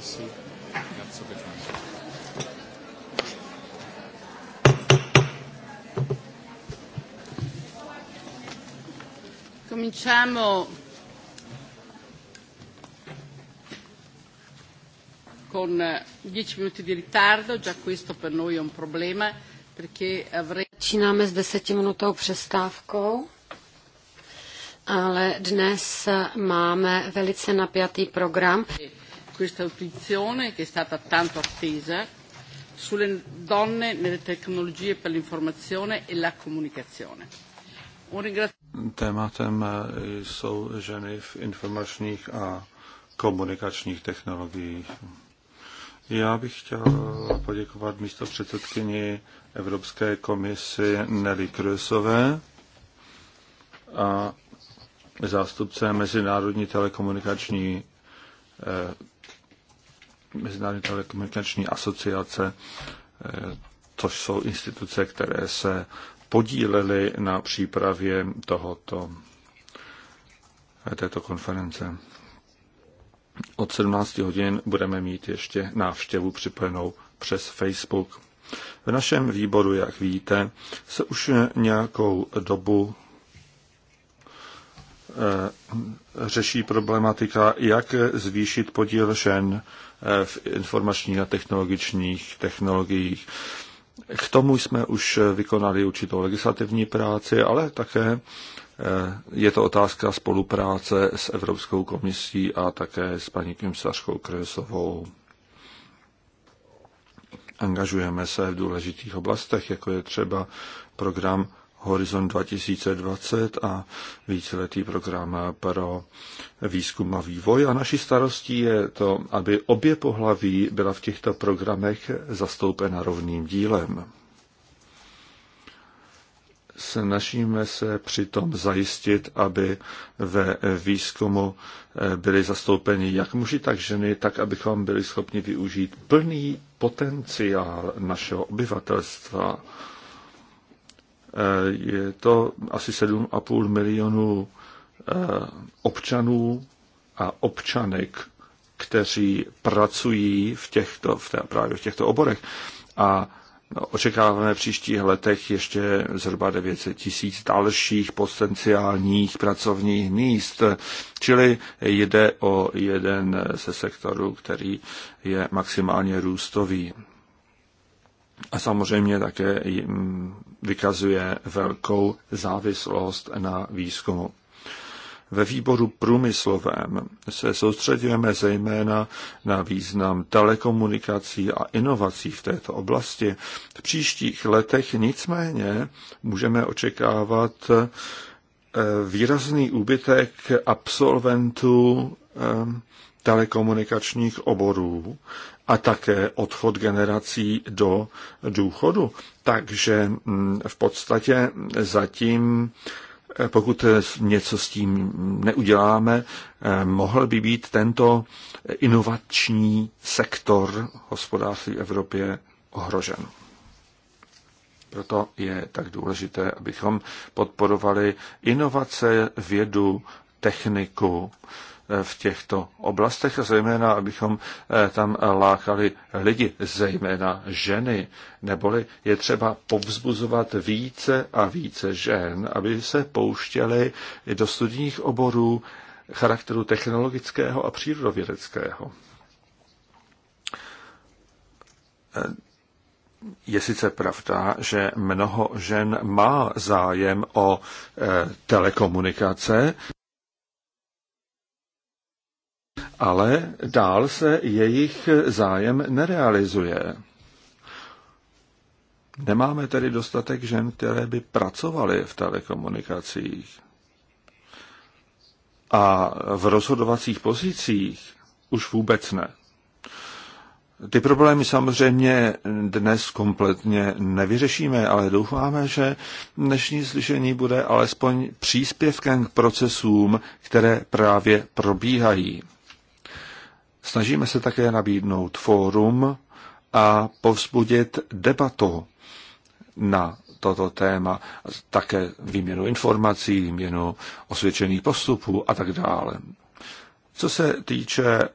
policy. That's a bit Cominciamo con eh, dieci minuti di ritardo, già questo per noi è un problema perché avrei... Cominciamo con Začínáme s desetiminutou přestávkou ale dnes eh, máme velice napjatý program. Eh, questa audizione che è stata tanto attesa sulle donne nelle tecnologie per l'informazione e la comunicazione. Un ringrazio... Tématem eh, jsou ženy v informačních a komunikačních technologiích. Já bych chtěl eh, poděkovat místo předsedkyni Evropské komisi Nelly Krusové a zástupce Mezinárodní telekomunikační eh, Mezinárodní telekomunikační asociace, eh, což jsou instituce, které se podílely na přípravě tohoto, této konference. Od 17 hodin budeme mít ještě návštěvu připojenou přes Facebook. V našem výboru, jak víte, se už nějakou dobu Eh, řeší problematika, jak zvýšit podíl žen eh, v informačních a technologičních technologiích. K tomu jsme už vykonali určitou legislativní práci, ale také eh, je to otázka spolupráce s Evropskou komisí a také s paní komisařkou Kresovou. Angažujeme se v důležitých oblastech, jako je třeba program Horizon 2020 a víceletý program pro výzkum a vývoj. A naší starostí je to, aby obě pohlaví byla v těchto programech zastoupena rovným dílem. Snažíme se přitom zajistit, aby ve výzkumu byli zastoupeni jak muži, tak ženy, tak abychom byli schopni využít plný potenciál našeho obyvatelstva Eh, je to asi 7,5 milionů eh, občanů a občanek, kteří pracují v těchto, v té, právě v těchto oborech. A očekáváme v příštích letech ještě zhruba 900 tisíc dalších potenciálních pracovních míst. Čili jde o jeden ze sektorů, který je maximálně růstový a samozřejmě také vykazuje velkou závislost na výzkumu. Ve výboru průmyslovém se soustředujeme zejména na význam telekomunikací a inovací v této oblasti. V příštích letech nicméně můžeme očekávat eh, výrazný úbytek absolventů eh, telekomunikačních oborů a také odchod generací do důchodu. Takže mm, v podstatě zatím, eh, pokud něco s tím neuděláme, eh, mohl by být tento inovační sektor hospodářství v Evropě ohrožen. Proto je tak důležité, abychom podporovali inovace, vědu, techniku, v těchto oblastech zejména, abychom eh, tam lákali lidi, zejména ženy, neboli je třeba povzbuzovat více a více žen, aby se pouštěly do studijních oborů charakteru technologického a přírodovědeckého. Eh, je sice pravda, že mnoho žen má zájem o eh, telekomunikace, ale dál se jejich zájem nerealizuje. Nemáme tedy dostatek žen, které by pracovaly v telekomunikacích. A v rozhodovacích pozicích už vůbec ne. Ty problémy samozřejmě dnes kompletně nevyřešíme, ale doufáme, že dnešní slyšení bude alespoň příspěvkem k procesům, které právě probíhají. Snažíme se také nabídnout fórum a povzbudit debatu na toto téma, také výměnu informací, výměnu osvědčených postupů a tak dále. Co se týče eh,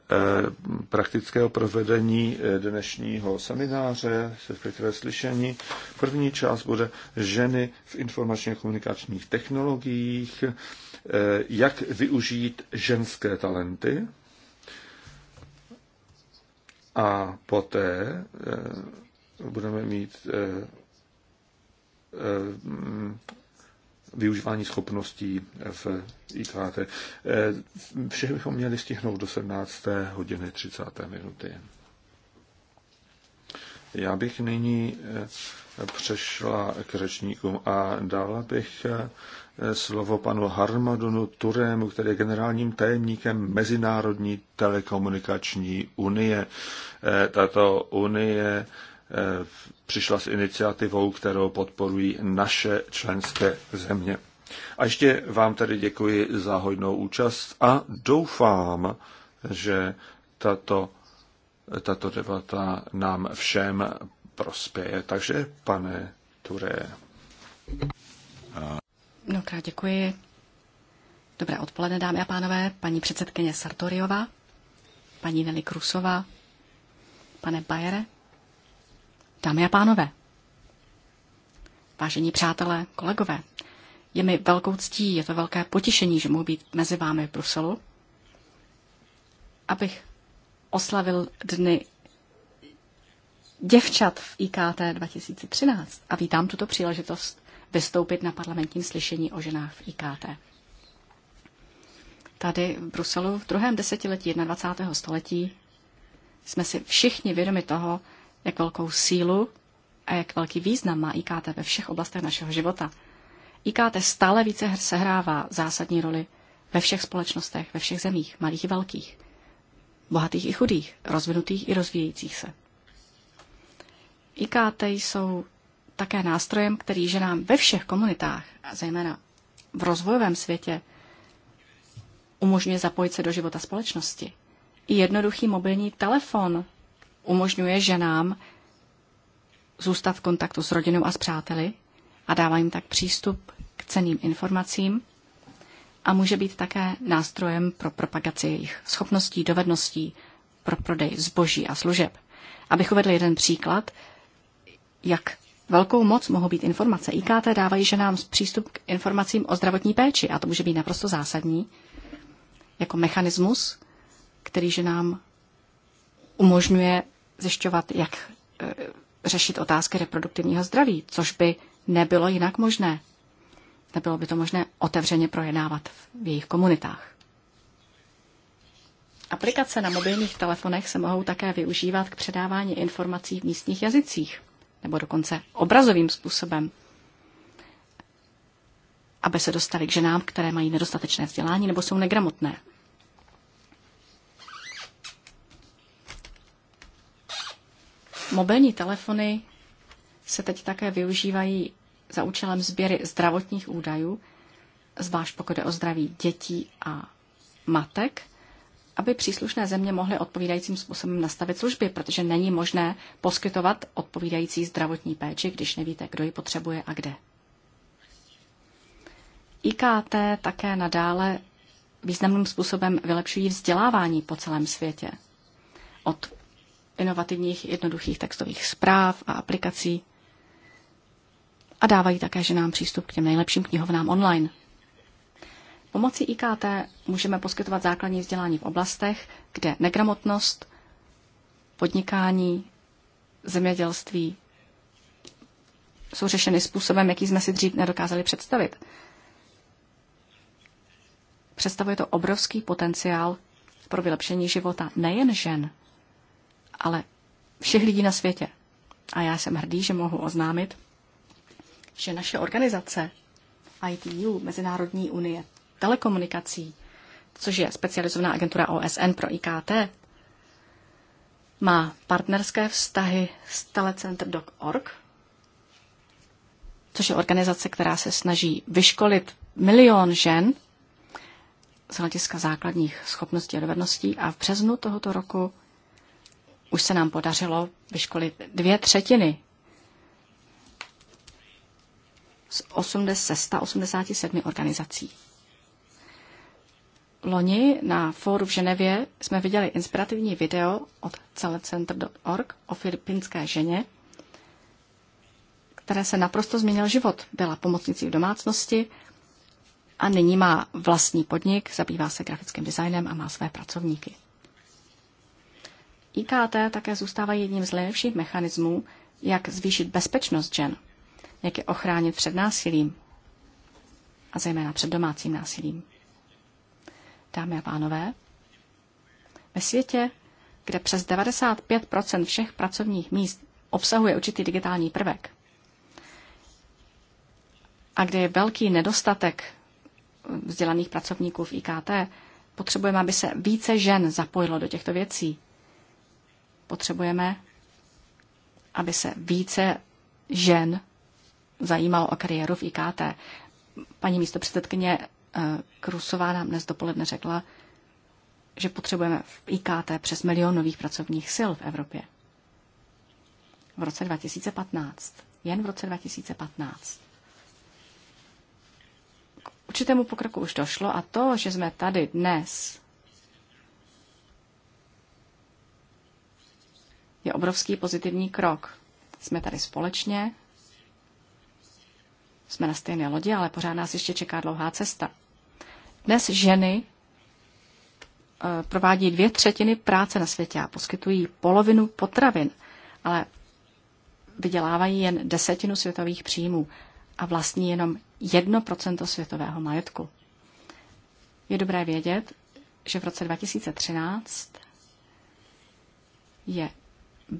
praktického provedení eh, dnešního semináře, respektive slyšení, první část bude ženy v informačně komunikačních technologiích, eh, jak využít ženské talenty a poté eh, budeme mít eh, eh, využívání schopností v E, Vše bychom měli stihnout do 17. hodiny 30. minuty. Já bych nyní eh, přešla k řečníkům a dala bych eh, slovo panu Harmadonu Turému, který je generálním tajemníkem Mezinárodní telekomunikační unie. Eh, tato unie přišla s iniciativou, kterou podporují naše členské země. A ještě vám tedy děkuji za hojnou účast a doufám, že tato tato debata nám všem prospěje. Takže, pane Ture. Mnohokrát děkuji. Dobré odpoledne, dámy a pánové, paní předsedkyně Sartoriová, paní Nelly Krusová, pane Bajere, dámy a pánové, vážení přátelé, kolegové, je mi velkou ctí, je to velké potěšení, že mohu být mezi vámi v Bruselu, abych oslavil dny děvčat v IKT 2013 a vítám tuto příležitost vystoupit na parlamentním slyšení o ženách v IKT. Tady v Bruselu v druhém desetiletí 21. století jsme si všichni vědomi toho, jak velkou sílu a jak velký význam má IKT ve všech oblastech našeho života. IKT stále více sehrává zásadní roli ve všech společnostech, ve všech zemích, malých i velkých bohatých i chudých, rozvinutých i rozvíjejících se. IKT jsou také nástrojem, který ženám ve všech komunitách, a zejména v rozvojovém světě, umožňuje zapojit se do života společnosti. I jednoduchý mobilní telefon umožňuje ženám zůstat v kontaktu s rodinou a s přáteli a dává jim tak přístup k ceným informacím a může být také nástrojem pro propagaci jejich schopností, dovedností, pro prodej zboží a služeb. Abych uvedl jeden příklad, jak velkou moc mohou být informace. IKT dávají ženám přístup k informacím o zdravotní péči a to může být naprosto zásadní jako mechanismus, který ženám umožňuje zjišťovat, jak eh, řešit otázky reproduktivního zdraví, což by nebylo jinak možné nebylo by to možné otevřeně projednávat v jejich komunitách. Aplikace na mobilních telefonech se mohou také využívat k předávání informací v místních jazycích, nebo dokonce obrazovým způsobem, aby se dostali k ženám, které mají nedostatečné vzdělání nebo jsou negramotné. Mobilní telefony se teď také využívají za účelem sběry zdravotních údajů, zvlášť pokud je o zdraví dětí a matek, aby příslušné země mohly odpovídajícím způsobem nastavit služby, protože není možné poskytovat odpovídající zdravotní péči, když nevíte, kdo ji potřebuje a kde. IKT také nadále významným způsobem vylepšují vzdělávání po celém světě. Od inovativních jednoduchých textových zpráv a aplikací a dávají také ženám přístup k těm nejlepším knihovnám online. Pomocí IKT můžeme poskytovat základní vzdělání v oblastech, kde negramotnost, podnikání, zemědělství jsou řešeny způsobem, jaký jsme si dřív nedokázali představit. Představuje to obrovský potenciál pro vylepšení života nejen žen, ale všech lidí na světě. A já jsem hrdý, že mohu oznámit, že naše organizace ITU, Mezinárodní unie telekomunikací, což je specializovaná agentura OSN pro IKT, má partnerské vztahy s telecentr.org, což je organizace, která se snaží vyškolit milion žen z hlediska základních schopností a dovedností a v březnu tohoto roku už se nám podařilo vyškolit dvě třetiny z 187 organizací. Loni na fóru v Ženevě jsme viděli inspirativní video od celecentr.org o filipínské ženě, které se naprosto změnil život. Byla pomocnicí v domácnosti a nyní má vlastní podnik, zabývá se grafickým designem a má své pracovníky. IKT také zůstává jedním z nejlepších mechanismů, jak zvýšit bezpečnost žen jak je ochránit před násilím a zejména před domácím násilím. Dámy a pánové, ve světě, kde přes 95 všech pracovních míst obsahuje určitý digitální prvek a kde je velký nedostatek vzdělaných pracovníků v IKT, potřebujeme, aby se více žen zapojilo do těchto věcí. Potřebujeme, aby se více žen zajímal o kariéru v IKT. Paní místo předsedkyně eh, Krusová nám dnes dopoledne řekla, že potřebujeme v IKT přes milion nových pracovních sil v Evropě. V roce 2015. Jen v roce 2015. K určitému pokroku už došlo a to, že jsme tady dnes, je obrovský pozitivní krok. Jsme tady společně, jsme na stejné lodi, ale pořád nás ještě čeká dlouhá cesta. Dnes ženy e, provádí dvě třetiny práce na světě a poskytují polovinu potravin, ale vydělávají jen desetinu světových příjmů a vlastní jenom 1% světového majetku. Je dobré vědět, že v roce 2013 je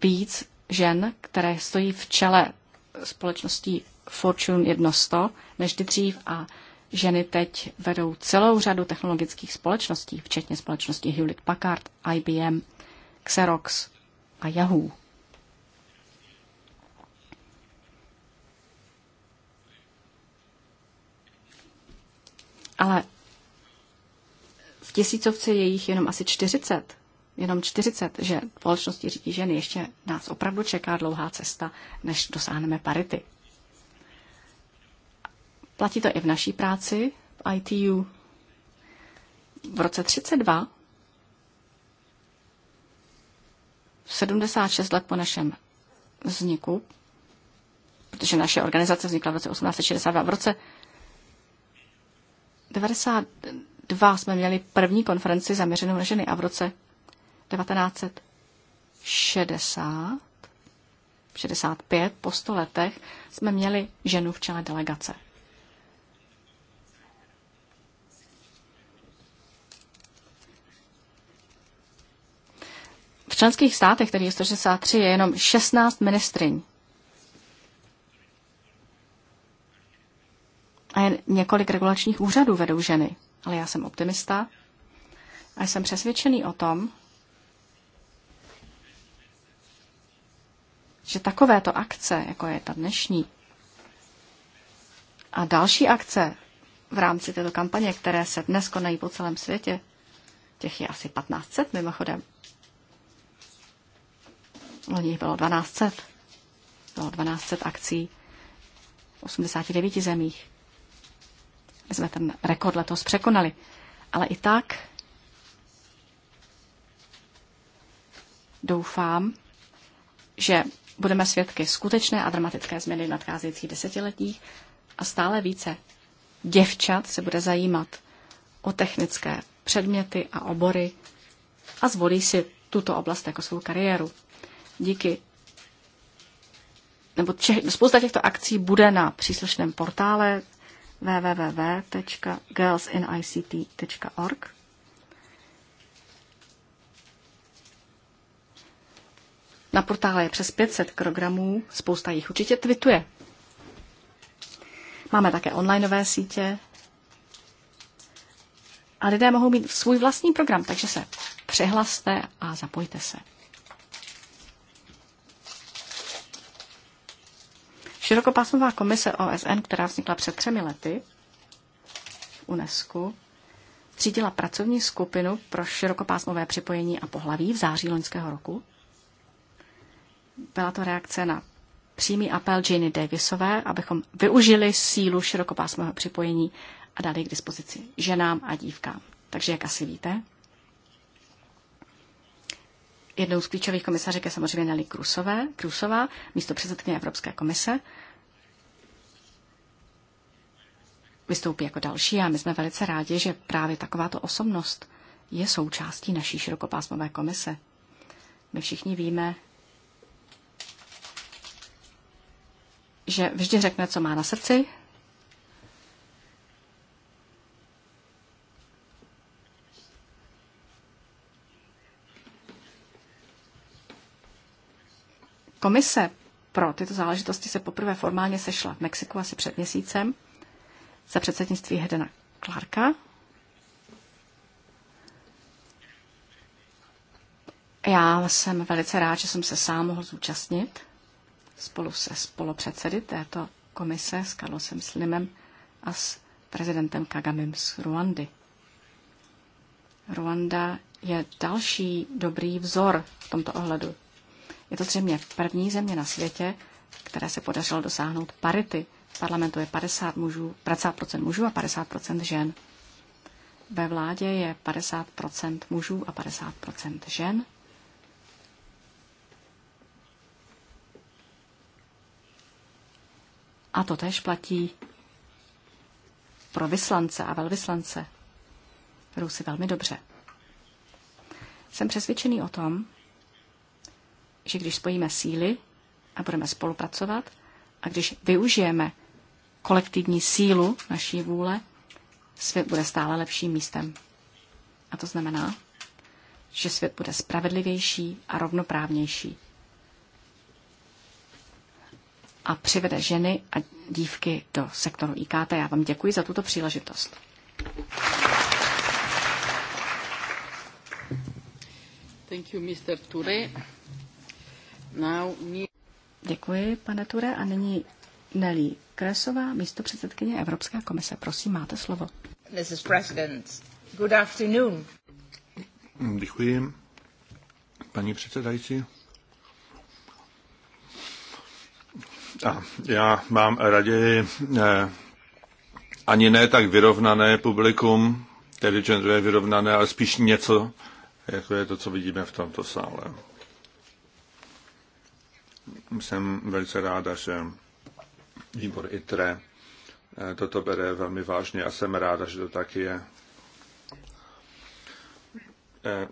víc žen, které stojí v čele společností Fortune 100 než dřív a ženy teď vedou celou řadu technologických společností, včetně společnosti Hewlett Packard, IBM, Xerox a Yahoo. Ale v tisícovce je jich jenom asi 40. Jenom 40, že společnosti řídí ženy. Ještě nás opravdu čeká dlouhá cesta, než dosáhneme parity. Platí to i v naší práci v ITU. V roce 32, 76 let po našem vzniku, protože naše organizace vznikla v roce 1862, v roce 92 jsme měli první konferenci zaměřenou na ženy a v roce 1960, 65, po 100 letech, jsme měli ženu v čele delegace. členských státech, kterých je 163, je jenom 16 ministryň. A jen několik regulačních úřadů vedou ženy. Ale já jsem optimista a jsem přesvědčený o tom, že takovéto akce, jako je ta dnešní, a další akce v rámci této kampaně, které se dnes konají po celém světě, těch je asi 1500 mimochodem, loni bylo 1200. Bylo 1200 akcí v 89 zemích. My jsme ten rekord letos překonali. Ale i tak doufám, že budeme svědky skutečné a dramatické změny v nadcházejících desetiletích a stále více děvčat se bude zajímat o technické předměty a obory a zvolí si tuto oblast jako svou kariéru díky nebo če, spousta těchto akcí bude na příslušném portále www.girlsinict.org. Na portále je přes 500 programů, spousta jich určitě twituje. Máme také onlineové sítě a lidé mohou mít svůj vlastní program, takže se přihlaste a zapojte se. Širokopásmová komise OSN, která vznikla před třemi lety v UNESCO, zřídila pracovní skupinu pro širokopásmové připojení a pohlaví v září loňského roku. Byla to reakce na přímý apel Janie Davisové, abychom využili sílu širokopásmového připojení a dali k dispozici ženám a dívkám. Takže, jak asi víte, Jednou z klíčových komisařek je samozřejmě Nelly Krusové, Krusová, místo předsedkyně Evropské komise. Vystoupí jako další a my jsme velice rádi, že právě takováto osobnost je součástí naší širokopásmové komise. My všichni víme, že vždy řekne, co má na srdci, Komise pro tyto záležitosti se poprvé formálně sešla v Mexiku asi před měsícem za předsednictví Hedena Clarka. Já jsem velice rád, že jsem se sám mohl zúčastnit spolu se spolupředsedy této komise s Carlosem Slimem a s prezidentem Kagamem z Ruandy. Ruanda je další dobrý vzor v tomto ohledu. Je to třeba první země na světě, které se podařilo dosáhnout parity. V parlamentu je 50 mužů, 50% mužů a 50% žen. Ve vládě je 50% mužů a 50% žen. A to tež platí pro vyslance a velvyslance. Rusy velmi dobře. Jsem přesvědčený o tom, že když spojíme síly a budeme spolupracovat a když využijeme kolektivní sílu naší vůle, svět bude stále lepším místem. A to znamená, že svět bude spravedlivější a rovnoprávnější. A přivede ženy a dívky do sektoru IKT. Já vám děkuji za tuto příležitost. Thank you, Mr. Ture. Děkuji, pane Ture. A nyní Nelly Kresová, místo předsedkyně Evropské komise. Prosím, máte slovo. Mrs. President, good afternoon. Děkuji, paní předsedající. A já mám raději ne, eh, ani ne tak vyrovnané publikum, tedy genderově vyrovnané, ale spíš něco, jako je to, co vidíme v tomto sále jsem velice ráda, že výbor ITRE eh, toto bere velmi vážně a jsem ráda, že to tak je. Eh,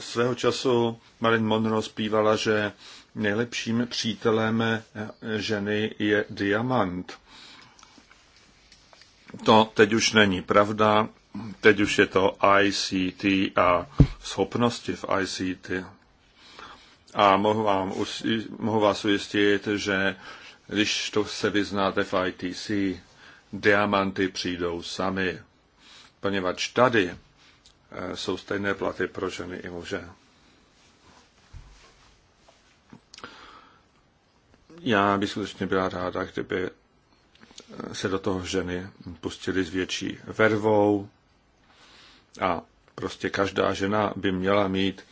svého času Marilyn Monroe zpívala, že nejlepším přítelem eh, ženy je diamant. To teď už není pravda, teď už je to ICT a schopnosti v ICT a mohu, vám, mohu vás ujistit, že když to se vyznáte v ITC, diamanty přijdou sami, poněvadž tady eh, jsou stejné platy pro ženy i muže. Já bych skutečně byla ráda, kdyby eh, se do toho ženy pustili s větší vervou a prostě každá žena by měla mít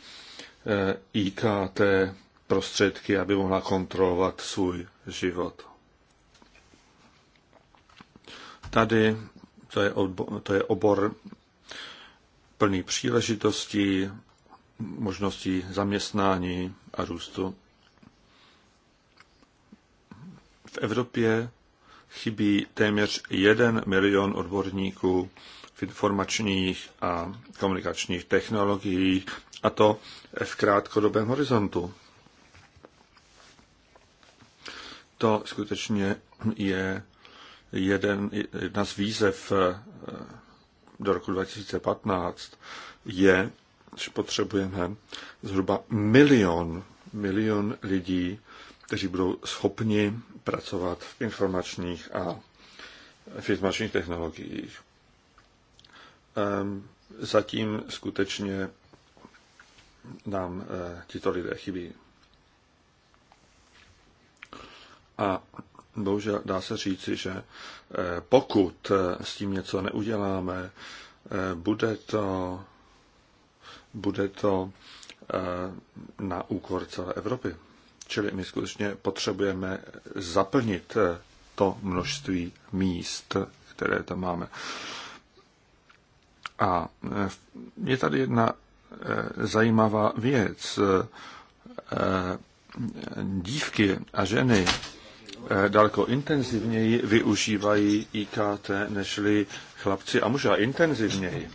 Eh, IKT prostředky, aby mohla kontrolovat svůj život. Tady to je, odbor, to je obor plný příležitostí, možností zaměstnání a růstu. V Evropě chybí téměř jeden milion odborníků v informačních a komunikačních technologiích, a to v krátkodobém horizontu. To skutečně je jeden, jedna z výzev eh, do roku 2015 je, že potřebujeme zhruba milion, milion lidí, kteří budou schopni pracovat v informačních a v informačních technologiích. Ehm, zatím skutečně nám eh, tito lidé chybí. A bohužel dá se říci, že eh, pokud eh, s tím něco neuděláme, bude to, bude to na úkor celé Evropy. Čili my skutečně potřebujeme zaplnit to množství míst, které tam máme. A je tady jedna Eh, zajímavá věc. Eh, dívky a ženy eh, daleko intenzivněji využívají IKT nežli chlapci a muži intenzivněji.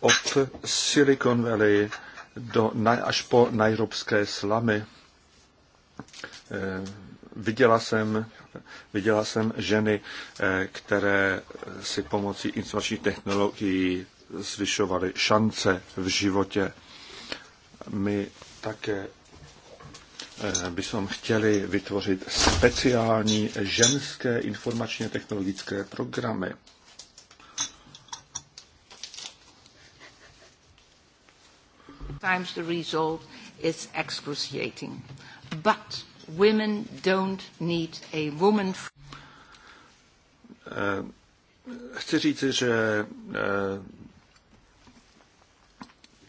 Od Silicon Valley do, až po najrobské slamy viděla jsem, viděla jsem ženy, které si pomocí informačních technologií zvyšovaly šance v životě. My také eh, bychom chtěli vytvořit speciální ženské informačně technologické programy. Times the result is excruciating. But women don't need a woman. Eh, chci říci, že eh,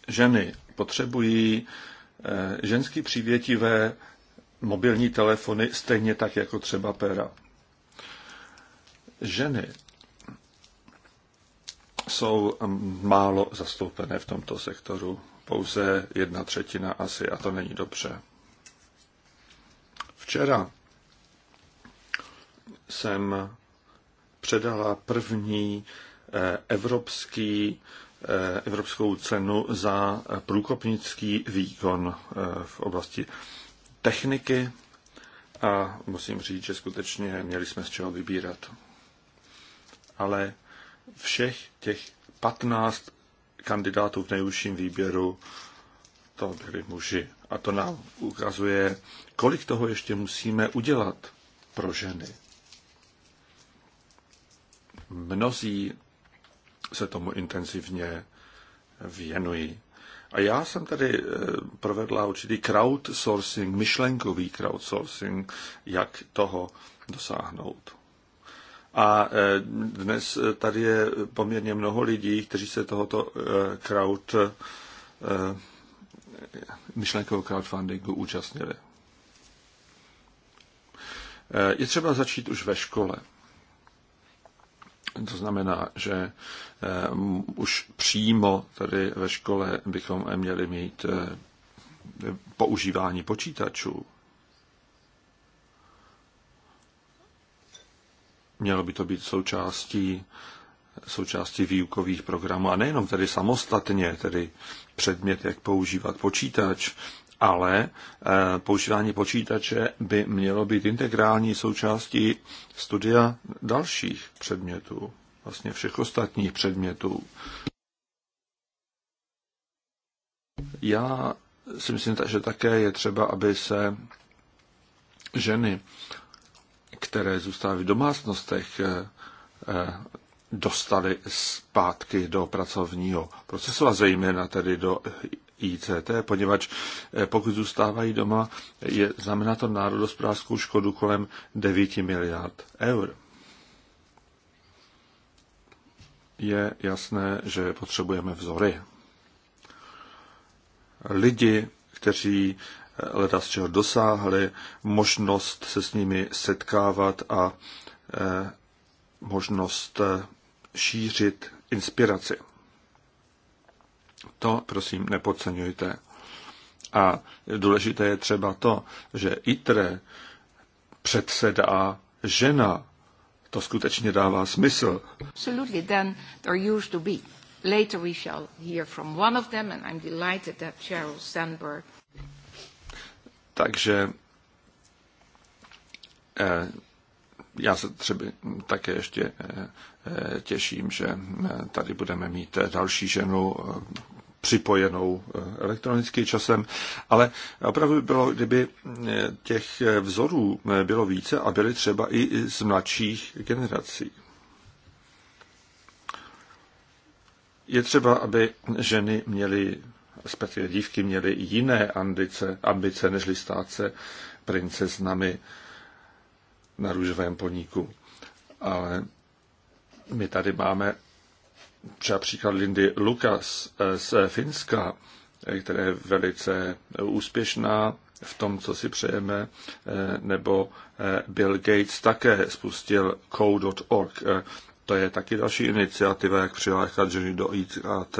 ženy potřebují eh, ženský přívětivé mobilní telefony, stejně tak jako třeba pera. Ženy jsou mm, málo zastoupené v tomto sektoru, pouze jedna třetina asi, a to není dobře. Včera jsem předala první Eh, evropský, eh, evropskou cenu za průkopnický výkon eh, v oblasti techniky a musím říct, že skutečně měli jsme z čeho vybírat. Ale všech těch 15 kandidátů v nejúžším výběru to byli muži. A to nám ukazuje, kolik toho ještě musíme udělat pro ženy. Mnozí se tomu intenzivně věnují. A já jsem tady eh, provedla určitý crowdsourcing, myšlenkový crowdsourcing, jak toho dosáhnout. A eh, dnes tady je poměrně mnoho lidí, kteří se tohoto eh, crowd, myšlenkového crowdfundingu účastnili. Je třeba začít už ve škole. To znamená, že eh, už přímo tady ve škole bychom měli mít eh, používání počítačů. Mělo by to být součástí, součástí výukových programů a nejenom tedy samostatně, tedy předmět, jak používat počítač, ale eh, používání počítače by mělo být integrální součástí studia dalších předmětů, vlastně všech ostatních předmětů. Já si myslím, že také je třeba, aby se ženy, které zůstávají v domácnostech, eh, eh, dostali zpátky do pracovního procesu a zejména tedy do ICT, poněvadž eh, pokud zůstávají doma, je, znamená to národospodářskou škodu kolem 9 miliard eur. Je jasné, že potřebujeme vzory. Lidi, kteří eh, leda z čeho dosáhli, možnost se s nimi setkávat a eh, možnost šířit inspiraci. To prosím nepodceňujte. A důležité je třeba to, že ITRE předsedá žena. To skutečně dává smysl. Absolutely, then there used to be. Later we shall hear from one of them and I'm delighted that Cheryl Sandberg. Takže eh, já se třeba také ještě eh, těším, že eh, tady budeme mít eh, další ženu eh, připojenou elektronicky časem, ale opravdu bylo, kdyby těch vzorů bylo více a byly třeba i z mladších generací. Je třeba, aby ženy měly, respektive dívky měly jiné ambice, ambice než stát se princeznami na růžovém poníku. Ale my tady máme třeba příklad Lindy Lukas z Finska, která je velice úspěšná v tom, co si přejeme, eh, nebo eh, Bill Gates také spustil co.org. Eh, to je taky další iniciativa, jak přilákat ženy do ICT.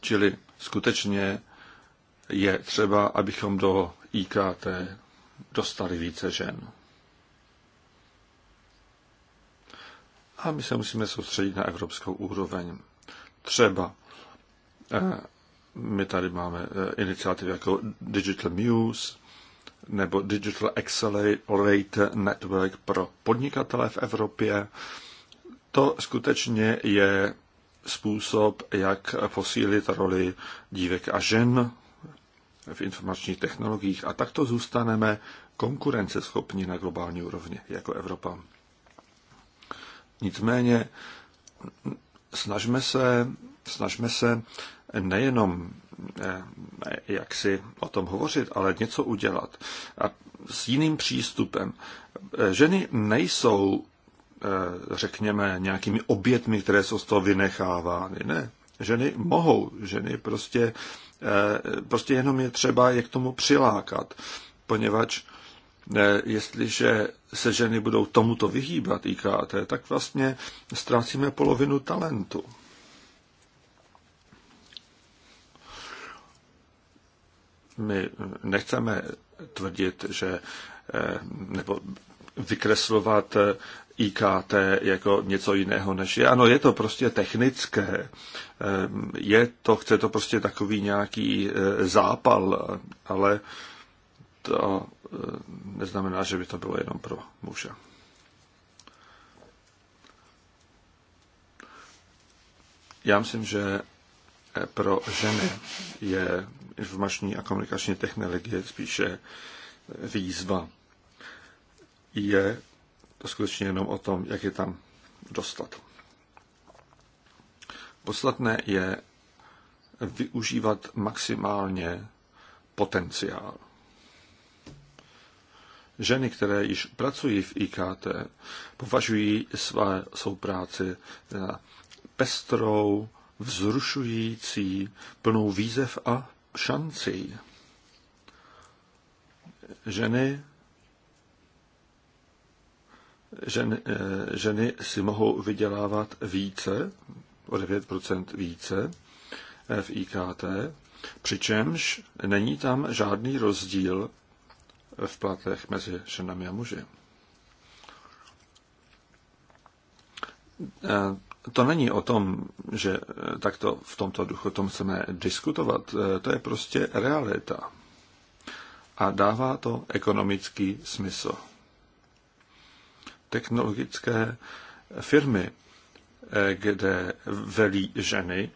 Čili skutečně je třeba, abychom do IKT dostali více žen. A my se musíme soustředit na evropskou úroveň. Třeba eh, my tady máme eh, iniciativy jako Digital Muse nebo Digital Accelerate Network pro podnikatele v Evropě. To skutečně je způsob, jak posílit roli dívek a žen v informačních technologiích a takto zůstaneme konkurenceschopní na globální úrovni jako Evropa. Nicméně snažme se, snažme se nejenom eh, jak si o tom hovořit, ale něco udělat. A s jiným přístupem. Eh, ženy nejsou, eh, řekněme, nějakými obětmi, které jsou z toho vynechávány. Ne. Ženy mohou. Ženy prostě, prostě jenom je třeba je k tomu přilákat, poněvadž jestliže se ženy budou tomuto vyhýbat IKT, tak vlastně ztrácíme polovinu talentu. My nechceme tvrdit, že eh, nebo vykreslovat eh, IKT jako něco jiného než je. Ano, je to prostě technické, eh, je to, chce to prostě takový nějaký zápal, ale to Eh, neznamená, že by to bylo jenom pro muže. Já myslím, že eh, pro ženy je informační a komunikační technologie spíše eh, výzva. Je to skutečně jenom o tom, jak je tam dostat. Podstatné je využívat maximálně potenciál. Ženy, které již pracují v IKT, považují své, svou práci za pestrou, vzrušující, plnou výzev a šancí. Ženy žen, eh, ženy si mohou vydělávat více, o 9% více eh, v IKT, přičemž není tam žádný rozdíl v platech mezi ženami a muži. E, to není o tom, že takto v tomto duchu tom chceme diskutovat. E, to je prostě realita. A dává to ekonomický smysl. Technologické firmy, e, kde velí ženy,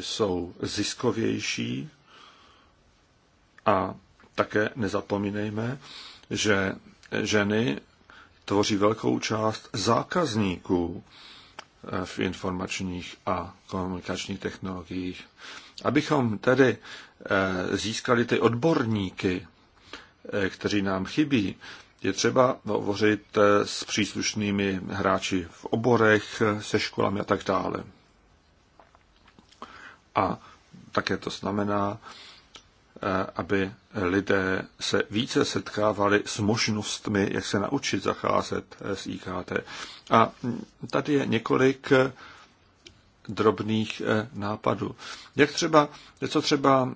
jsou ziskovější a také nezapomínejme, že ženy tvoří velkou část zákazníků eh, v informačních a komunikačních technologiích. Abychom tedy eh, získali ty odborníky, eh, kteří nám chybí, je třeba hovořit s příslušnými hráči v oborech, se školami a tak dále. A také to znamená, Eh, aby lidé se více setkávali s možnostmi, jak se naučit zacházet eh, s IKT. A mm, tady je několik eh, drobných nápadů. Jak třeba, je co třeba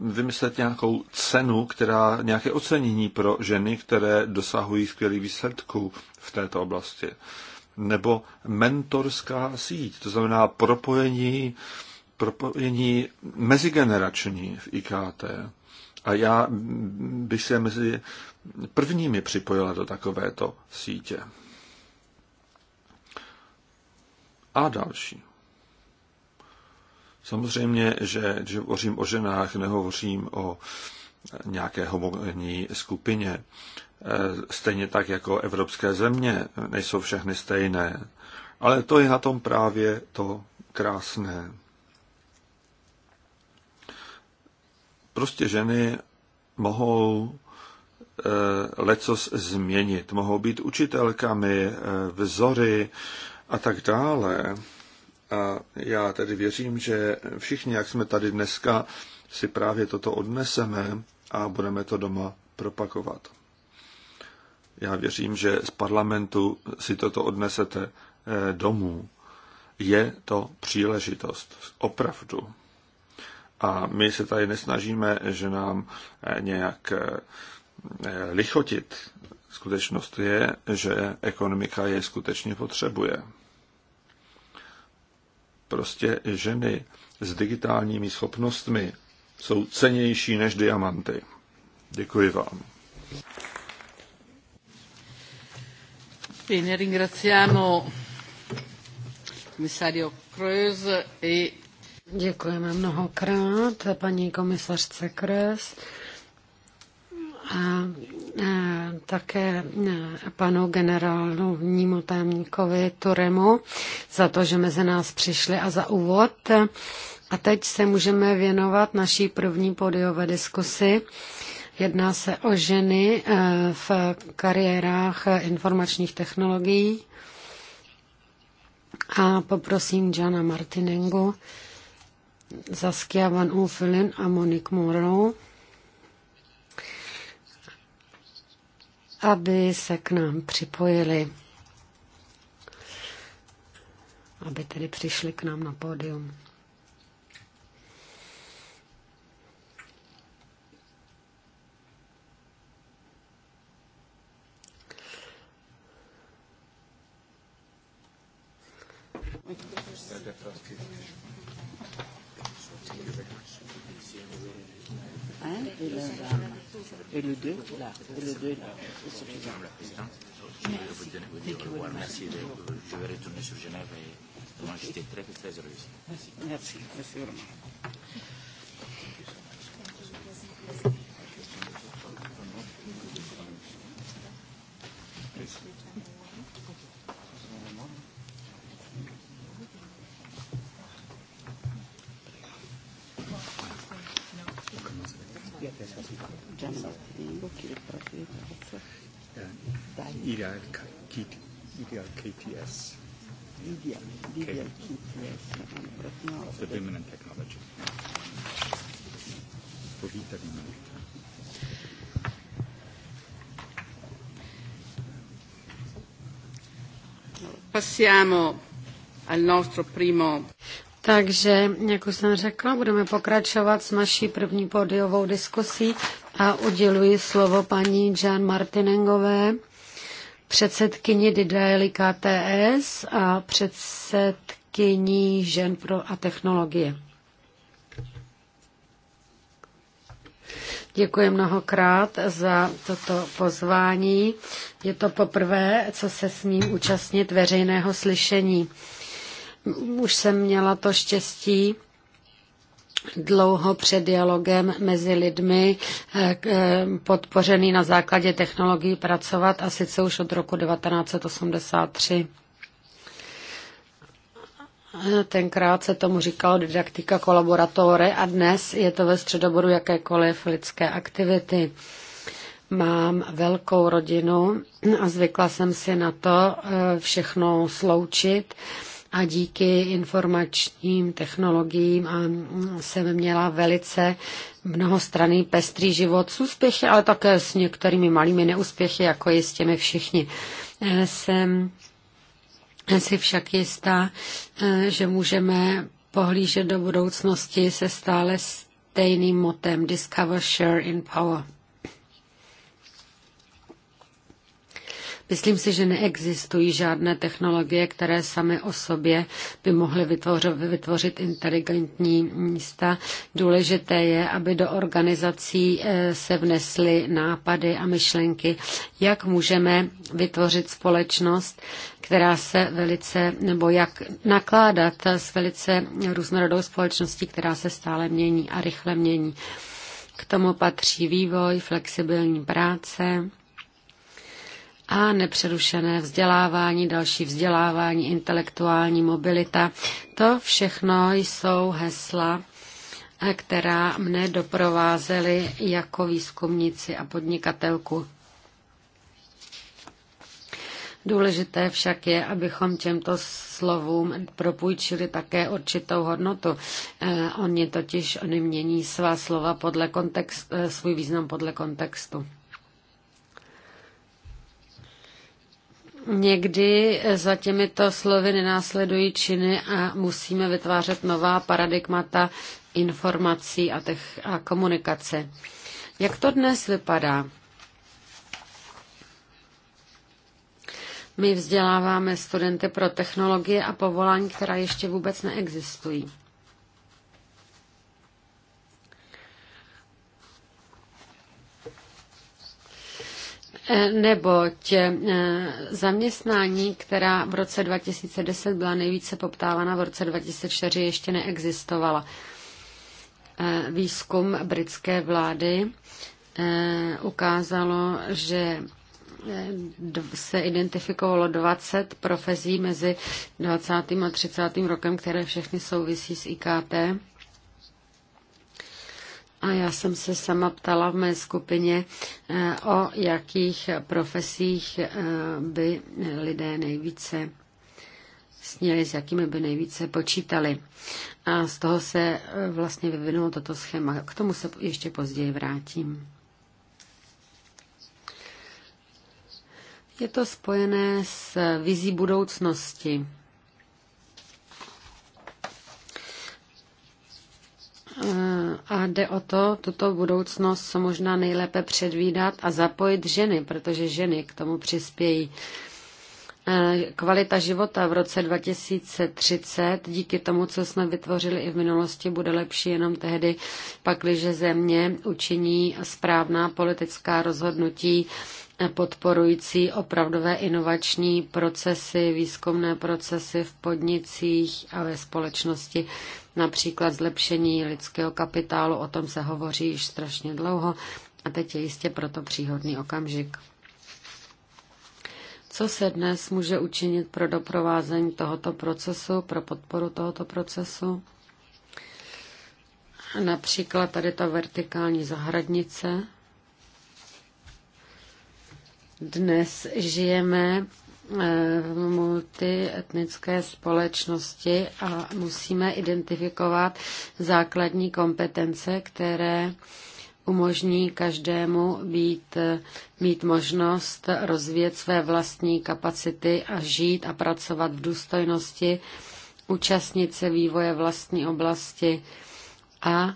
vymyslet nějakou cenu, která, nějaké ocenění pro ženy, které dosahují skvělých výsledků v této oblasti. Nebo mentorská síť, to znamená propojení propojení mezigenerační v IKT. A já bych se mezi prvními připojila do takovéto sítě. A další. Samozřejmě, že když hovořím o ženách, nehovořím o nějaké homogenní skupině. E, stejně tak jako evropské země nejsou všechny stejné. Ale to je na tom právě to krásné. Prostě ženy mohou eh, lecos změnit. Mohou být učitelkami, eh, vzory a tak dále. A já tedy věřím, že všichni, jak jsme tady dneska, si právě toto odneseme a budeme to doma propagovat. Já věřím, že z parlamentu si toto odnesete eh, domů. Je to příležitost, opravdu. A my se tady nesnažíme, že nám eh, nějak eh, lichotit. Skutečnost je, že ekonomika je skutečně potřebuje. Prostě ženy s digitálními schopnostmi jsou cenější než diamanty. Děkuji vám. Bene, ringraziamo il commissario Creus e Děkujeme mnohokrát paní komisařce Kres a také e, panu generálnímu tajemníkovi Turemu za to, že mezi nás přišli a za úvod. A teď se můžeme věnovat naší první podiové diskusi. Jedná se o ženy e, v kariérách informačních technologií. A poprosím Jana Martinengu, Saskia Van Oefelen a Monique Morrow, aby se k nám připojili, aby tedy přišli k nám na pódium. Thank you. 1 et le, et le 2, là. Et le 2, là. C'est suffisant. Madame la Présidente, je vais vous, donner, vous dire au revoir. Merci. De, je vais retourner sur Genève et moi, j'étais très, très heureuse. Merci. Merci. Merci vraiment. Merci. KTS. KTS. technology. Passiamo al nostro primo takže, jak už jsem řekla, budeme pokračovat s naší první pódiovou diskusí a uděluji slovo paní Jan Martinengové, předsedkyni Didaeli KTS a předsedkyní žen pro a technologie. Děkuji mnohokrát za toto pozvání. Je to poprvé, co se smím účastnit veřejného slyšení. Už jsem měla to štěstí, dlouho před dialogem mezi lidmi eh, eh, podpořený na základě technologií pracovat a sice už od roku 1983. Eh, tenkrát se tomu říkalo didaktika kolaboratore a dnes je to ve středoboru jakékoliv lidské aktivity. Mám velkou rodinu a zvykla jsem si na to všechno sloučit a díky informačním technologiím a mm, jsem měla velice mnohostranný pestrý život s úspěchy, ale také s některými malými neúspěchy, jako s těmi všichni. E, jsem si však jistá, e, že můžeme pohlížet do budoucnosti se stále stejným motem Discover, Share in Power. Myslím si, že neexistují žádné technologie, které samy o sobě by mohly vytvořit, vytvořit inteligentní místa. Důležité je, aby do organizací eh, se vnesly nápady a myšlenky, jak můžeme vytvořit společnost, která se velice, nebo jak nakládat s velice různorodou společností, která se stále mění a rychle mění. K tomu patří vývoj, flexibilní práce, a nepřerušené vzdělávání, další vzdělávání, intelektuální mobilita. To všechno jsou hesla, eh, která mne doprovázely jako výzkumnici a podnikatelku. Důležité však je, abychom těmto slovům propůjčili také určitou hodnotu. Eh, oni totiž oni mění svá slova podle kontext, eh, svůj význam podle kontextu. Někdy eh, za těmito slovy nenásledují činy a musíme vytvářet nová paradigmata informací a, tech- a komunikace. Jak to dnes vypadá? My vzděláváme studenty pro technologie a povolání, která ještě vůbec neexistují. Eh, neboť eh, zaměstnání, která v roce 2010 byla nejvíce poptávána, v roce 2004 ještě neexistovala. Eh, výzkum britské vlády ukázalo, že se identifikovalo 20 profesí mezi 20. a 30. rokem, které všechny souvisí s IKT a já jsem se sama ptala v mé skupině, eh, o jakých profesích eh, by lidé nejvíce sněli, s jakými by nejvíce počítali. A z toho se eh, vlastně vyvinulo toto schéma. K tomu se ještě později vrátím. Je to spojené s vizí budoucnosti. Eh, a jde o to, tuto budoucnost co možná nejlépe předvídat a zapojit ženy, protože ženy k tomu přispějí. Eh, kvalita života v roce 2030 díky tomu, co jsme vytvořili i v minulosti, bude lepší jenom tehdy, pakliže země učiní správná politická rozhodnutí podporující opravdové inovační procesy, výzkumné procesy v podnicích a ve společnosti, například zlepšení lidského kapitálu, o tom se hovoří již strašně dlouho a teď je jistě proto příhodný okamžik. Co se dnes může učinit pro doprovázení tohoto procesu, pro podporu tohoto procesu? Například tady ta vertikální zahradnice, dnes žijeme eh, v multietnické společnosti a musíme identifikovat základní kompetence, které umožní každému být, mít možnost rozvíjet své vlastní kapacity a žít a pracovat v důstojnosti, účastnit se vývoje vlastní oblasti a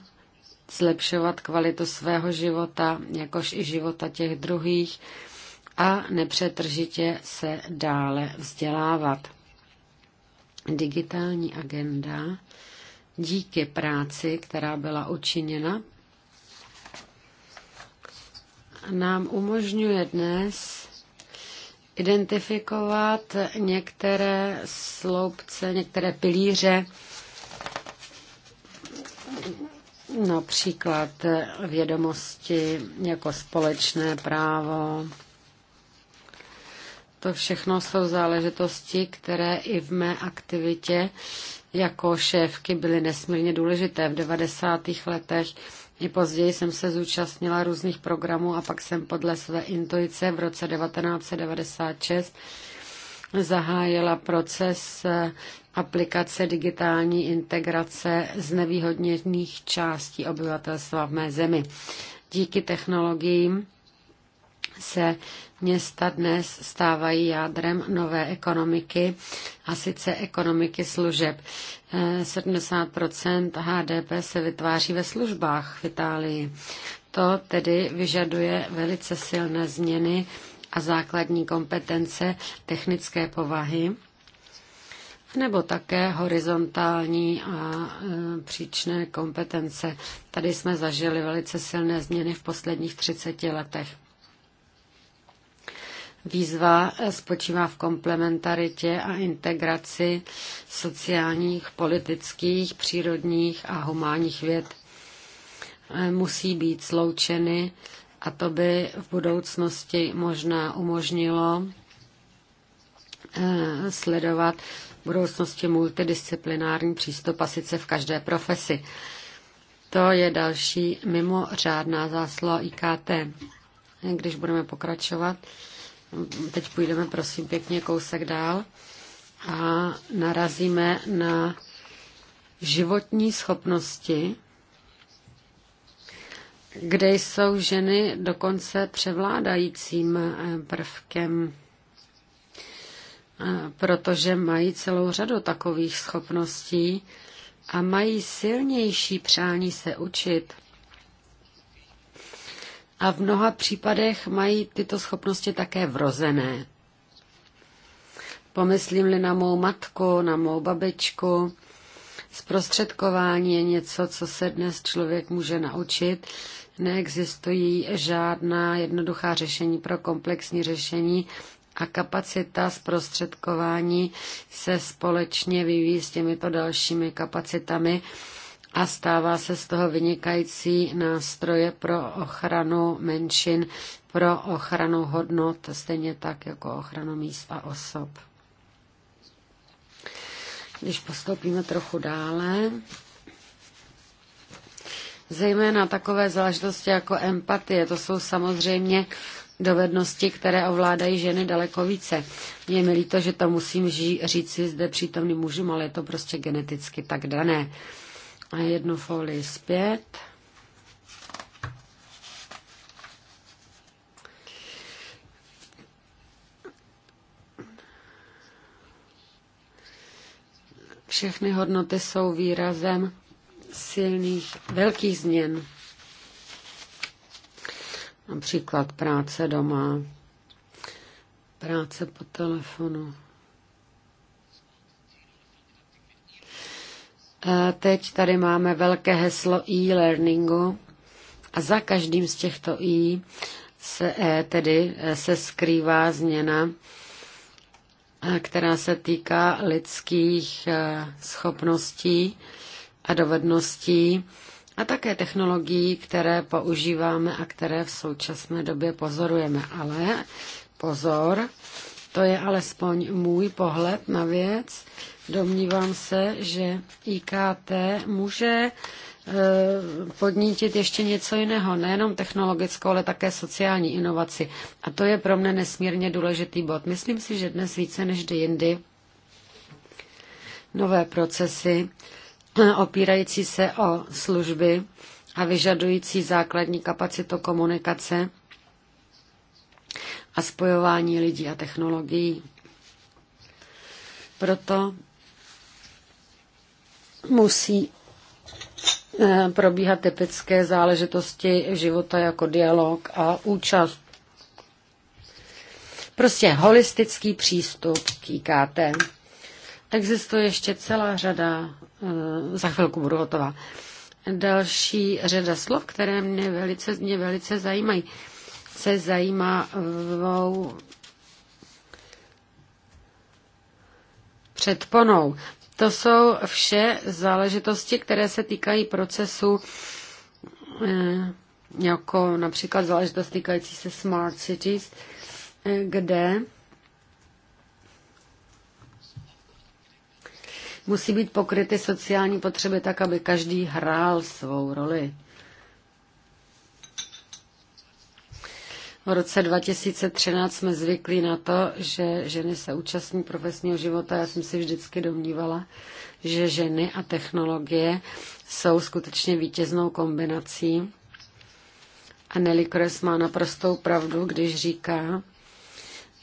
zlepšovat kvalitu svého života, jakož i života těch druhých a nepřetržitě se dále vzdělávat. Digitální agenda díky práci, která byla učiněna, nám umožňuje dnes identifikovat některé sloupce, některé pilíře, například vědomosti jako společné právo, to všechno jsou záležitosti, které i v mé aktivitě jako šéfky byly nesmírně důležité v 90. letech. I později jsem se zúčastnila různých programů a pak jsem podle své intuice v roce 1996 zahájila proces aplikace digitální integrace znevýhodněných částí obyvatelstva v mé zemi. Díky technologiím se města dnes stávají jádrem nové ekonomiky, a sice ekonomiky služeb. 70 eh, HDP se vytváří ve službách v Itálii. To tedy vyžaduje velice silné změny a základní kompetence technické povahy nebo také horizontální a e, příčné kompetence. Tady jsme zažili velice silné změny v posledních 30 letech. Výzva eh, spočívá v komplementaritě a integraci sociálních, politických, přírodních a humánních věd. Eh, musí být sloučeny a to by v budoucnosti možná umožnilo eh, sledovat v budoucnosti multidisciplinární přístup a sice v každé profesi. To je další mimořádná zásluha IKT. Když budeme pokračovat, teď půjdeme prosím pěkně kousek dál a narazíme na životní schopnosti, kde jsou ženy dokonce převládajícím eh, prvkem, eh, protože mají celou řadu takových schopností a mají silnější přání se učit a v mnoha případech mají tyto schopnosti také vrozené. Pomyslím-li na mou matku, na mou babičku, zprostředkování je něco, co se dnes člověk může naučit. Neexistují žádná jednoduchá řešení pro komplexní řešení a kapacita zprostředkování se společně vyvíjí s těmito dalšími kapacitami a stává se z toho vynikající nástroje pro ochranu menšin, pro ochranu hodnot, stejně tak jako ochranu míst a osob. Když postoupíme trochu dále, zejména takové záležitosti jako empatie, to jsou samozřejmě dovednosti, které ovládají ženy daleko více. Je mi líto, že to musím říct, si zde přítomným mužům, ale je to prostě geneticky tak dané. A jednu folii zpět. Všechny hodnoty jsou výrazem silných, velkých změn. Například práce doma, práce po telefonu. Teď tady máme velké heslo e-learningu a za každým z těchto i se, e, tedy e, se skrývá změna, e, která se týká lidských e, schopností a dovedností a také technologií, které používáme a které v současné době pozorujeme. Ale pozor, to je alespoň můj pohled na věc. Domnívám se, že IKT může e, podnítit ještě něco jiného, nejenom technologickou, ale také sociální inovaci. A to je pro mne nesmírně důležitý bod. Myslím si, že dnes více než kdy jindy nové procesy e, opírající se o služby a vyžadující základní kapacitu komunikace a spojování lidí a technologií. Proto musí eh, probíhat typické záležitosti života jako dialog a účast. Prostě holistický přístup k IKT. Existuje ještě celá řada, eh, za chvilku budu hotová, další řada slov, které mě velice, mě velice zajímají se zajímavou předponou. To jsou vše záležitosti, které se týkají procesu eh, jako například záležitost týkající se Smart Cities, eh, kde musí být pokryty sociální potřeby tak, aby každý hrál svou roli. V roce 2013 jsme zvyklí na to, že ženy se účastní profesního života. Já jsem si vždycky domnívala, že ženy a technologie jsou skutečně vítěznou kombinací. A Nelly Kres má naprostou pravdu, když říká,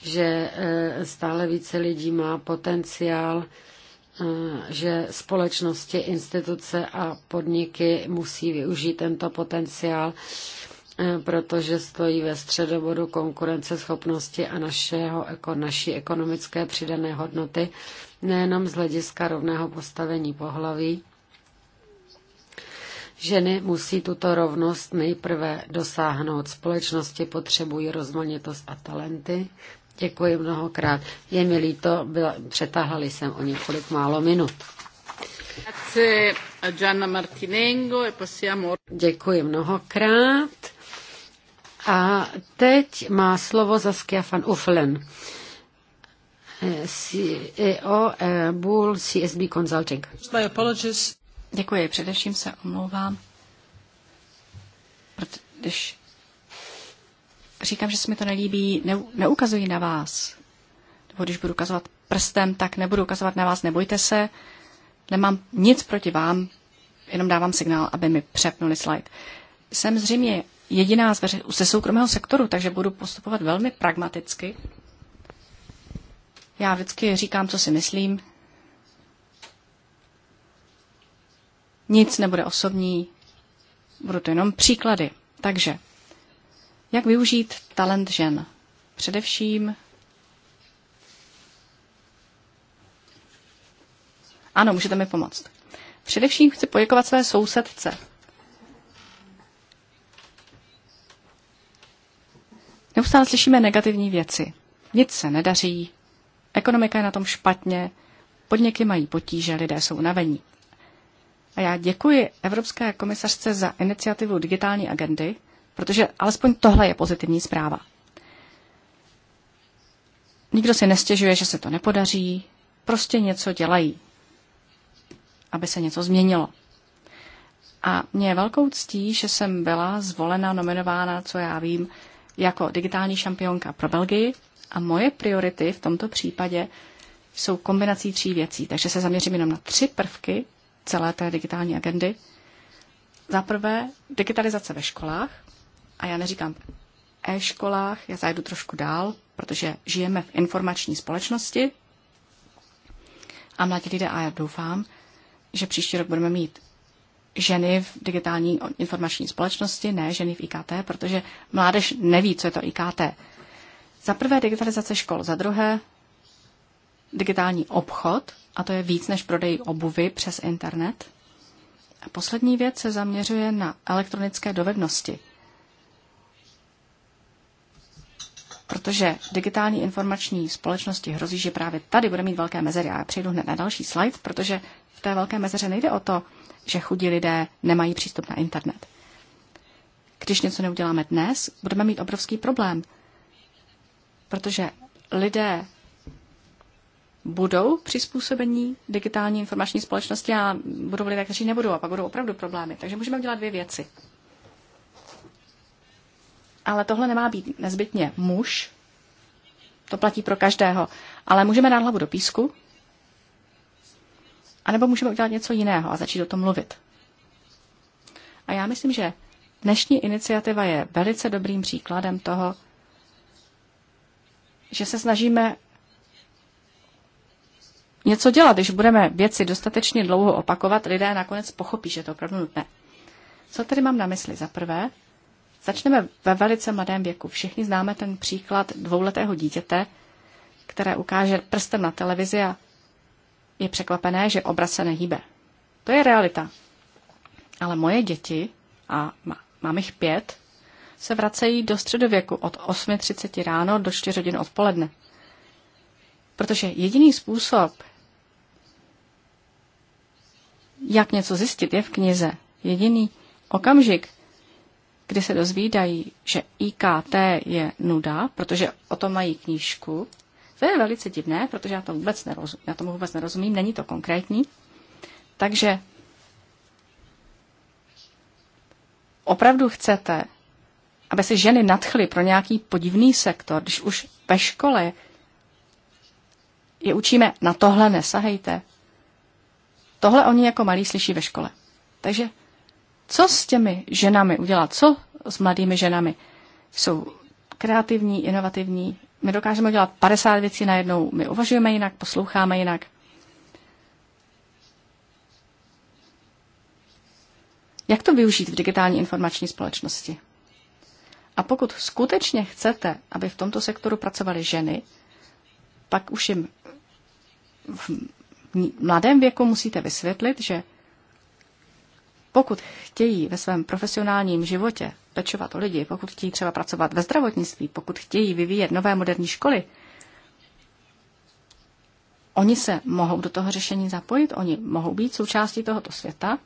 že eh, stále více lidí má potenciál, eh, že společnosti, instituce a podniky musí využít tento potenciál Eh, protože stojí ve středobodu konkurenceschopnosti a našeho, jako naší ekonomické přidané hodnoty, nejenom z hlediska rovného postavení pohlaví. Ženy musí tuto rovnost nejprve dosáhnout. Společnosti potřebují rozmanitost a talenty. Děkuji mnohokrát. Je mi líto, byla, přetáhali jsem o několik málo minut. E Děkuji mnohokrát. A teď má slovo Saskia van Uffelen, CEO eh, Bull CSB Consulting. My apologies. Děkuji, především se omlouvám, když říkám, že se mi to nelíbí, ne, na vás. Nebo když budu ukazovat prstem, tak nebudu ukazovat na vás, nebojte se. Nemám nic proti vám, jenom dávám signál, aby mi přepnuli slide. Jsem zřejmě jediná ze soukromého sektoru, takže budu postupovat velmi pragmaticky. Já vždycky říkám, co si myslím. Nic nebude osobní, Budou to jenom příklady. Takže, jak využít talent žen? Především Ano, můžete mi pomoct. Především chci poděkovat své sousedce, Neustále slyšíme negativní věci. Nic se nedaří, ekonomika je na tom špatně, podniky mají potíže, lidé jsou unavení. A já děkuji Evropské komisařce za iniciativu digitální agendy, protože alespoň tohle je pozitivní zpráva. Nikdo si nestěžuje, že se to nepodaří, prostě něco dělají, aby se něco změnilo. A mě je velkou ctí, že jsem byla zvolena, nominována, co já vím, jako digitální šampionka pro Belgii a moje priority v tomto případě jsou kombinací tří věcí. Takže se zaměřím jenom na tři prvky celé té digitální agendy. Za prvé digitalizace ve školách. A já neříkám e-školách, já zajdu trošku dál, protože žijeme v informační společnosti. A mladí lidé, a já doufám, že příští rok budeme mít ženy v digitální informační společnosti, ne ženy v IKT, protože mládež neví, co je to IKT. Za prvé digitalizace škol, za druhé digitální obchod, a to je víc než prodej obuvy přes internet. A poslední věc se zaměřuje na elektronické dovednosti. Protože digitální informační společnosti hrozí, že právě tady bude mít velké mezery. A já přejdu hned na další slide, protože v té velké mezeře nejde o to, že chudí lidé nemají přístup na internet. Když něco neuděláme dnes, budeme mít obrovský problém, protože lidé budou přizpůsobení digitální informační společnosti a budou lidé, kteří nebudou a pak budou opravdu problémy. Takže můžeme udělat dvě věci. Ale tohle nemá být nezbytně muž, to platí pro každého, ale můžeme dát hlavu do písku a nebo můžeme udělat něco jiného a začít o tom mluvit. A já myslím, že dnešní iniciativa je velice dobrým příkladem toho, že se snažíme něco dělat. Když budeme věci dostatečně dlouho opakovat, lidé nakonec pochopí, že je to opravdu nutné. Co tedy mám na mysli? Za prvé, začneme ve velice mladém věku. Všichni známe ten příklad dvouletého dítěte, které ukáže prstem na televizi a je překvapené, že obraz se nehýbe. To je realita. Ale moje děti, a mám jich pět, se vracejí do středověku od 8.30 ráno do 4 hodin odpoledne. Protože jediný způsob, jak něco zjistit, je v knize. Jediný okamžik, kdy se dozvídají, že IKT je nuda, protože o tom mají knížku, to je velice divné, protože já, to vůbec nerozum, já tomu vůbec nerozumím, není to konkrétní. Takže opravdu chcete, aby se ženy nadchly pro nějaký podivný sektor, když už ve škole je učíme, na tohle nesahejte. Tohle oni jako malí slyší ve škole. Takže co s těmi ženami udělat? Co s mladými ženami? Jsou kreativní, inovativní, my dokážeme dělat 50 věcí najednou. My uvažujeme jinak, posloucháme jinak. Jak to využít v digitální informační společnosti? A pokud skutečně chcete, aby v tomto sektoru pracovaly ženy, pak už jim v mladém věku musíte vysvětlit, že pokud chtějí ve svém profesionálním životě pečovat o lidi, pokud chtějí třeba pracovat ve zdravotnictví, pokud chtějí vyvíjet nové moderní školy, oni se mohou do toho řešení zapojit, oni mohou být součástí tohoto světa,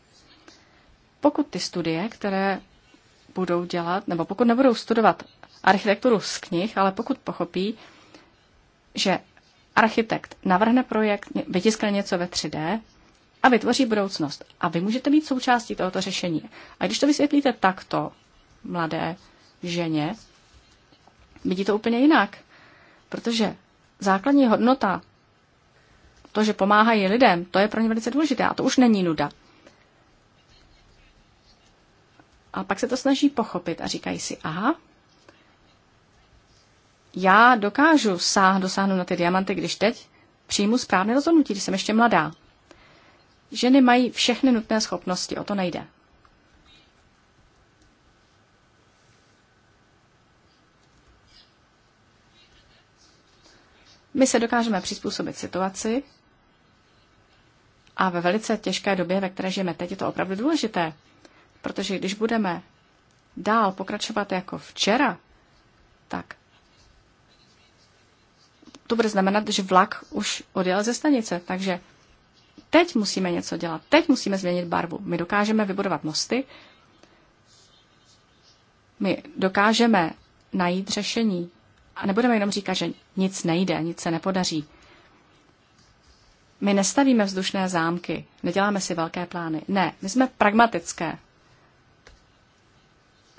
pokud ty studie, které budou dělat, nebo pokud nebudou studovat architekturu z knih, ale pokud pochopí, že architekt navrhne projekt, vytiskne něco ve 3D, a vytvoří budoucnost. A vy můžete být součástí tohoto řešení. A když to vysvětlíte takto mladé ženě, vidí to úplně jinak. Protože základní hodnota, to, že pomáhají lidem, to je pro ně velice důležité a to už není nuda. A pak se to snaží pochopit a říkají si, aha, já dokážu sáh dosáhnout na ty diamanty, když teď přijmu správné rozhodnutí, když jsem ještě mladá. Ženy mají všechny nutné schopnosti, o to nejde. My se dokážeme přizpůsobit situaci a ve velice těžké době, ve které žijeme teď, je to opravdu důležité, protože když budeme dál pokračovat jako včera, tak to bude znamenat, že vlak už odjel ze stanice, takže Teď musíme něco dělat, teď musíme změnit barvu. My dokážeme vybudovat mosty, my dokážeme najít řešení a nebudeme jenom říkat, že nic nejde, nic se nepodaří. My nestavíme vzdušné zámky, neděláme si velké plány. Ne, my jsme pragmatické.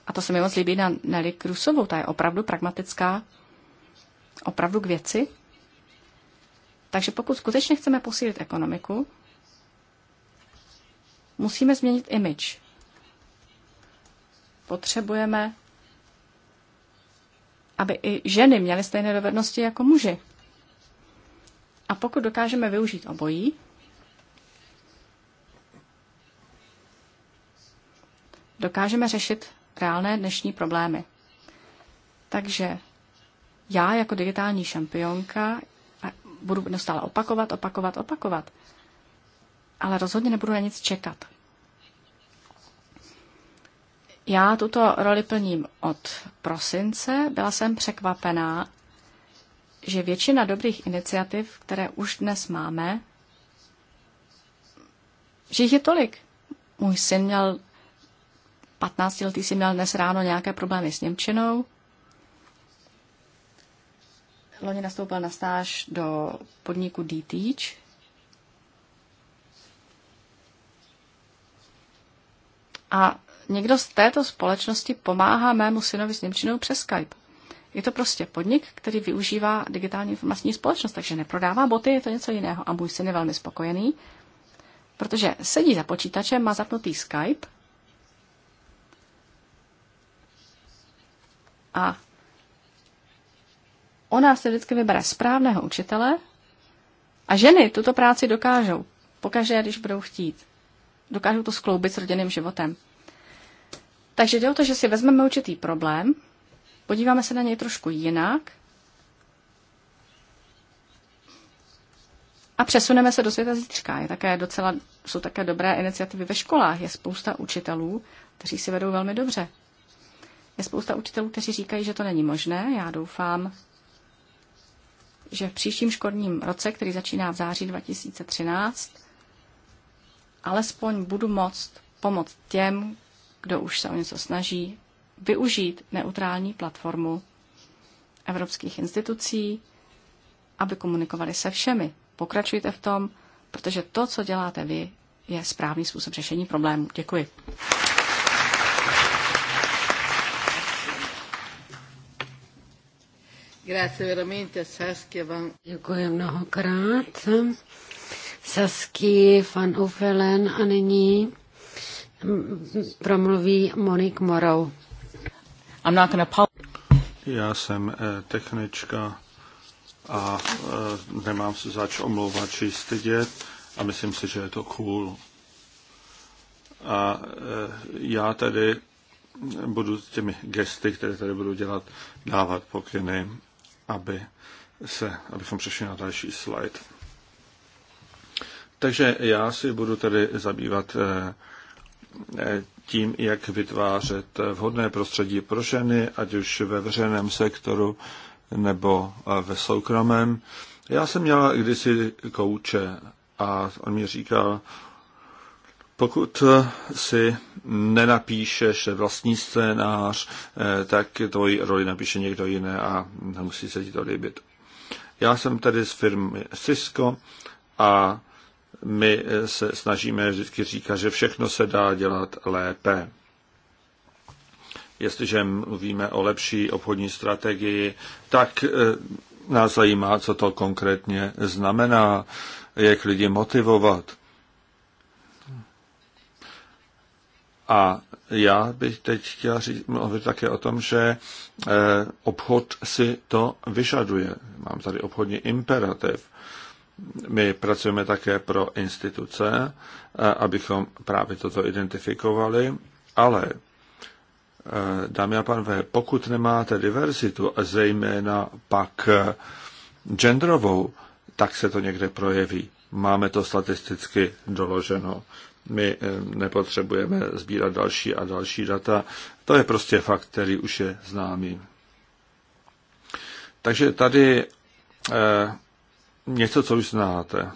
A to se mi moc líbí na Nelly Krusovou, ta je opravdu pragmatická, opravdu k věci. Takže pokud skutečně chceme posílit ekonomiku, Musíme změnit image. Potřebujeme, aby i ženy měly stejné dovednosti jako muži. A pokud dokážeme využít obojí, dokážeme řešit reálné dnešní problémy. Takže já jako digitální šampionka budu neustále opakovat, opakovat, opakovat ale rozhodně nebudu na nic čekat. Já tuto roli plním od prosince. Byla jsem překvapená, že většina dobrých iniciativ, které už dnes máme, že jich je tolik. Můj syn měl, 15 letý si měl dnes ráno nějaké problémy s Němčinou. Loni nastoupil na stáž do podniku DTeach. A někdo z této společnosti pomáhá mému synovi s Němčinou přes Skype. Je to prostě podnik, který využívá digitální informační společnost, takže neprodává boty, je to něco jiného. A můj syn je velmi spokojený, protože sedí za počítačem, má zapnutý Skype a ona se vždycky vybere správného učitele a ženy tuto práci dokážou, pokaže, když budou chtít dokážou to skloubit s rodinným životem. Takže jde o to, že si vezmeme určitý problém, podíváme se na něj trošku jinak a přesuneme se do světa zítřka. Je také docela, jsou také dobré iniciativy ve školách. Je spousta učitelů, kteří si vedou velmi dobře. Je spousta učitelů, kteří říkají, že to není možné. Já doufám, že v příštím školním roce, který začíná v září 2013, alespoň budu moct pomoct těm, kdo už se o něco snaží, využít neutrální platformu evropských institucí, aby komunikovali se všemi. Pokračujte v tom, protože to, co děláte vy, je správný způsob řešení problémů. Děkuji. Děkuji mnohokrát Sasky van Ufelen a nyní promluví Monik Morou. I'm not gonna... Já jsem eh, technička a eh, nemám se zač omlouvat či stydět a myslím si, že je to cool. A eh, já tady budu s těmi gesty, které tady budu dělat, dávat pokyny, aby se, abychom přešli na další slide. Takže já si budu tedy zabývat eh, eh, tím, jak vytvářet vhodné prostředí pro ženy, ať už ve veřejném sektoru nebo eh, ve soukromém. Já jsem měla kdysi kouče a on mi říkal, pokud si nenapíšeš vlastní scénář, tak tvoji roli napíše někdo jiný a nemusí se ti to líbit. Já jsem tedy z firmy Cisco a my eh, se snažíme vždycky říkat, že všechno se dá dělat lépe. Jestliže mluvíme o lepší obchodní strategii, tak eh, nás zajímá, co to konkrétně znamená, jak lidi motivovat. A já bych teď chtěl říct, mluvit také o tom, že eh, obchod si to vyžaduje. Mám tady obchodní imperativ. My pracujeme také pro instituce, eh, abychom právě toto identifikovali, ale eh, dámy a pánové, pokud nemáte diverzitu, a zejména pak eh, genderovou, tak se to někde projeví. Máme to statisticky doloženo. My nepotřebujeme sbírat další a další data. To je prostě fakt, který už je známý. Takže tady něco, co už znáte.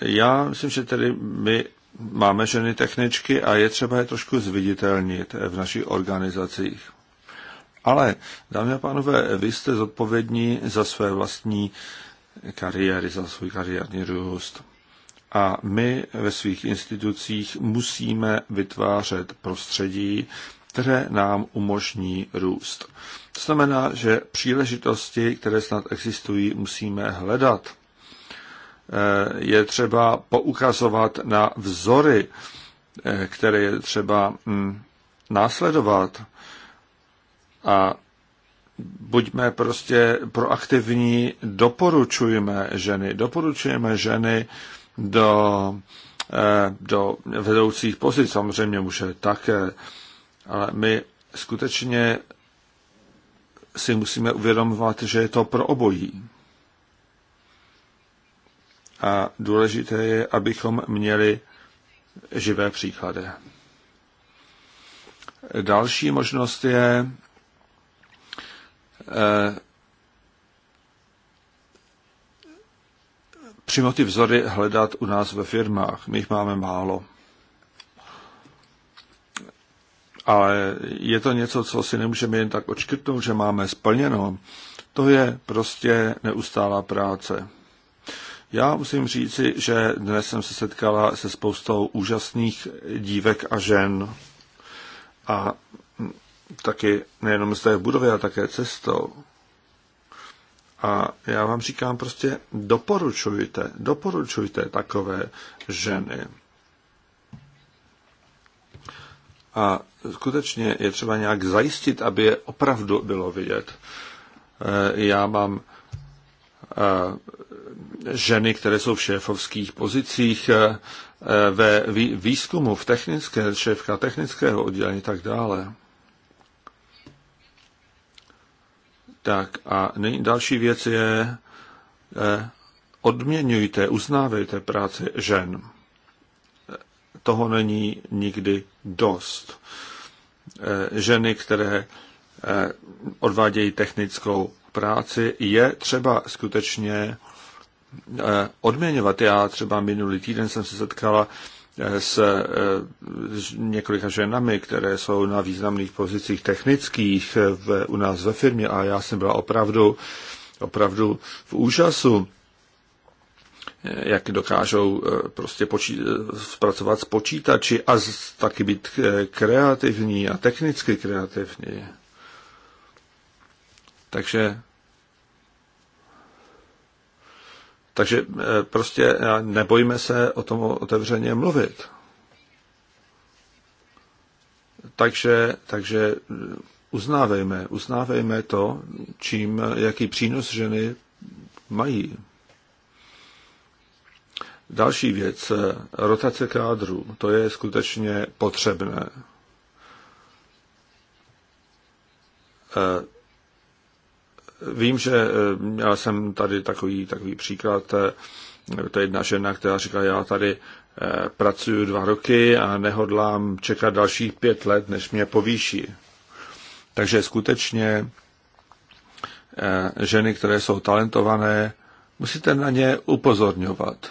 Já myslím, že tedy my máme ženy techničky a je třeba je trošku zviditelnit v našich organizacích. Ale, dámy a pánové, vy jste zodpovědní za své vlastní kariéry, za svůj kariérní růst. A my ve svých institucích musíme vytvářet prostředí, které nám umožní růst. To znamená, že příležitosti, které snad existují, musíme hledat. Eh, je třeba poukazovat na vzory, eh, které je třeba hm, následovat a buďme prostě proaktivní, doporučujeme ženy, doporučujeme ženy do, eh, do vedoucích pozic, samozřejmě muže také, ale my skutečně si musíme uvědomovat, že je to pro obojí. A důležité je, abychom měli živé příklady. Další možnost je eh, přímo ty vzory hledat u nás ve firmách. My jich máme málo. ale je to něco, co si nemůžeme jen tak odškrtnout, že máme splněno. To je prostě neustálá práce. Já musím říci, že dnes jsem se setkala se spoustou úžasných dívek a žen. A taky nejenom z té budovy, ale také cestou. A já vám říkám prostě, doporučujte, doporučujte takové ženy. A skutečně je třeba nějak zajistit, aby je opravdu bylo vidět. Eh, já mám eh, ženy, které jsou v šéfovských pozicích eh, ve výzkumu, v technické, šéfka technického oddělení a tak dále. Tak a další věc je, odměňujte, uznávejte práci žen. Toho není nikdy dost. Eh, ženy, které eh, odvádějí technickou práci, je třeba skutečně eh, odměňovat. Já třeba minulý týden jsem se setkala s, s několika ženami, které jsou na významných pozicích technických v, u nás ve firmě a já jsem byla opravdu, opravdu v úžasu jak dokážou eh, prostě počít, eh, zpracovat s počítači a z, taky být kreativní a technicky kreativní. Takže takže eh, prostě nebojíme se o tom otevřeně mluvit. Takže, takže uznávejme, uznávejme to, čím, jaký přínos ženy mají Další věc, eh, rotace kádru, to je skutečně potřebné. Eh, vím, že eh, já jsem tady takový, takový příklad, to je jedna žena, která říká, já tady pracuji dva roky a nehodlám čekat dalších pět let, než mě povýší. Takže skutečně ženy, které jsou talentované, musíte na ně upozorňovat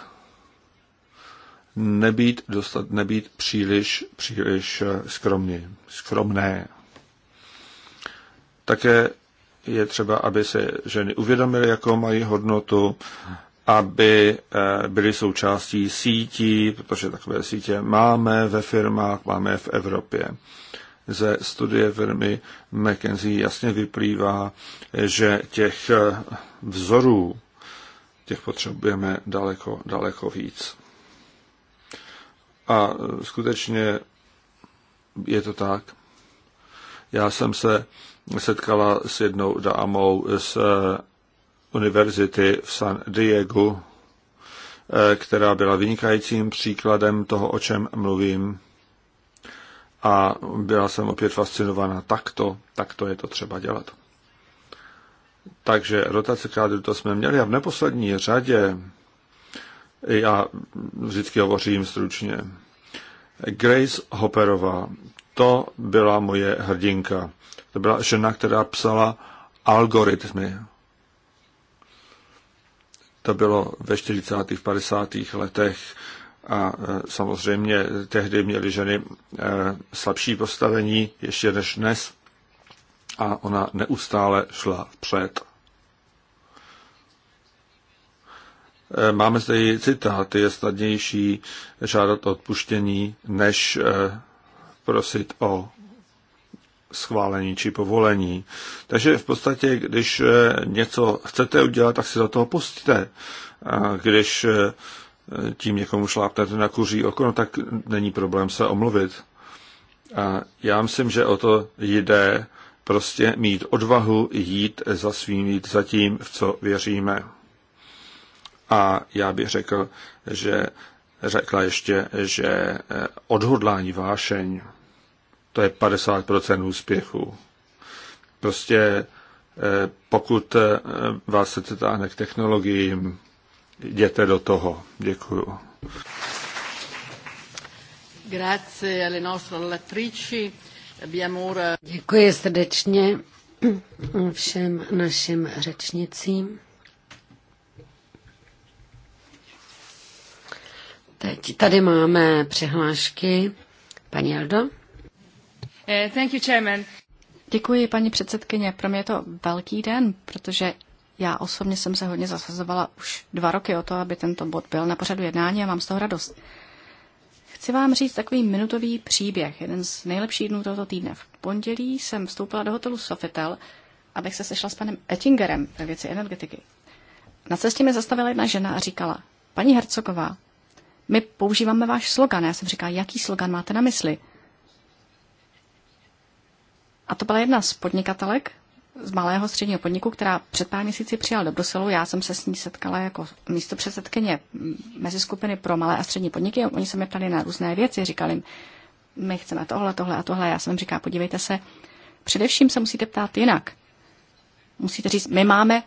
nebýt, dostat, nebýt příliš, příliš eh, skromný, skromné. Také je třeba, aby se ženy uvědomily, jakou mají hodnotu, aby eh, byly součástí sítí, protože takové sítě máme ve firmách, máme v Evropě. Ze studie firmy McKenzie jasně vyplývá, že těch eh, vzorů, těch potřebujeme daleko, daleko víc. A e, skutečně je to tak. Já jsem se setkala s jednou dámou z e, univerzity v San Diego, e, která byla vynikajícím příkladem toho, o čem mluvím. A byla jsem opět fascinována takto, takto je to třeba dělat. Takže rotace kádru to jsme měli a v neposlední řadě já vždycky hovořím stručně. Grace Hopperová, to byla moje hrdinka. To byla žena, která psala algoritmy. To bylo ve 40. a 50. letech a e, samozřejmě tehdy měly ženy e, slabší postavení ještě než dnes a ona neustále šla vpřed. Eh, máme zde i citát, je snadnější žádat o odpuštění, než eh, prosit o schválení či povolení. Takže v podstatě, když eh, něco chcete udělat, tak si do toho pustíte. A když tím někomu šlápnete na kuří okno, tak není problém se omluvit. A já myslím, že o to jde prostě mít odvahu jít za svým, jít za tím, v co věříme. A já bych řekl, že řekla ještě, že eh, odhodlání vášeň, to je 50% úspěchu. Prostě eh, pokud eh, vás se táhne k technologiím, jděte do toho. Děkuju. Grazie alle nostre relatrici. Děkuji srdečně všem našim řečnicím. Teď tady máme přihlášky. Paní Aldo? Eh, thank you, chairman. Děkuji, paní předsedkyně. Pro mě je to velký den, protože já osobně jsem se hodně zasazovala už dva roky o to, aby tento bod byl na pořadu jednání a mám z toho radost. Chci vám říct takový minutový příběh, jeden z nejlepších dnů tohoto týdne. V pondělí jsem vstoupila do hotelu Sofitel, abych se sešla s panem Ettingerem ve věci energetiky. Na cestě mi zastavila jedna žena a říkala, paní Hercoková, my používáme váš slogan. Já jsem říká, jaký slogan máte na mysli? A to byla jedna z podnikatelek z malého středního podniku, která před pár měsíci přijala do Bruselu. Já jsem se s ní setkala jako místo předsedkyně mezi skupiny pro malé a střední podniky. Oni se mě ptali na různé věci, říkali jim, my chceme tohle, tohle a tohle. Já jsem jim říká, podívejte se, především se musíte ptát jinak. Musíte říct, my máme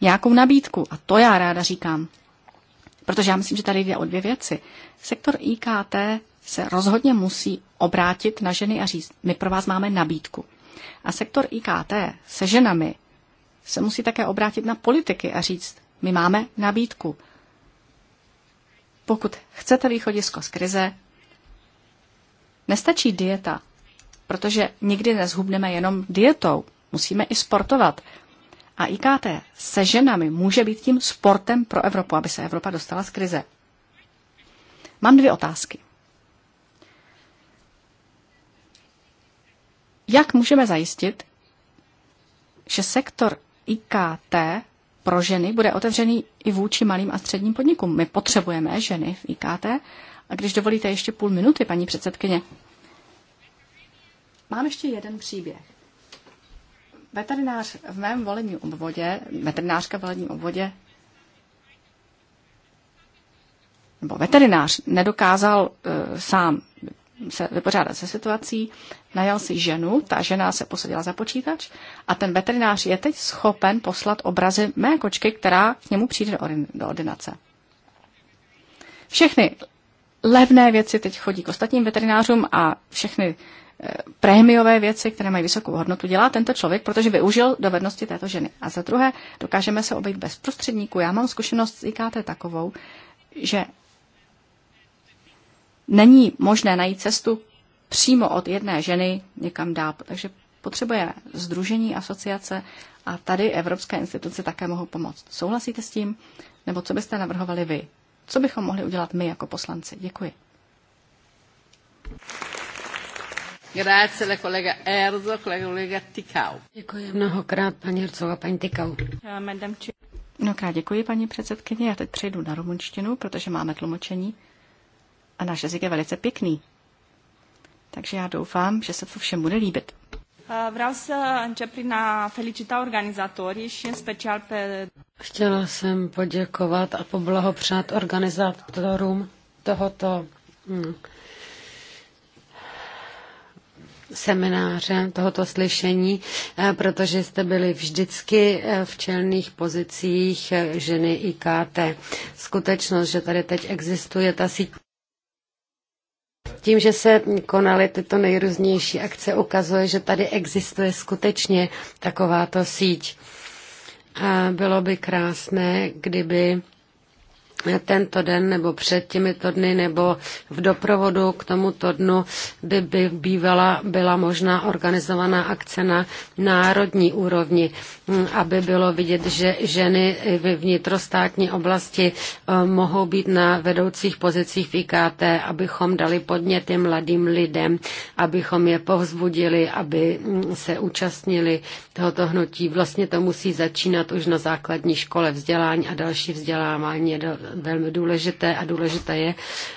nějakou nabídku. A to já ráda říkám. Protože já myslím, že tady jde o dvě věci. Sektor IKT se rozhodně musí obrátit na ženy a říct, my pro vás máme nabídku. A sektor IKT se ženami se musí také obrátit na politiky a říct, my máme nabídku. Pokud chcete východisko z krize, nestačí dieta, protože nikdy nezhubneme jenom dietou, musíme i sportovat. A IKT se ženami může být tím sportem pro Evropu, aby se Evropa dostala z krize. Mám dvě otázky. Jak můžeme zajistit, že sektor IKT pro ženy bude otevřený i vůči malým a středním podnikům? My potřebujeme ženy v IKT. A když dovolíte ještě půl minuty, paní předsedkyně. Mám ještě jeden příběh. Veterinář v mém volení obvodě, veterinářka v volení obvodě, nebo veterinář nedokázal uh, sám se vypořádat se situací, najal si ženu, ta žena se posadila za počítač a ten veterinář je teď schopen poslat obrazy mé kočky, která k němu přijde do ordinace. Všechny levné věci teď chodí k ostatním veterinářům a všechny prémiové věci, které mají vysokou hodnotu, dělá tento člověk, protože využil dovednosti této ženy. A za druhé, dokážeme se obejít bez prostředníků. Já mám zkušenost s IKT takovou, že není možné najít cestu přímo od jedné ženy někam dál. Takže potřebuje združení, asociace a tady evropské instituce také mohou pomoct. Souhlasíte s tím? Nebo co byste navrhovali vy? Co bychom mohli udělat my jako poslanci? Děkuji. Grazie la kolega Erzo, kolega, kolega Tikau. Děkuji mnohokrát, paní Ercová, paní Tikau. Mnohokrát děkuji, paní předsedkyně. Já teď přejdu na rumunštinu, protože máme tlumočení a náš jazyk je velice pěkný. Takže já doufám, že se to všem bude líbit. Vreau să încep prin a felicita organizatorii și în special pe... Chtěla jsem poděkovat a poblahopřát organizátorům tohoto hm, semináře, tohoto slyšení, eh, protože jste byli vždycky eh, v čelných pozicích eh, ženy IKT. Skutečnost, že tady teď existuje ta síť tím, že se konaly tyto nejrůznější akce, ukazuje, že tady existuje skutečně takováto síť. A bylo by krásné, kdyby tento den nebo před těmito dny nebo v doprovodu k tomuto dnu by, by bývala, byla možná organizovaná akce na národní úrovni, mm, aby bylo vidět, že ženy v vnitrostátní oblasti eh, mohou být na vedoucích pozicích v IKT, abychom dali podněty mladým lidem, abychom je povzbudili, aby mm, se účastnili tohoto hnutí. Vlastně to musí začínat už na základní škole vzdělání a další vzdělávání do velmi důležité a důležité je,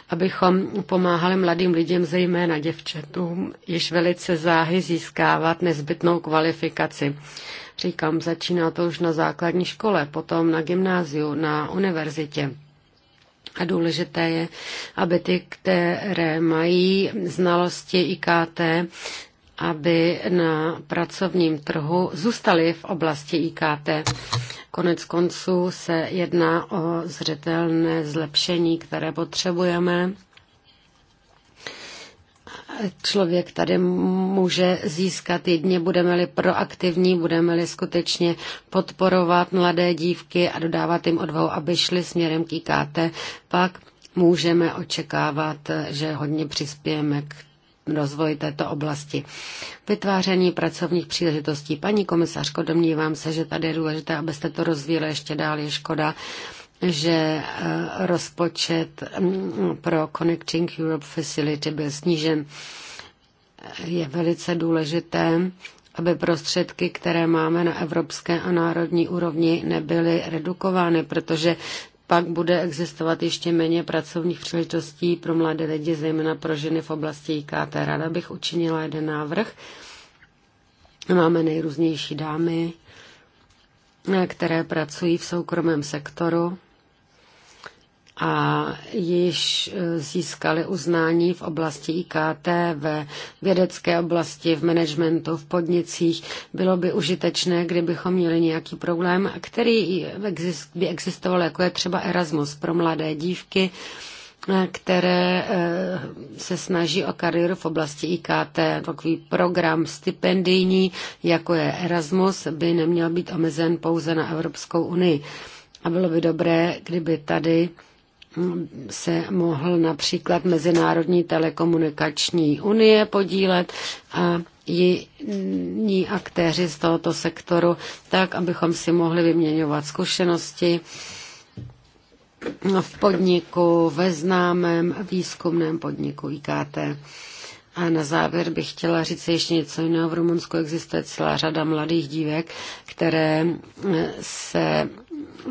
abychom pomáhali mladým lidem, zejména děvčatům, již velice záhy získávat nezbytnou kvalifikaci. Říkám, začíná to už na základní škole, potom na gymnáziu, na univerzitě. A důležité je, aby ty, které mají znalosti IKT, aby na pracovním trhu zůstali v oblasti IKT. Konec konců se jedná o zřetelné zlepšení, které potřebujeme. Člověk tady může získat jedně, budeme-li proaktivní, budeme-li skutečně podporovat mladé dívky a dodávat jim odvahu, aby šli směrem k IKT, pak můžeme očekávat, že hodně přispějeme k rozvoj této oblasti. Vytváření pracovních příležitostí. Paní komisařko, domnívám se, že tady je důležité, abyste to rozvíjeli ještě dál. Je škoda, že eh, rozpočet mm, pro Connecting Europe Facility byl snížen. Je velice důležité, aby prostředky, které máme na evropské a národní úrovni, nebyly redukovány, protože pak bude existovat ještě méně pracovních příležitostí pro mladé lidi, zejména pro ženy v oblasti IKT. Rada bych učinila jeden návrh. Máme nejrůznější dámy, které pracují v soukromém sektoru a již eh, získali uznání v oblasti IKT, ve vědecké oblasti, v managementu, v podnicích. Bylo by užitečné, kdybychom měli nějaký problém, který by existoval, jako je třeba Erasmus pro mladé dívky, eh, které eh, se snaží o kariéru v oblasti IKT. Takový program stipendijní, jako je Erasmus, by neměl být omezen pouze na Evropskou unii. A bylo by dobré, kdyby tady se mohl například Mezinárodní telekomunikační unie podílet a jiní aktéři z tohoto sektoru, tak abychom si mohli vyměňovat zkušenosti v podniku, ve známém výzkumném podniku IKT. A na závěr bych chtěla říct ještě něco jiného. V Rumunsku existuje celá řada mladých dívek, které se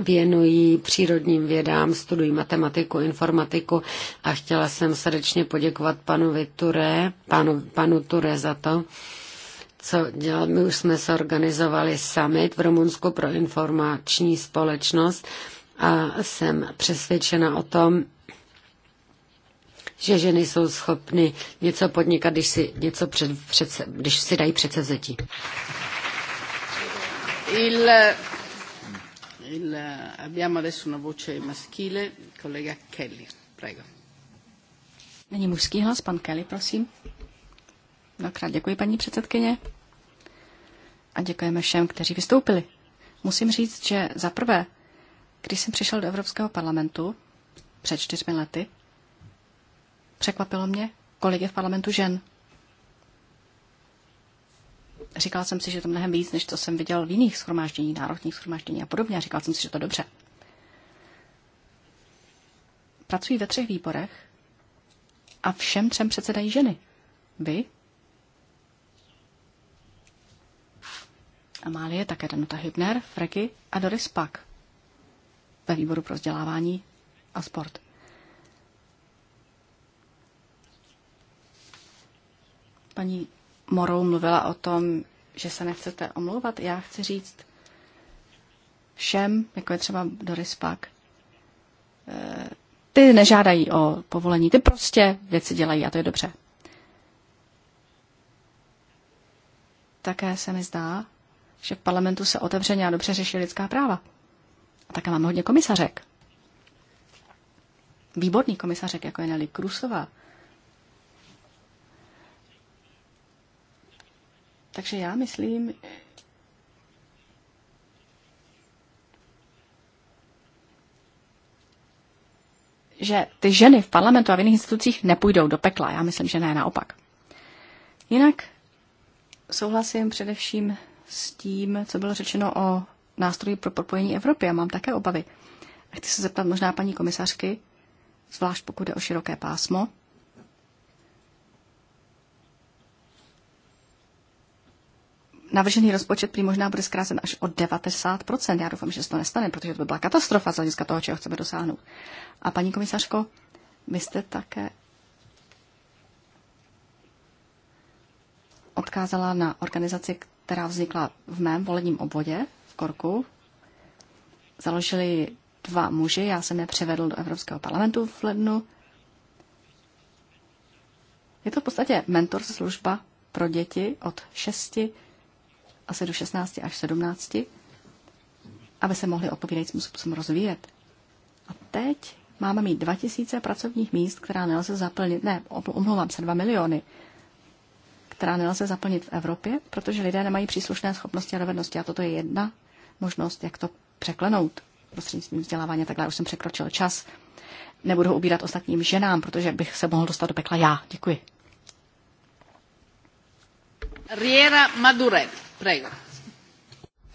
věnují přírodním vědám, studují matematiku, informatiku a chtěla jsem srdečně poděkovat panu Viture, panu, panu Ture za to, co dělal. My už jsme se organizovali summit v Rumunsku pro informační společnost a jsem přesvědčena o tom, že ženy jsou schopny něco podnikat, když si, něco před, před, když si dají předsevzetí. Il il, eh, abbiamo adesso una voce maschile, collega Kelly, prego. Není mužský hlas, pan Kelly, prosím. Mnohokrát děkuji, paní předsedkyně. A děkujeme všem, kteří vystoupili. Musím říct, že za prvé, když jsem přišel do Evropského parlamentu před čtyřmi lety, překvapilo mě, kolik je v parlamentu žen říkala jsem si, že to mnohem víc, než co jsem viděl v jiných schromáždění, národních schromáždění a podobně. A říkala jsem si, že to dobře. Pracují ve třech výborech a všem třem předsedají ženy. Vy? Amálie, také Danuta Hübner, Freky a Doris Pak ve výboru pro vzdělávání a sport. Paní Morou mluvila o tom, že se nechcete omlouvat. Já chci říct všem, jako je třeba Doris Pak, eh, ty nežádají o povolení, ty prostě věci dělají a to je dobře. Také se mi zdá, že v parlamentu se otevřeně a dobře řeší lidská práva. A také máme hodně komisařek. Výborný komisařek, jako je Nelly Krusová, Takže já myslím, že ty ženy v parlamentu a v jiných institucích nepůjdou do pekla. Já myslím, že ne, naopak. Jinak souhlasím především s tím, co bylo řečeno o nástroji pro propojení Evropy. Já mám také obavy. A chci se zeptat možná paní komisařky, zvlášť pokud jde o široké pásmo. navržený rozpočet prý možná bude zkrácen až o 90%. Já doufám, že se to nestane, protože to by byla katastrofa z hlediska toho, čeho chceme dosáhnout. A paní komisařko, vy jste také odkázala na organizaci, která vznikla v mém volením obvodě v Korku. Založili dva muži, já jsem je převedl do Evropského parlamentu v lednu. Je to v podstatě mentor služba pro děti od 6 asi do 16 až 17, aby se mohli odpovídajícím způsobem rozvíjet. A teď máme mít 2000 pracovních míst, která nelze zaplnit, ne, omlouvám se, 2 miliony, která nelze zaplnit v Evropě, protože lidé nemají příslušné schopnosti a dovednosti. A toto je jedna možnost, jak to překlenout prostřednictvím vzdělávání. Takhle už jsem překročil čas. Nebudu ho ubírat ostatním ženám, protože bych se mohl dostat do pekla já. Děkuji. Riera Madurek. Prego.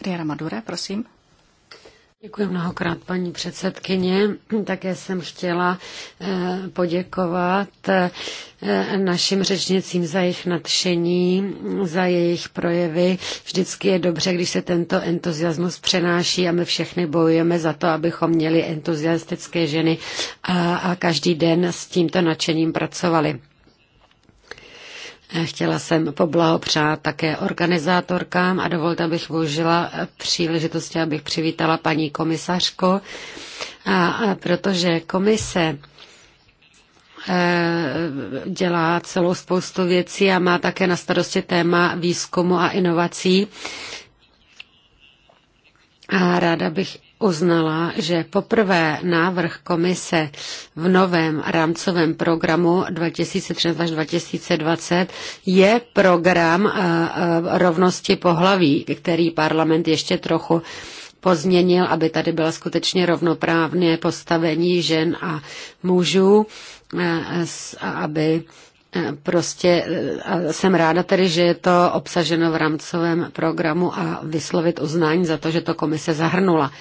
Riera Madure, prosím. Děkuji mnohokrát, paní předsedkyně. Také jsem chtěla eh, poděkovat eh, našim řečnicím za jejich nadšení, za jejich projevy. Vždycky je dobře, když se tento entuziasmus přenáší a my všechny bojujeme za to, abychom měli entuziastické ženy a, a každý den s tímto nadšením pracovali. Eh, chtěla jsem poblahopřát také organizátorkám a dovolte, abych využila eh, příležitosti, abych přivítala paní komisařko, a, a protože komise eh, dělá celou spoustu věcí a má také na starosti téma výzkumu a inovací. A ráda bych uznala, že poprvé návrh komise v novém rámcovém programu 2013 2020 je program eh, eh, rovnosti pohlaví, který parlament ještě trochu pozměnil, aby tady byla skutečně rovnoprávné postavení žen a mužů, eh, aby prostě jsem ráda tedy, že je to obsaženo v rámcovém programu a vyslovit uznání za to, že to komise zahrnula.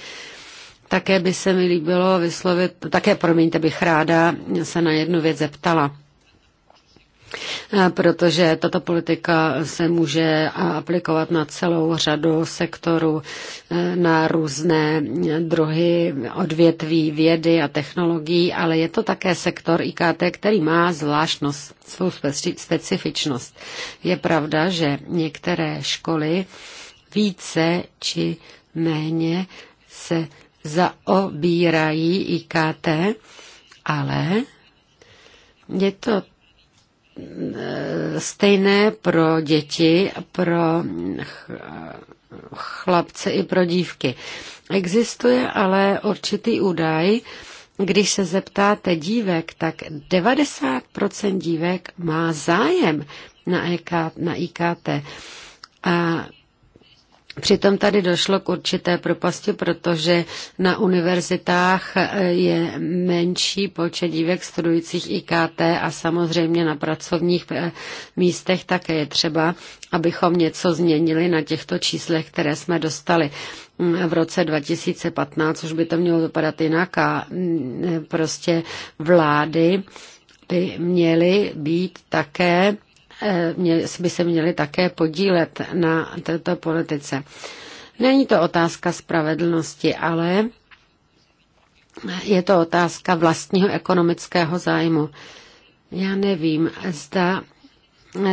Také by se mi líbilo vyslovit, také promiňte, bych ráda se na jednu věc zeptala. Eh, protože tato politika se může aplikovat na celou řadu sektorů, eh, na různé druhy odvětví vědy a technologií, ale je to také sektor IKT, který má zvláštnost, svou specifičnost. Je pravda, že některé školy více či méně se zaobírají IKT, ale je to eh, stejné pro děti, pro chlapce i pro dívky. Existuje ale určitý údaj, když se zeptáte dívek, tak 90% dívek má zájem na, e na IKT. A Přitom tady došlo k určité propasti, protože na univerzitách eh, je menší počet dívek studujících IKT a samozřejmě na pracovních eh, místech také je třeba, abychom něco změnili na těchto číslech, které jsme dostali. Mm, v roce 2015 už by to mělo vypadat jinak a mm, prostě vlády by měly být také Eh, by se měli také podílet na této politice. Není to otázka spravedlnosti, ale je to otázka vlastního ekonomického zájmu. Já nevím, zda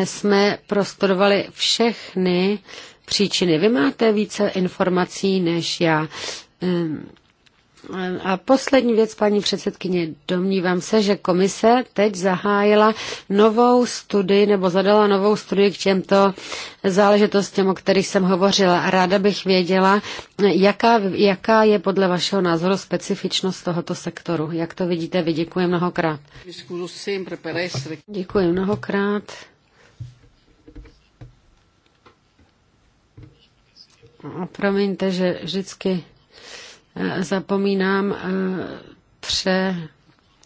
jsme prostudovali všechny příčiny. Vy máte více informací než já. Ehm, a poslední věc, paní předsedkyně, domnívám se, že komise teď zahájila novou studii nebo zadala novou studii k těmto záležitostem, o kterých jsem hovořila. Ráda bych věděla, jaká, jaká je podle vašeho názoru specifičnost tohoto sektoru. Jak to vidíte? Vy děkuji mnohokrát. Děkuji mnohokrát. A promiňte, že vždycky zapomínám eh, pře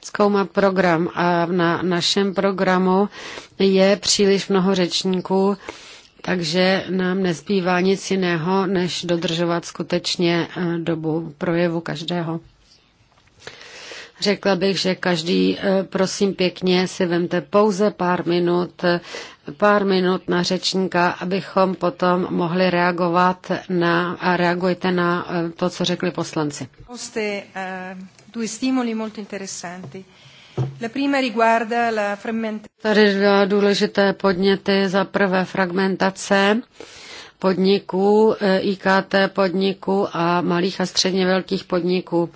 zkoumat program a na našem programu je příliš mnoho řečníků, takže nám nezbývá nic jiného, než dodržovat skutečně eh, dobu projevu každého. Řekla bych, že každý, eh, prosím pěkně, si vemte pouze pár minut pár minut na řečníka, abychom potom mohli reagovat na, a reagujte na eh, to, co řekli poslanci. Eh, Tady dva důležité podněty. Za prvé fragmentace podniků, eh, IKT podniků a malých a středně velkých podniků.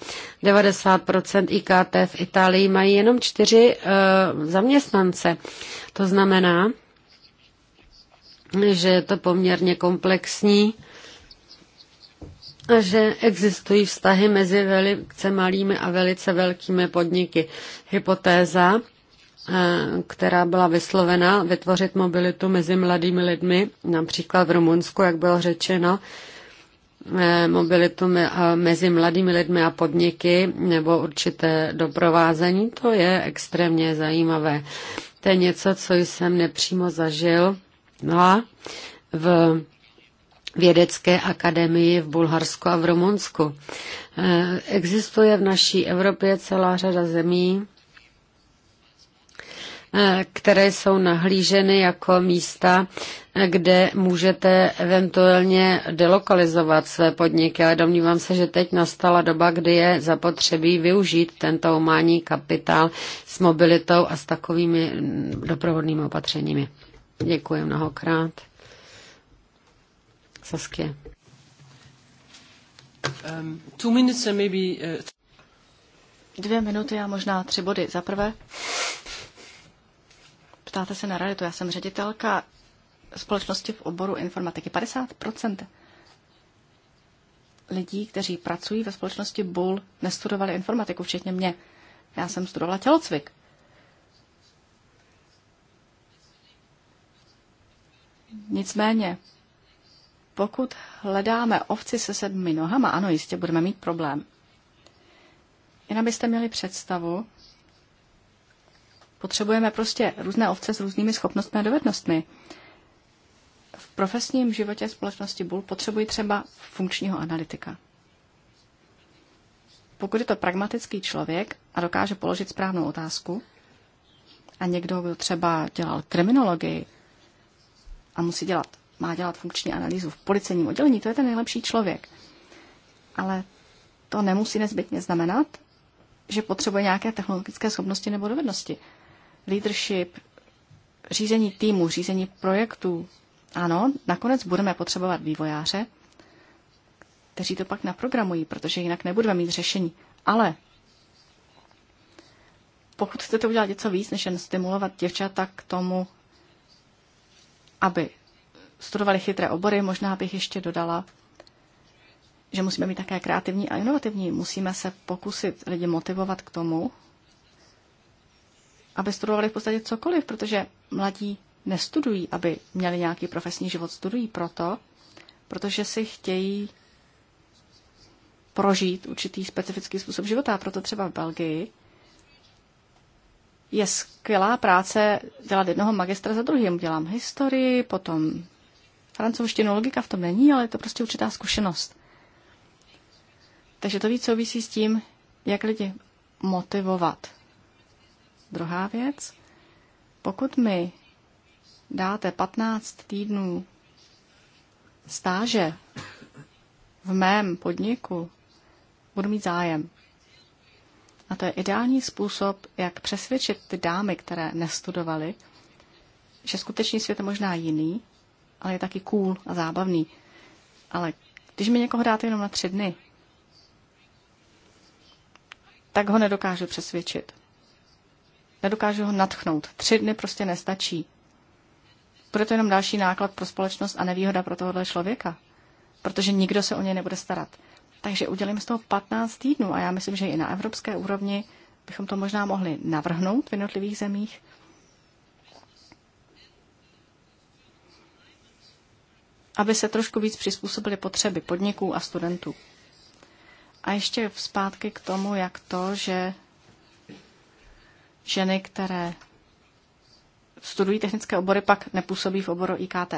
90% IKT v Itálii mají jenom čtyři zaměstnance. To znamená, že je to poměrně komplexní a že existují vztahy mezi velice malými a velice velkými podniky. Hypotéza, eh, která byla vyslovena, vytvořit mobilitu mezi mladými lidmi, například v Rumunsku, jak bylo řečeno, eh, mobilitu mezi mladými lidmi a podniky nebo určité doprovázení, to je extrémně zajímavé. To je něco, co jsem nepřímo zažil No a v vědecké akademii v Bulharsku a v Rumunsku. E, existuje v naší Evropě celá řada zemí, e, které jsou nahlíženy jako místa, kde můžete eventuálně delokalizovat své podniky, ale domnívám se, že teď nastala doba, kdy je zapotřebí využít tento umání kapitál s mobilitou a s takovými doprovodnými opatřeními. Děkuji mnohokrát. Saskia. Um, two minutes and maybe, uh... Dvě minuty a možná tři body. Za prvé, ptáte se na realitu. Já jsem ředitelka společnosti v oboru informatiky. 50% lidí, kteří pracují ve společnosti BUL, nestudovali informatiku, včetně mě. Já jsem studovala tělocvik. Nicméně, pokud hledáme ovci se sedmi nohama, ano, jistě budeme mít problém. Jen abyste měli představu, potřebujeme prostě různé ovce s různými schopnostmi a dovednostmi. V profesním životě společnosti Bull potřebují třeba funkčního analytika. Pokud je to pragmatický člověk a dokáže položit správnou otázku, a někdo, kdo třeba dělal kriminologii, a musí dělat, má dělat funkční analýzu v policejním oddělení, to je ten nejlepší člověk. Ale to nemusí nezbytně znamenat, že potřebuje nějaké technologické schopnosti nebo dovednosti. Leadership, řízení týmu, řízení projektů. Ano, nakonec budeme potřebovat vývojáře, kteří to pak naprogramují, protože jinak nebudeme mít řešení. Ale pokud chcete udělat něco víc, než jen stimulovat děvčata k tomu, aby studovali chytré obory, možná bych ještě dodala, že musíme být také kreativní a inovativní. Musíme se pokusit lidi motivovat k tomu, aby studovali v podstatě cokoliv, protože mladí nestudují, aby měli nějaký profesní život. Studují proto, protože si chtějí prožít určitý specifický způsob života. A proto třeba v Belgii je skvělá práce dělat jednoho magistra za druhým. Dělám historii, potom francouzštinu. Logika v tom není, ale je to prostě určitá zkušenost. Takže to víc souvisí s tím, jak lidi motivovat. Druhá věc, pokud mi dáte 15 týdnů stáže v mém podniku, budu mít zájem. A to je ideální způsob, jak přesvědčit ty dámy, které nestudovaly, že skutečný svět je možná jiný, ale je taky cool a zábavný. Ale když mi někoho dáte jenom na tři dny, tak ho nedokážu přesvědčit. Nedokážu ho natchnout. Tři dny prostě nestačí. Bude to jenom další náklad pro společnost a nevýhoda pro tohohle člověka, protože nikdo se o něj nebude starat. Takže udělím z toho 15 týdnů a já myslím, že i na evropské úrovni bychom to možná mohli navrhnout v jednotlivých zemích. aby se trošku víc přizpůsobily potřeby podniků a studentů. A ještě zpátky k tomu, jak to, že ženy, které studují technické obory, pak nepůsobí v oboru IKT.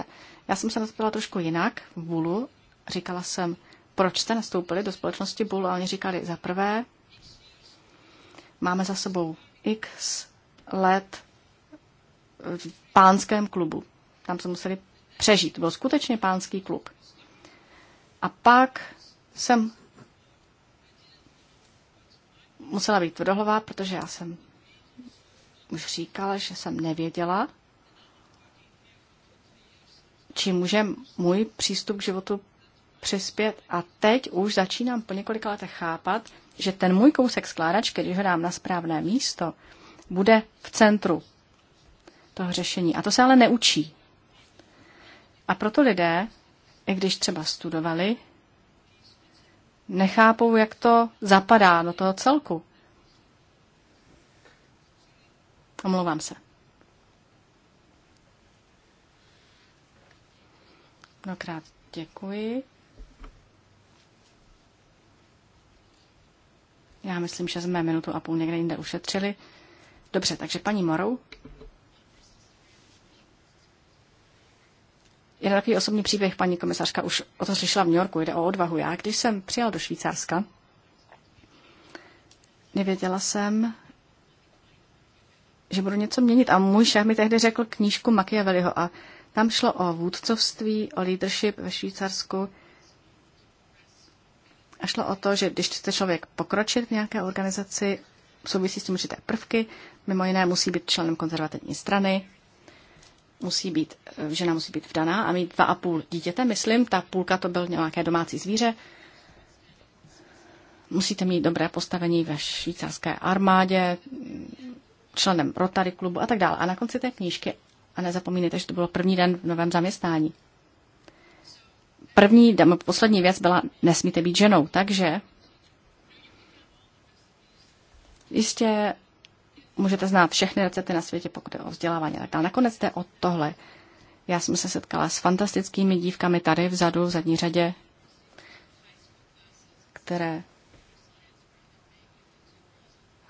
Já jsem se na to trošku jinak v Bulu. Říkala jsem, proč jste nastoupili do společnosti Bull a oni říkali, za prvé, máme za sebou x let v pánském klubu. Tam se museli přežít. Byl skutečně pánský klub. A pak jsem musela být tvrdohlavá, protože já jsem už říkala, že jsem nevěděla, čím může můj přístup k životu přispět a teď už začínám po několika letech chápat, že ten můj kousek skládačky, když ho dám na správné místo, bude v centru toho řešení. A to se ale neučí. A proto lidé, i když třeba studovali, nechápou, jak to zapadá do toho celku. Omlouvám se. Mnohokrát děkuji. Já myslím, že jsme minutu a půl někde jinde ušetřili. Dobře, takže paní Morou. Je to takový osobní příběh, paní komisařka už o to slyšela v New Yorku, jde o odvahu. Já, když jsem přijel do Švýcarska, nevěděla jsem, že budu něco měnit. A můj šéf mi tehdy řekl knížku Machiavelliho a tam šlo o vůdcovství, o leadership ve Švýcarsku – a šlo o to, že když chce člověk pokročit v nějaké organizaci, souvisí s tím určité prvky, mimo jiné musí být členem konzervativní strany, musí být, eh, žena musí být vdaná a mít dva a půl dítěte, myslím, ta půlka to byl nějaké domácí zvíře. Musíte mít dobré postavení ve švýcarské armádě, členem Rotary klubu a tak dále. A na konci té knížky, a nezapomínejte, že to bylo první den v novém zaměstnání, první, poslední věc byla, nesmíte být ženou. Takže jistě můžete znát všechny recepty na světě, pokud je o vzdělávání tak ale Nakonec jste od tohle. Já jsem se setkala s fantastickými dívkami tady vzadu, v zadní řadě, které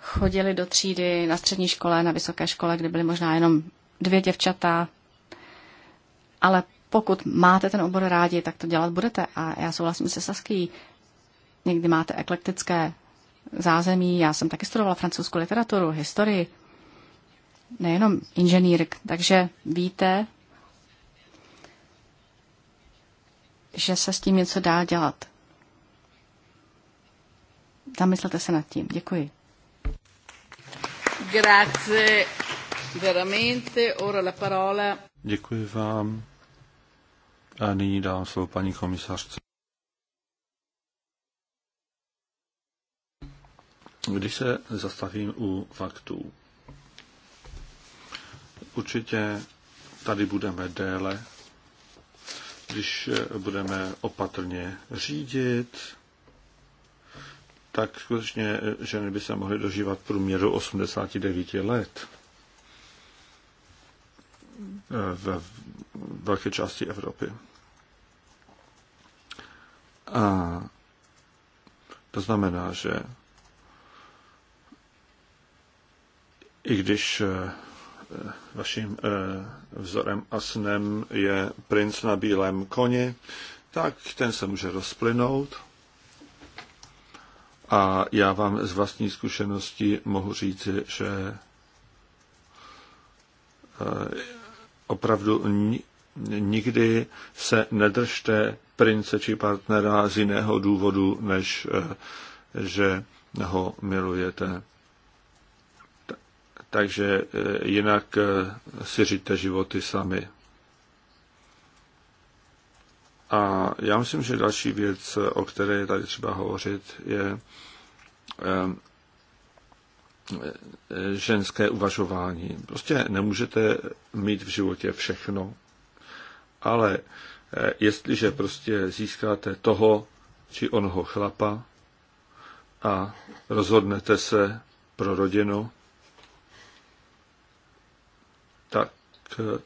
chodili do třídy na střední škole, na vysoké škole, kde byly možná jenom dvě děvčata, ale pokud máte ten obor rádi, tak to dělat budete. A já souhlasím se Saský. Někdy máte eklektické zázemí. Já jsem taky studovala francouzskou literaturu, historii, nejenom inženýrk. Takže víte, že se s tím něco dá dělat. Zamyslete se nad tím. Děkuji. Grazie. Veramente. Ora la parola. Děkuji vám. A nyní dám slovo paní komisařce. Když se zastavím u faktů, určitě tady budeme déle, když budeme opatrně řídit, tak skutečně ženy by se mohly dožívat průměru 89 let v velké části Evropy. A to znamená, že i když eh, vaším eh, vzorem a snem je princ na bílém koni, tak ten se může rozplynout. A já vám z vlastní zkušenosti mohu říci, že eh, opravdu nikdy se nedržte prince či partnera z jiného důvodu, než eh, že ho milujete. Takže eh, jinak eh, si říte životy sami. A já myslím, že další věc, o které je tady třeba hovořit, je Eh, ženské uvažování. Prostě nemůžete mít v životě všechno, ale eh, jestliže prostě získáte toho či onoho chlapa a rozhodnete se pro rodinu, tak eh,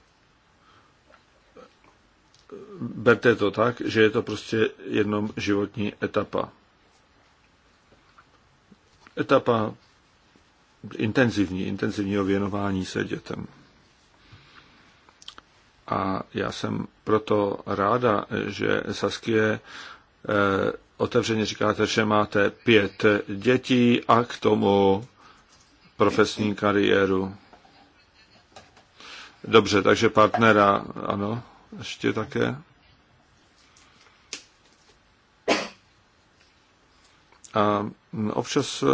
berte to tak, že je to prostě jednom životní etapa. Etapa intenzivní, intenzivního věnování se dětem. A já jsem proto ráda, že Saskie eh, otevřeně říkáte, že máte pět dětí a k tomu profesní kariéru. Dobře, takže partnera, ano, ještě také. A Občas eh,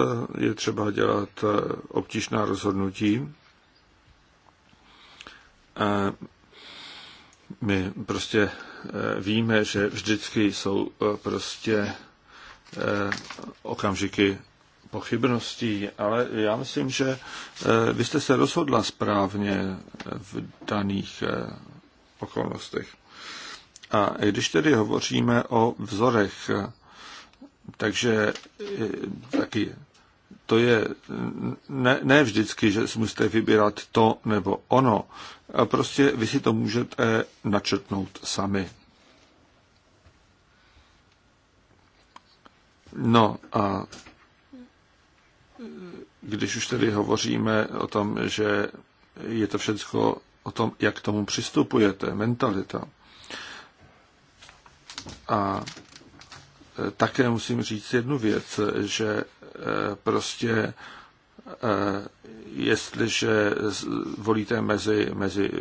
je třeba dělat eh, obtížná rozhodnutí. My prostě eh, víme, že vždycky jsou prostě okamžiky pochybností, ale já myslím, že vy jste se rozhodla správně v daných okolnostech. A když tedy hovoříme o vzorech, takže eh, taky to je ne, ne vždycky, že si musíte vybírat to nebo ono. A prostě vy si to můžete načrtnout sami. No a eh, když už tedy hovoříme o tom, že je to všechno o tom, jak k tomu přistupujete, mentalita. A také musím říct jednu věc, že eh, prostě eh, jestliže volíte mezi, mezi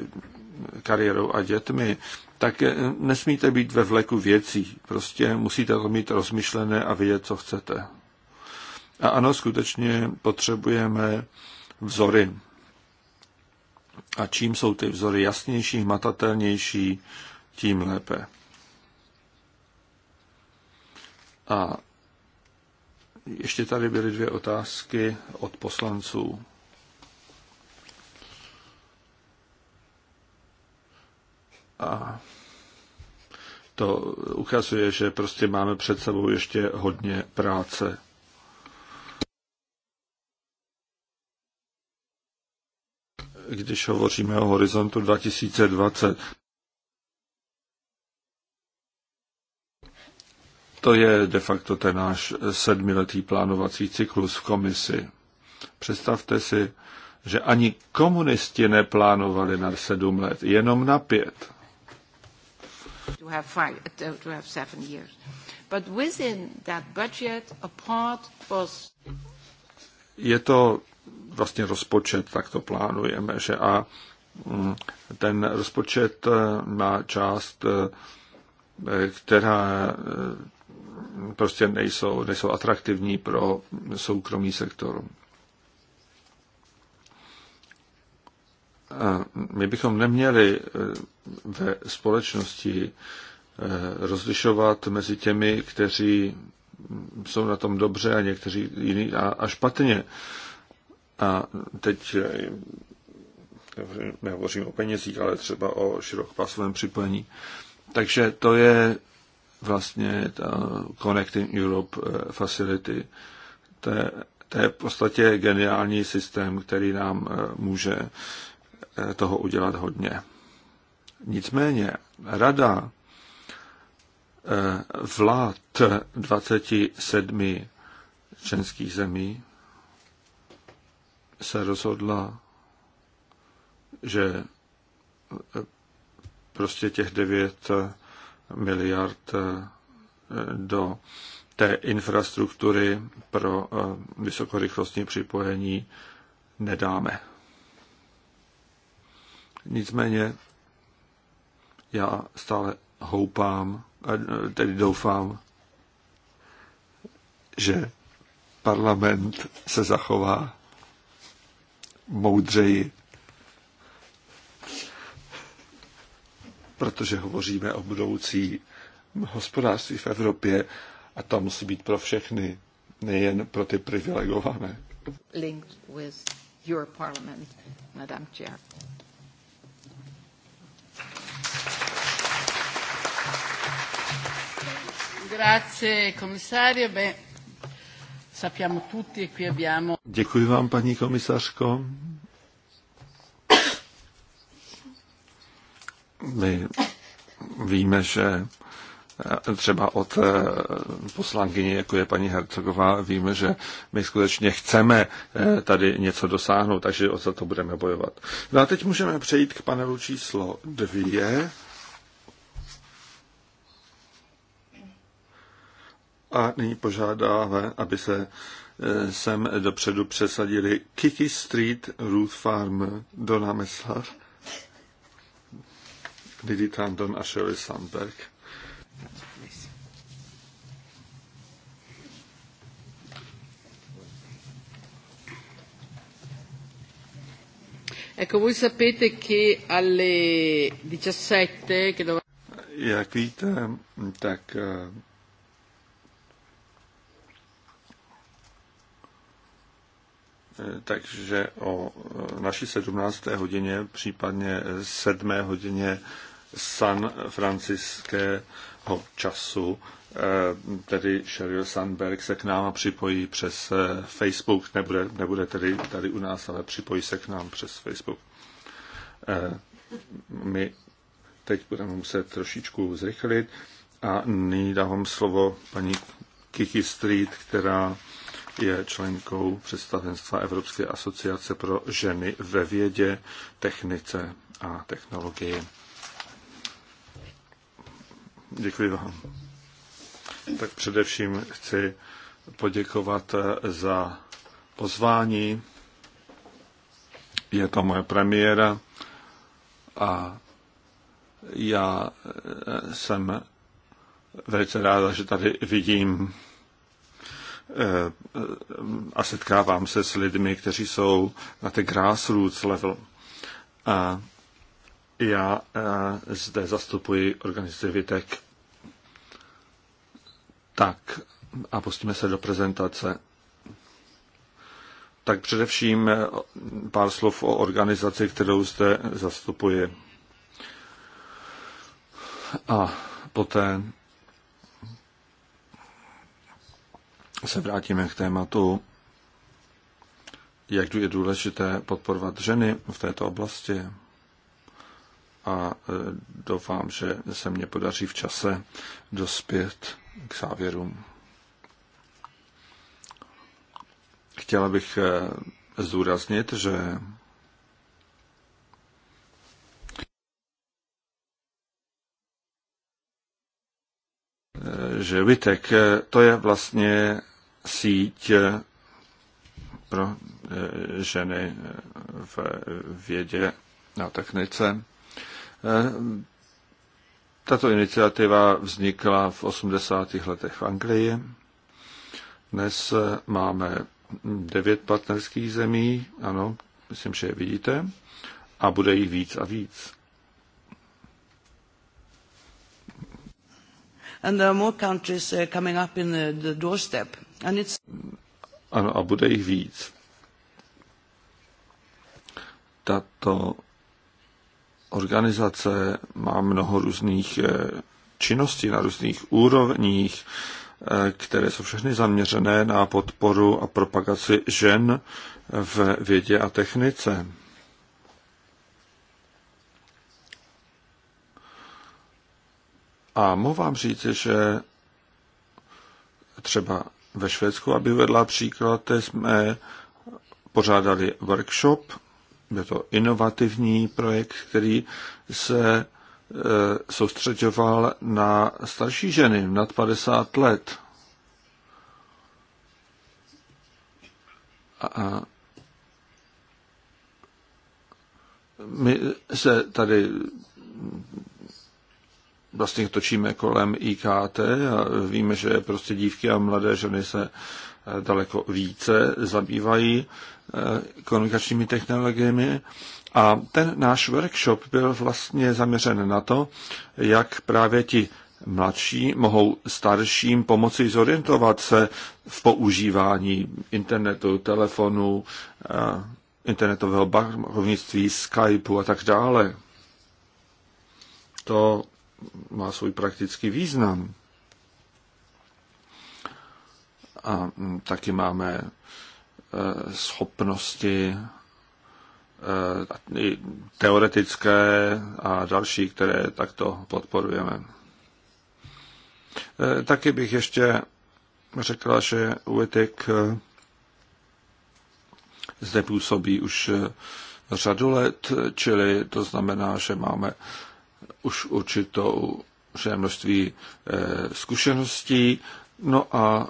kariérou a dětmi, tak eh, nesmíte být ve vleku věcí. Prostě musíte to mít rozmyšlené a vědět, co chcete. A ano, skutečně potřebujeme vzory. A čím jsou ty vzory jasnější, hmatatelnější, tím lépe. A ještě tady byly dvě otázky od poslanců. A to ukazuje, že prostě máme před sebou ještě hodně práce. Když hovoříme o horizontu 2020, To je de facto ten náš sedmiletý plánovací cyklus v komisi. Představte si, že ani komunisti neplánovali na sedm let, jenom na pět. To have five, to have seven years. But within that budget, a part was... Je to vlastně rozpočet, tak to plánujeme, že a mm, ten rozpočet e, má část, e, e, která prostě nejsou, nejsou atraktivní pro soukromý sektor. My bychom neměli eh, ve společnosti eh, rozlišovat mezi těmi, kteří jsou na tom dobře a někteří jiní a, a špatně. A teď nehovořím eh, o penězích, ale třeba o širokopásovém připojení. Takže to je vlastně ta Connecting Europe eh, Facility. To je, to je v podstatě geniální systém, který nám eh, může eh, toho udělat hodně. Nicméně rada vlád 27 členských zemí se rozhodla, že prostě těch devět miliard eh, do té infrastruktury pro eh, vysokorychlostní připojení nedáme. Nicméně já stále houpám, eh, tedy doufám, že parlament se zachová moudřeji protože hovoříme o budoucí hospodářství v Evropě a tam musí být pro všechny, nejen pro ty privilegované. Linked with your parliament, Madame Chair. Grazie, komisario. sappiamo tutti e qui abbiamo... Děkuji vám, paní komisařko. My víme, že eh, třeba od eh, poslankyně, jako je paní Hercogová, víme, že my skutečně chceme eh, tady něco dosáhnout, takže za to budeme bojovat. No a teď můžeme přejít k panelu číslo dvě. A nyní požádáme, aby se sem dopředu přesadili Kiki Street Ruth Farm Dona Meslar Lidi Tandon a Shirley Sandberg. Ecco, voi sapete che alle 17 che dov. Jak víte, tak takže o eh, naší 17. hodině, případně 7. hodině san franciského času, eh, tedy Sheryl Sandberg se k nám připojí přes eh, Facebook, nebude, nebude tedy tady u nás, ale připojí se k nám přes Facebook. Eh, my teď budeme muset trošičku zrychlit a nyní dávám slovo paní Kiki Street, která je členkou představenstva Evropské asociace pro ženy ve vědě, technice a technologii. Děkuji vám. Tak především chci poděkovat za pozvání. Je to moje premiéra a já jsem velice ráda, že tady vidím eh, a setkávám se s lidmi, kteří jsou na té grassroots level. A já eh, zde zastupuji organizaci Vitek. Tak a pustíme se do prezentace. Tak především eh, pár slov o organizaci, kterou zde zastupuji. A poté se vrátíme k tématu, jak je důležité podporovat ženy v této oblasti a e, doufám, že se mě podaří v čase dospět k závěrům. Chtěla bych e, zdůraznit, že e, že Vitek to je vlastně síť pro ženy v vědě a technice. Eh, tato iniciativa vznikla v 80. letech v Anglii. Dnes eh, máme devět partnerských zemí, ano, myslím, že je vidíte, a bude jich víc a víc. And there are more countries eh, coming up in the doorstep. And it's... Ano, a bude jich víc. Tato organizace má mnoho různých eh, činností na různých úrovních, eh, které jsou všechny zaměřené na podporu a propagaci žen v vědě a technice. A mohu vám říct, že třeba ve Švédsku, aby vedla příklad, jsme pořádali workshop byl to inovativní projekt, který se e, soustředoval na starší ženy nad 50 let. A my se tady vlastně točíme kolem IKT a víme, že prostě dívky a mladé ženy se daleko více zabývají eh, komunikačními technologiemi. A ten náš workshop byl vlastně zaměřen na to, jak právě ti mladší mohou starším pomoci zorientovat se v používání internetu, telefonu, eh, internetového bankovnictví, Skypeu a tak dále. To má svůj praktický význam. A mm, taky máme e, schopnosti e, teoretické a další, které takto podporujeme. E, taky bych ještě řekla, že Uetek zde působí už řadu let, čili to znamená, že máme už určitou že množství zkušeností, no a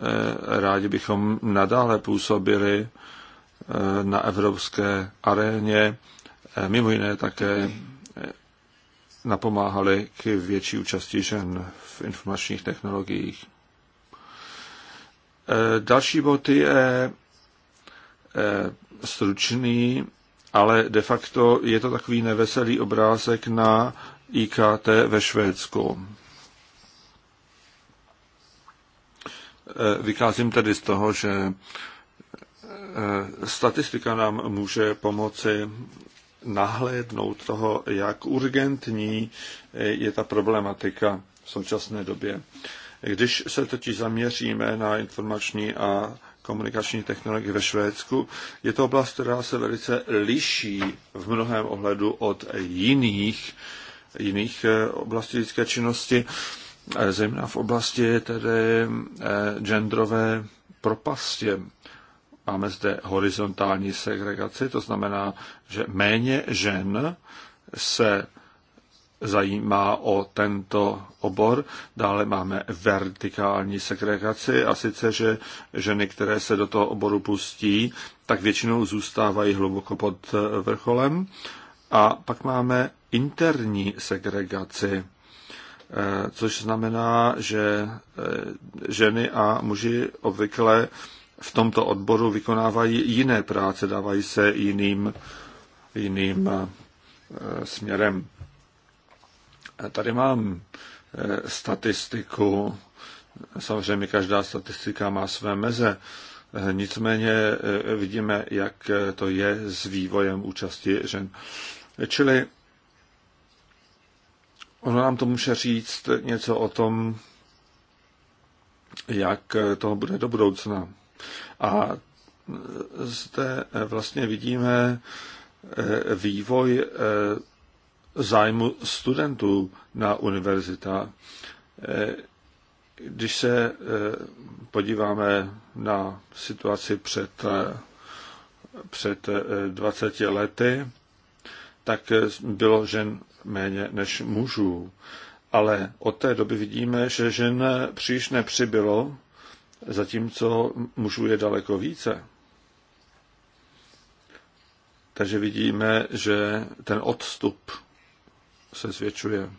Eh, rádi bychom nadále působili eh, na evropské aréně, eh, mimo jiné také napomáhali k větší účasti žen v informačních technologiích. Další bod je stručný, ale de facto je to takový neveselý obrázek na IKT ve Švédsku. Eh, vycházím tedy z toho, že eh, statistika nám může pomoci nahlédnout toho, jak urgentní eh, je ta problematika v současné době. Když se totiž zaměříme na informační a komunikační technologie ve Švédsku, je to oblast, která se velice liší v mnohém ohledu od jiných, jiných oblastí lidské činnosti zejména v oblasti tedy eh, genderové propastě. Máme zde horizontální segregaci, to znamená, že méně žen se zajímá o tento obor. Dále máme vertikální segregaci a sice, že ženy, které se do toho oboru pustí, tak většinou zůstávají hluboko pod eh, vrcholem. A pak máme interní segregaci. Eh, což znamená, že eh, ženy a muži obvykle v tomto odboru vykonávají jiné práce, dávají se jiným, jiným eh, směrem. Tady mám statistiku. Samozřejmě každá statistika má své meze. Nicméně vidíme, jak to je s vývojem účasti žen. Čili Ono nám to může říct něco o tom, jak toho bude do budoucna. A zde vlastně vidíme eh, vývoj eh, zájmu studentů na univerzita. Eh, když se podíváme na situaci před, před 20 lety, tak bylo žen méně než mužů. Ale od té doby vidíme, že žen příliš nepřibylo, zatímco mužů je daleko více. Takže vidíme, že ten odstup se zvětšuje.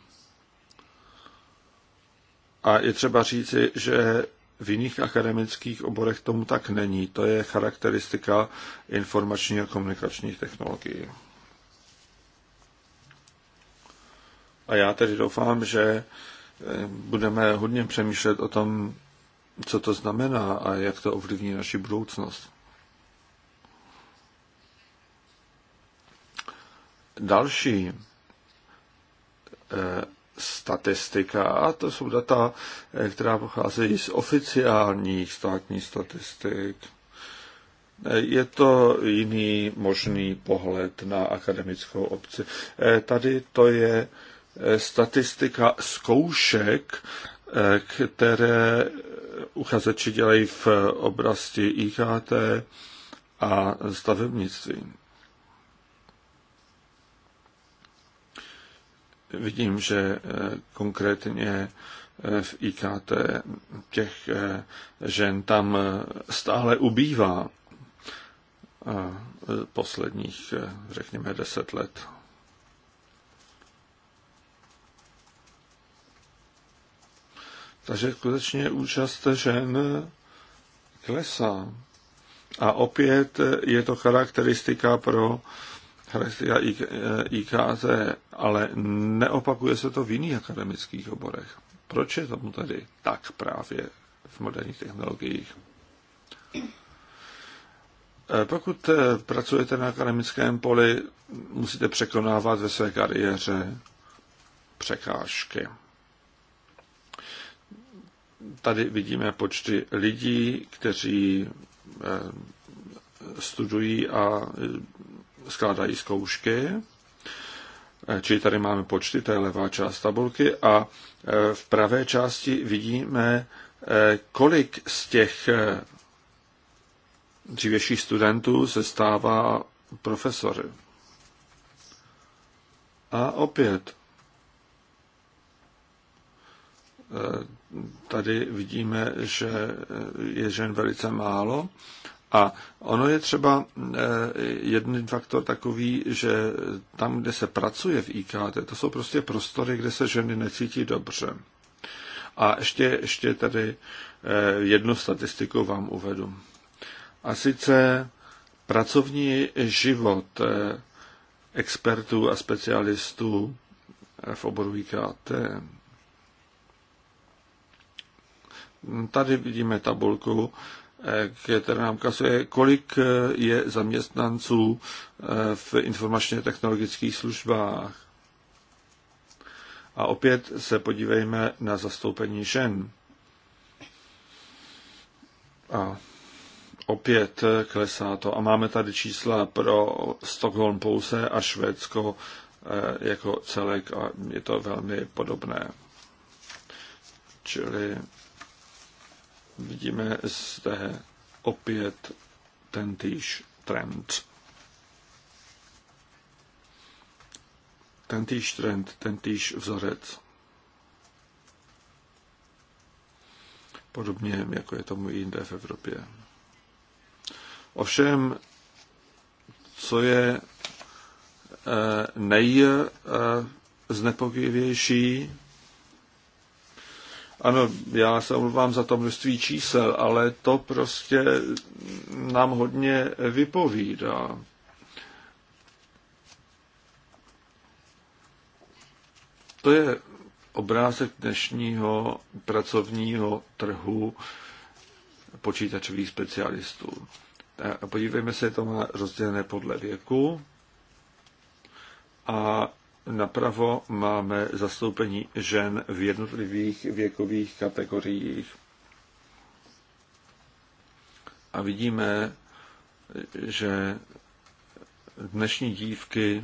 A je třeba říci, že v jiných akademických oborech tomu tak není. To je charakteristika informačních a komunikačních technologií. A já tedy doufám, že eh, budeme hodně přemýšlet o tom, co to znamená a jak to ovlivní naši budoucnost. Další eh, statistika, a to jsou data, eh, která pocházejí z oficiálních státních statistik. Je to jiný možný pohled na akademickou obci. Tady to je Eh, statistika zkoušek, eh, které uchazeči dělají v oblasti IKT a stavebnictví. Vidím, že eh, konkrétně v IKT těch žen tam stále ubývá posledních, řekněme, deset let. Takže skutečně účast žen klesá. A opět je to charakteristika pro charakteristika IKZ, ale neopakuje se to v jiných akademických oborech. Proč je tomu tady tak právě v moderních technologiích? Pokud pracujete na akademickém poli, musíte překonávat ve své kariéře překážky tady vidíme počty lidí, kteří eh, studují a eh, skládají zkoušky. Eh, čili tady máme počty, to je levá část tabulky a v pravé části vidíme, kolik z těch dřívějších studentů se stává profesory. A opět tady vidíme, že je žen velice málo. A ono je třeba eh, jeden faktor takový, že tam, kde se pracuje v IKT, to jsou prostě prostory, kde se ženy necítí dobře. A ještě, ještě tady eh, jednu statistiku vám uvedu. A sice pracovní život eh, expertů a specialistů v oboru IKT Tady vidíme tabulku, eh, která nám ukazuje, kolik eh, je zaměstnanců eh, v informačně technologických službách. A opět se podívejme na zastoupení žen. A opět klesá to. A máme tady čísla pro Stockholm pouze a Švédsko jako celek a je to velmi podobné. Čili vidíme zde opět tentýž trend. Tentýž trend, tentýž vzorec. Podobně, jako je tomu jinde v Evropě. Ovšem, co je eh, nejznepokojivější, eh, ano, já se omluvám za to množství čísel, ale to prostě nám hodně vypovídá. To je obrázek dnešního pracovního trhu počítačových specialistů. Podívejme se, to má rozdělené podle věku. A napravo máme zastoupení žen v jednotlivých věkových kategoriích. A vidíme, že dnešní dívky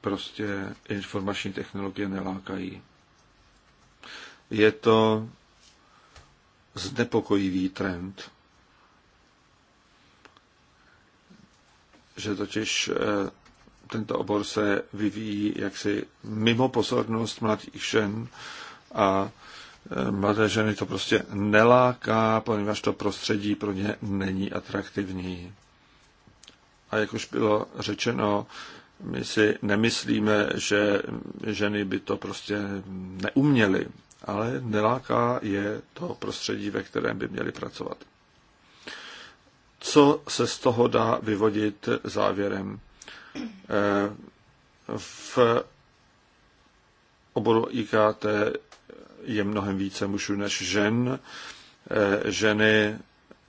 prostě informační technologie nelákají. Je to znepokojivý trend, že totiž eh, tento obor se vyvíjí jaksi mimo pozornost mladých žen a e, mladé ženy to prostě neláká, poněvadž to prostředí pro ně není atraktivní. A jak už bylo řečeno, my si nemyslíme, že ženy by to prostě neuměly, ale neláká je to prostředí, ve kterém by měly pracovat. Co se z toho dá vyvodit závěrem? Eh, v oboru IKT je mnohem více mužů než žen. Eh, ženy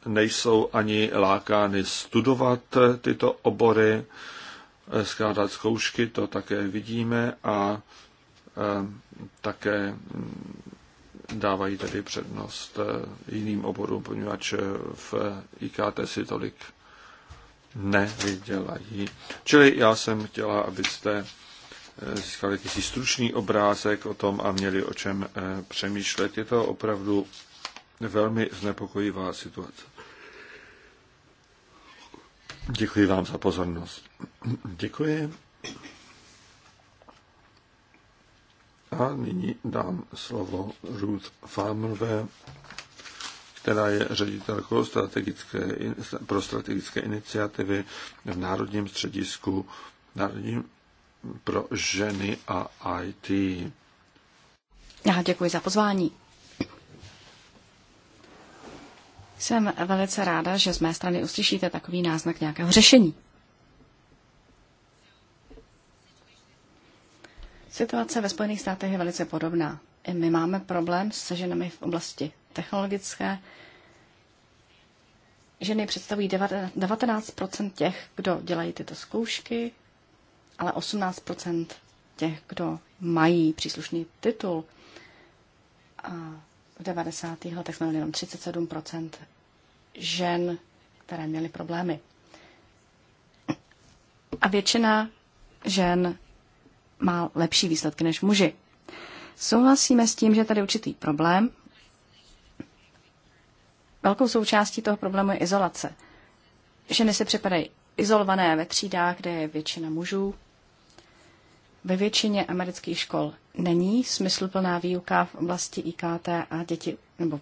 nejsou ani lákány studovat tyto obory, eh, skládat zkoušky, to také vidíme a také hm, dávají tedy přednost jiným oborům, poněvadž v IKT si tolik nevydělají. Čili já jsem chtěla, abyste eh, získali jakýsi stručný obrázek o tom a měli o čem eh, přemýšlet. Je to opravdu velmi znepokojivá situace. Děkuji vám za pozornost. Děkuji. A nyní dám slovo Ruth Farmerové která je ředitelkou strategické, pro strategické iniciativy v Národním středisku Národním pro ženy a IT. Já děkuji za pozvání. Jsem velice ráda, že z mé strany uslyšíte takový náznak nějakého řešení. Situace ve Spojených státech je velice podobná. I my máme problém se ženami v oblasti technologické, ženy představují 19 těch, kdo dělají tyto zkoušky, ale 18 těch, kdo mají příslušný titul. A v 90. letech jsme měli jenom 37 žen, které měly problémy. A většina žen má lepší výsledky než muži. Souhlasíme s tím, že je tady určitý problém, Velkou součástí toho problému je izolace. Ženy se připadají izolované ve třídách, kde je většina mužů. Ve většině amerických škol není smysluplná výuka v oblasti IKT a děti nebo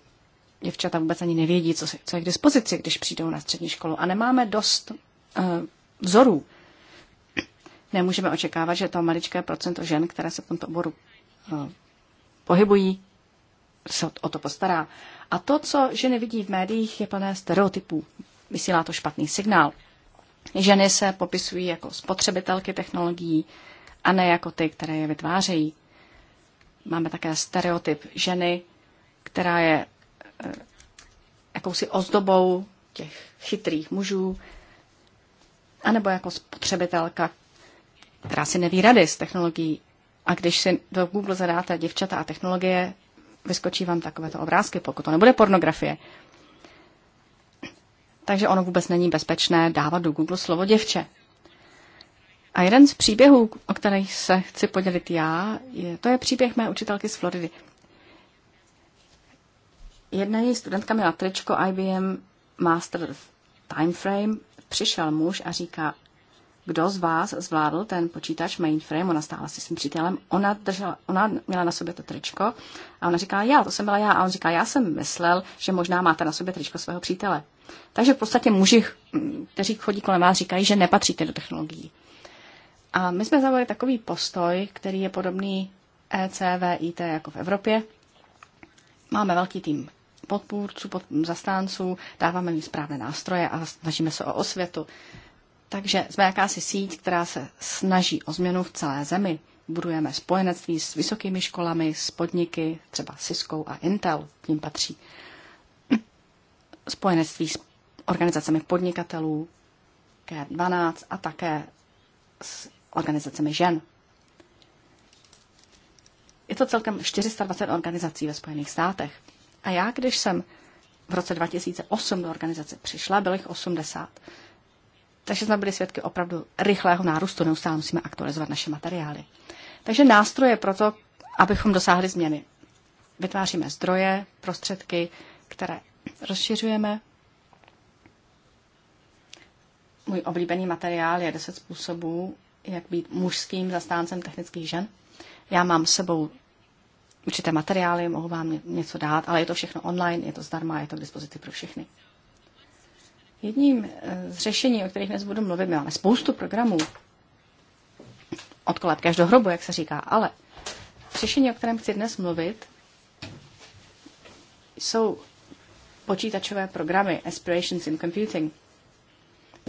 děvčata vůbec ani nevědí, co, co je k dispozici, když přijdou na střední školu. A nemáme dost uh, vzorů. Nemůžeme očekávat, že to maličké procento žen, které se v tomto oboru uh, pohybují, se o to postará. A to, co ženy vidí v médiích, je plné stereotypů. Vysílá to špatný signál. Ženy se popisují jako spotřebitelky technologií a ne jako ty, které je vytvářejí. Máme také stereotyp ženy, která je eh, jakousi ozdobou těch chytrých mužů, anebo jako spotřebitelka, která si neví rady s technologií. A když si do Google zadáte děvčata a technologie, vyskočí vám takovéto obrázky, pokud to nebude pornografie. Takže ono vůbec není bezpečné dávat do Google slovo děvče. A jeden z příběhů, o kterých se chci podělit já, je, to je příběh mé učitelky z Floridy. Jedna její studentka měla tričko IBM Master Timeframe, přišel muž a říká, kdo z vás zvládl ten počítač mainframe, ona stála si tím přítelem, ona, držela, ona měla na sobě to tričko a ona říkala, já, to jsem byla já. A on říká, já jsem myslel, že možná máte na sobě tričko svého přítele. Takže v podstatě muži, mm, kteří chodí kolem vás, říkají, že nepatříte do technologií. A my jsme zavolali takový postoj, který je podobný ECVIT jako v Evropě. Máme velký tým podpůrců, pod, zastánců, dáváme jim správné nástroje a snažíme se o osvětu. Takže jsme jakási síť, která se snaží o změnu v celé zemi. Budujeme spojenectví s vysokými školami, s podniky, třeba Cisco a Intel, k ním patří. Spojenectví s organizacemi podnikatelů, k 12 a také s organizacemi žen. Je to celkem 420 organizací ve Spojených státech. A já, když jsem v roce 2008 do organizace přišla, byl jich 80. Takže jsme byli svědky opravdu rychlého nárůstu, neustále musíme aktualizovat naše materiály. Takže nástroje pro to, abychom dosáhli změny. Vytváříme zdroje, prostředky, které rozšiřujeme. Můj oblíbený materiál je 10 způsobů, jak být mužským zastáncem technických žen. Já mám s sebou určité materiály, mohu vám něco dát, ale je to všechno online, je to zdarma, je to k dispozici pro všechny. Jedním eh, z řešení, o kterých dnes budu mluvit, my máme spoustu programů, od až do hrobu, jak se říká, ale řešení, o kterém chci dnes mluvit, jsou počítačové programy Aspirations in Computing.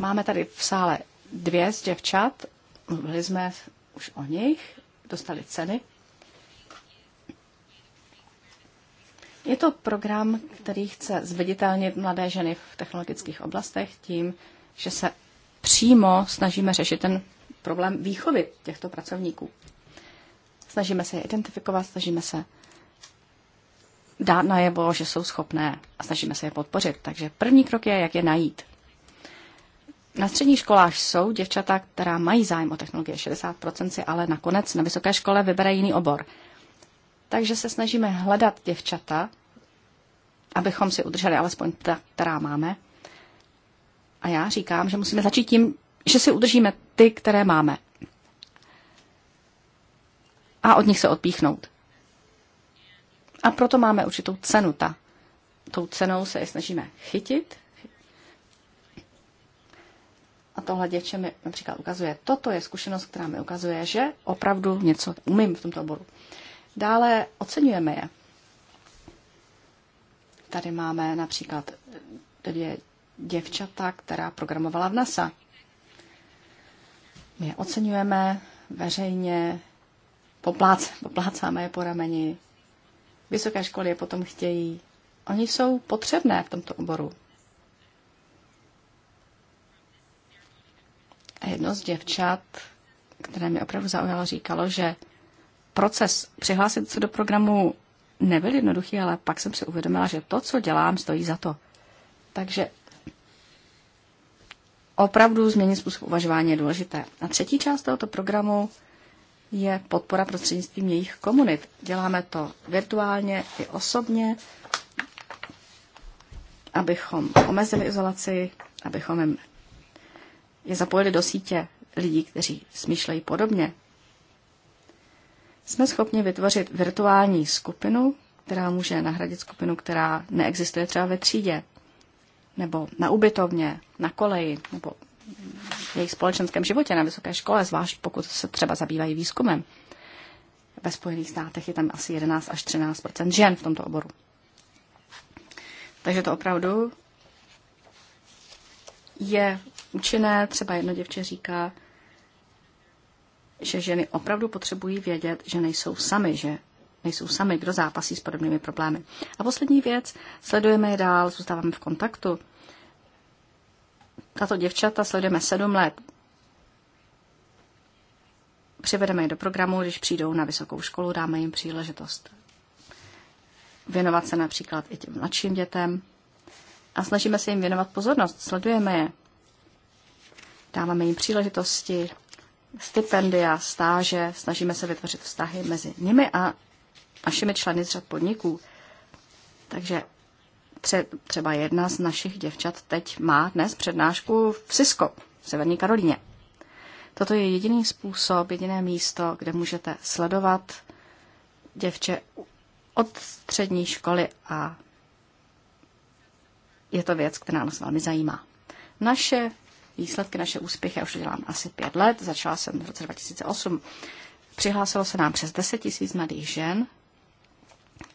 Máme tady v sále dvě z děvčat, mluvili jsme už o nich, dostali ceny Je to program, který chce zviditelnit mladé ženy v technologických oblastech tím, že se přímo snažíme řešit ten problém výchovy těchto pracovníků. Snažíme se je identifikovat, snažíme se dát najevo, že jsou schopné a snažíme se je podpořit. Takže první krok je, jak je najít. Na středních školách jsou děvčata, která mají zájem o technologie, 60% si ale nakonec na vysoké škole vybere jiný obor. Takže se snažíme hledat děvčata, abychom si udrželi alespoň ta, která máme. A já říkám, že musíme začít tím, že si udržíme ty, které máme. A od nich se odpíchnout. A proto máme určitou cenu. Ta, tou cenou se je snažíme chytit. A tohle děvče mi například ukazuje, toto je zkušenost, která mi ukazuje, že opravdu něco umím v tomto oboru. Dále oceňujeme je. Tady máme například dvě děvčata, která programovala v NASA. My je oceňujeme veřejně, poplác, poplácáme je po rameni. Vysoké školy je potom chtějí. Oni jsou potřebné v tomto oboru. A jedno z děvčat, které mě opravdu zaujalo, říkalo, že proces přihlásit se do programu nebyl jednoduchý, ale pak jsem si uvědomila, že to, co dělám, stojí za to. Takže opravdu změnit způsob uvažování je důležité. A třetí část tohoto programu je podpora prostřednictvím jejich komunit. Děláme to virtuálně i osobně, abychom omezili izolaci, abychom jim je zapojili do sítě lidí, kteří smýšlejí podobně, jsme schopni vytvořit virtuální skupinu, která může nahradit skupinu, která neexistuje třeba ve třídě, nebo na ubytovně, na koleji, nebo v jejich společenském životě na vysoké škole, zvlášť pokud se třeba zabývají výzkumem. Ve Spojených státech je tam asi 11 až 13 žen v tomto oboru. Takže to opravdu je účinné. Třeba jedno děvče říká, že ženy opravdu potřebují vědět, že nejsou sami, že nejsou sami, kdo zápasí s podobnými problémy. A poslední věc, sledujeme je dál, zůstáváme v kontaktu. Tato děvčata sledujeme sedm let. Přivedeme je do programu, když přijdou na vysokou školu, dáme jim příležitost věnovat se například i těm mladším dětem. A snažíme se jim věnovat pozornost, sledujeme je, dáváme jim příležitosti, stipendia, stáže, snažíme se vytvořit vztahy mezi nimi a našimi členy z řad podniků. Takže třeba jedna z našich děvčat teď má dnes přednášku v Cisco, v Severní Karolíně. Toto je jediný způsob, jediné místo, kde můžete sledovat děvče od střední školy a je to věc, která nás velmi zajímá. Naše výsledky, naše úspěchy. Já už to dělám asi pět let, začala jsem v roce 2008. Přihlásilo se nám přes 10 tisíc mladých žen,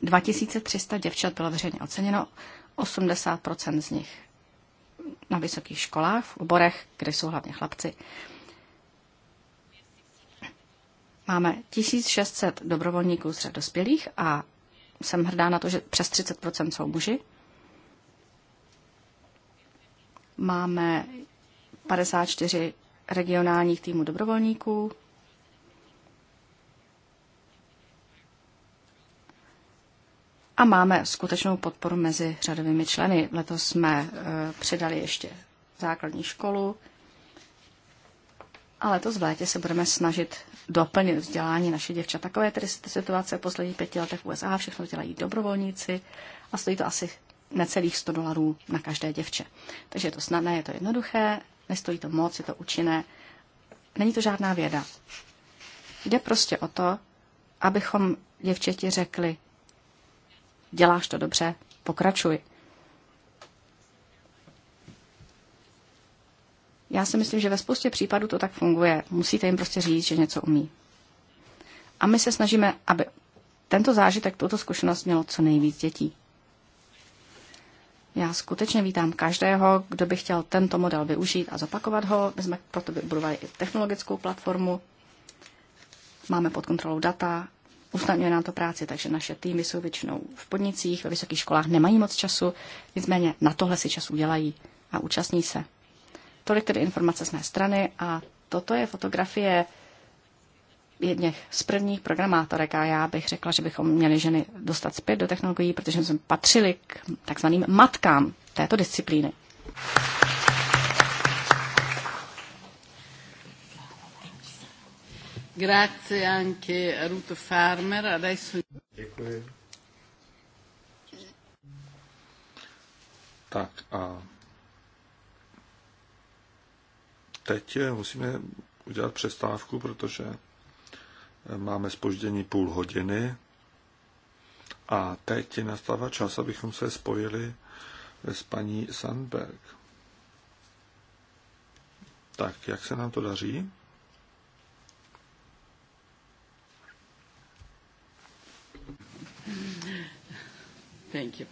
2300 děvčat bylo veřejně oceněno, 80% z nich na vysokých školách, v oborech, kde jsou hlavně chlapci. Máme 1600 dobrovolníků z řad dospělých a jsem hrdá na to, že přes 30% jsou muži. Máme 54 regionálních týmů dobrovolníků, a máme skutečnou podporu mezi řadovými členy. Letos jsme eh, přidali ještě základní školu a letos v létě se budeme snažit doplnit vzdělání naše děvčat. Takové tedy situace v posledních pěti letech v USA, všechno dělají dobrovolníci a stojí to asi necelých 100 dolarů na každé děvče. Takže je to snadné, je to jednoduché, Nestojí to moc, je to účinné. Není to žádná věda. Jde prostě o to, abychom děvčeti řekli, děláš to dobře, pokračuj. Já si myslím, že ve spoustě případů to tak funguje. Musíte jim prostě říct, že něco umí. A my se snažíme, aby tento zážitek, tuto zkušenost mělo co nejvíc dětí. Já skutečně vítám každého, kdo by chtěl tento model využít a zopakovat ho. My jsme proto vybudovali i technologickou platformu. Máme pod kontrolou data, usnadňuje nám to práci, takže naše týmy jsou většinou v podnicích, ve vysokých školách nemají moc času, nicméně na tohle si čas udělají a účastní se. Tolik tedy informace z mé strany a toto je fotografie jedněch z prvních programátorek a já bych řekla, že bychom měli ženy dostat zpět do technologií, protože jsme patřili k takzvaným matkám této disciplíny. Grazie anche Ruth Farmer. Adesso... Tak a teď musíme udělat přestávku, protože Máme spoždění půl hodiny a teď nastává čas, abychom se spojili s paní Sandberg. Tak, jak se nám to daří? Thank you.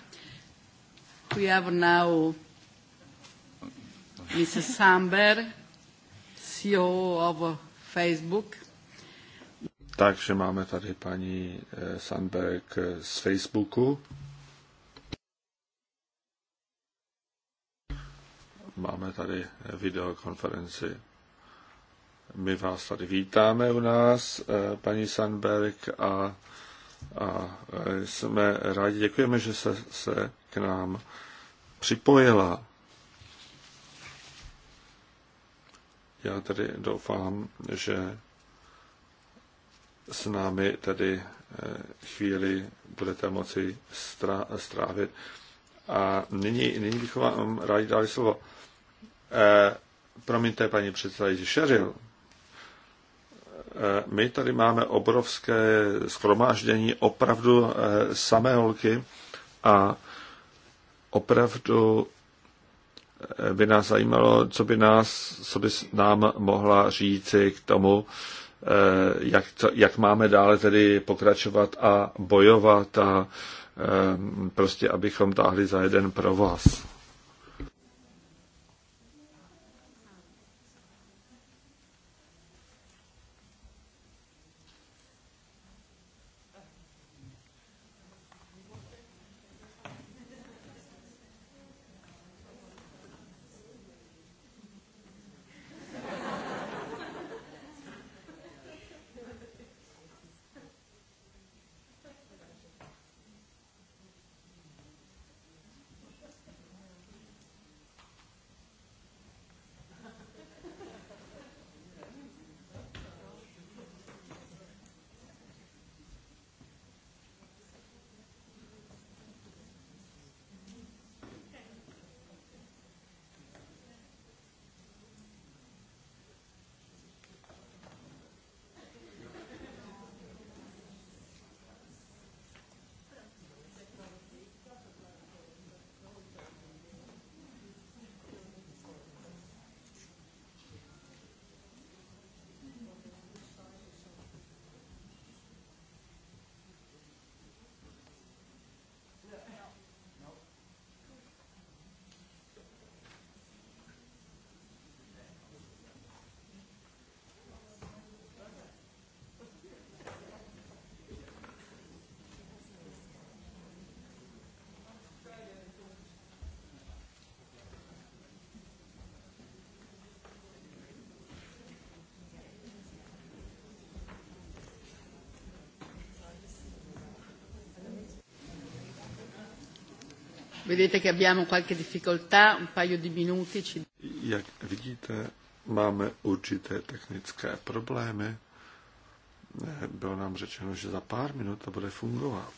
We have now Mrs. Sandberg, CEO of Facebook. Takže máme tady paní eh, Sandberg eh, z Facebooku. Máme tady eh, videokonferenci. My vás tady vítáme u nás, paní Sandberg, a, a jsme rádi, děkujeme, že se, se k nám připojila. Já tedy doufám, že s námi tedy eh, chvíli budete moci strávit. A nyní, nyní bychom vám rádi dali slovo. E, promiňte, paní předsedající, Šeril. E, eh, my tady máme obrovské schromáždění opravdu e, samé holky a opravdu by nás zajímalo, co by nás, co by nám mohla říci k tomu, Eh, jak, to, jak máme dále tedy pokračovat a bojovat a eh, prostě abychom táhli za jeden provaz. Vedete che abbiamo qualche difficoltà, un paio di minuti. Ci... Jak vidíte, máme určité technické problémy. Bylo nám řečeno, že za pár minut to bude fungovat.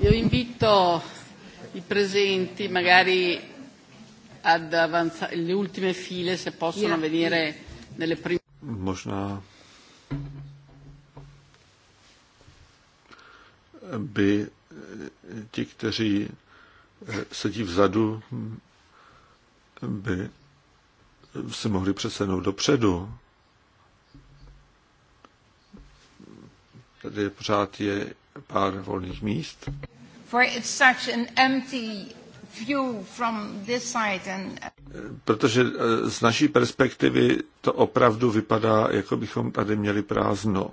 Io invito i presenti magari ad avanzare le ultime file se possono yeah. venire Možná by eh, ti, kteří eh, sedí vzadu, by se mohli přesunout dopředu. Tady pořád je pár volných míst. For it's such an empty Protože eh, z naší perspektivy to opravdu vypadá, jako bychom tady měli prázdno.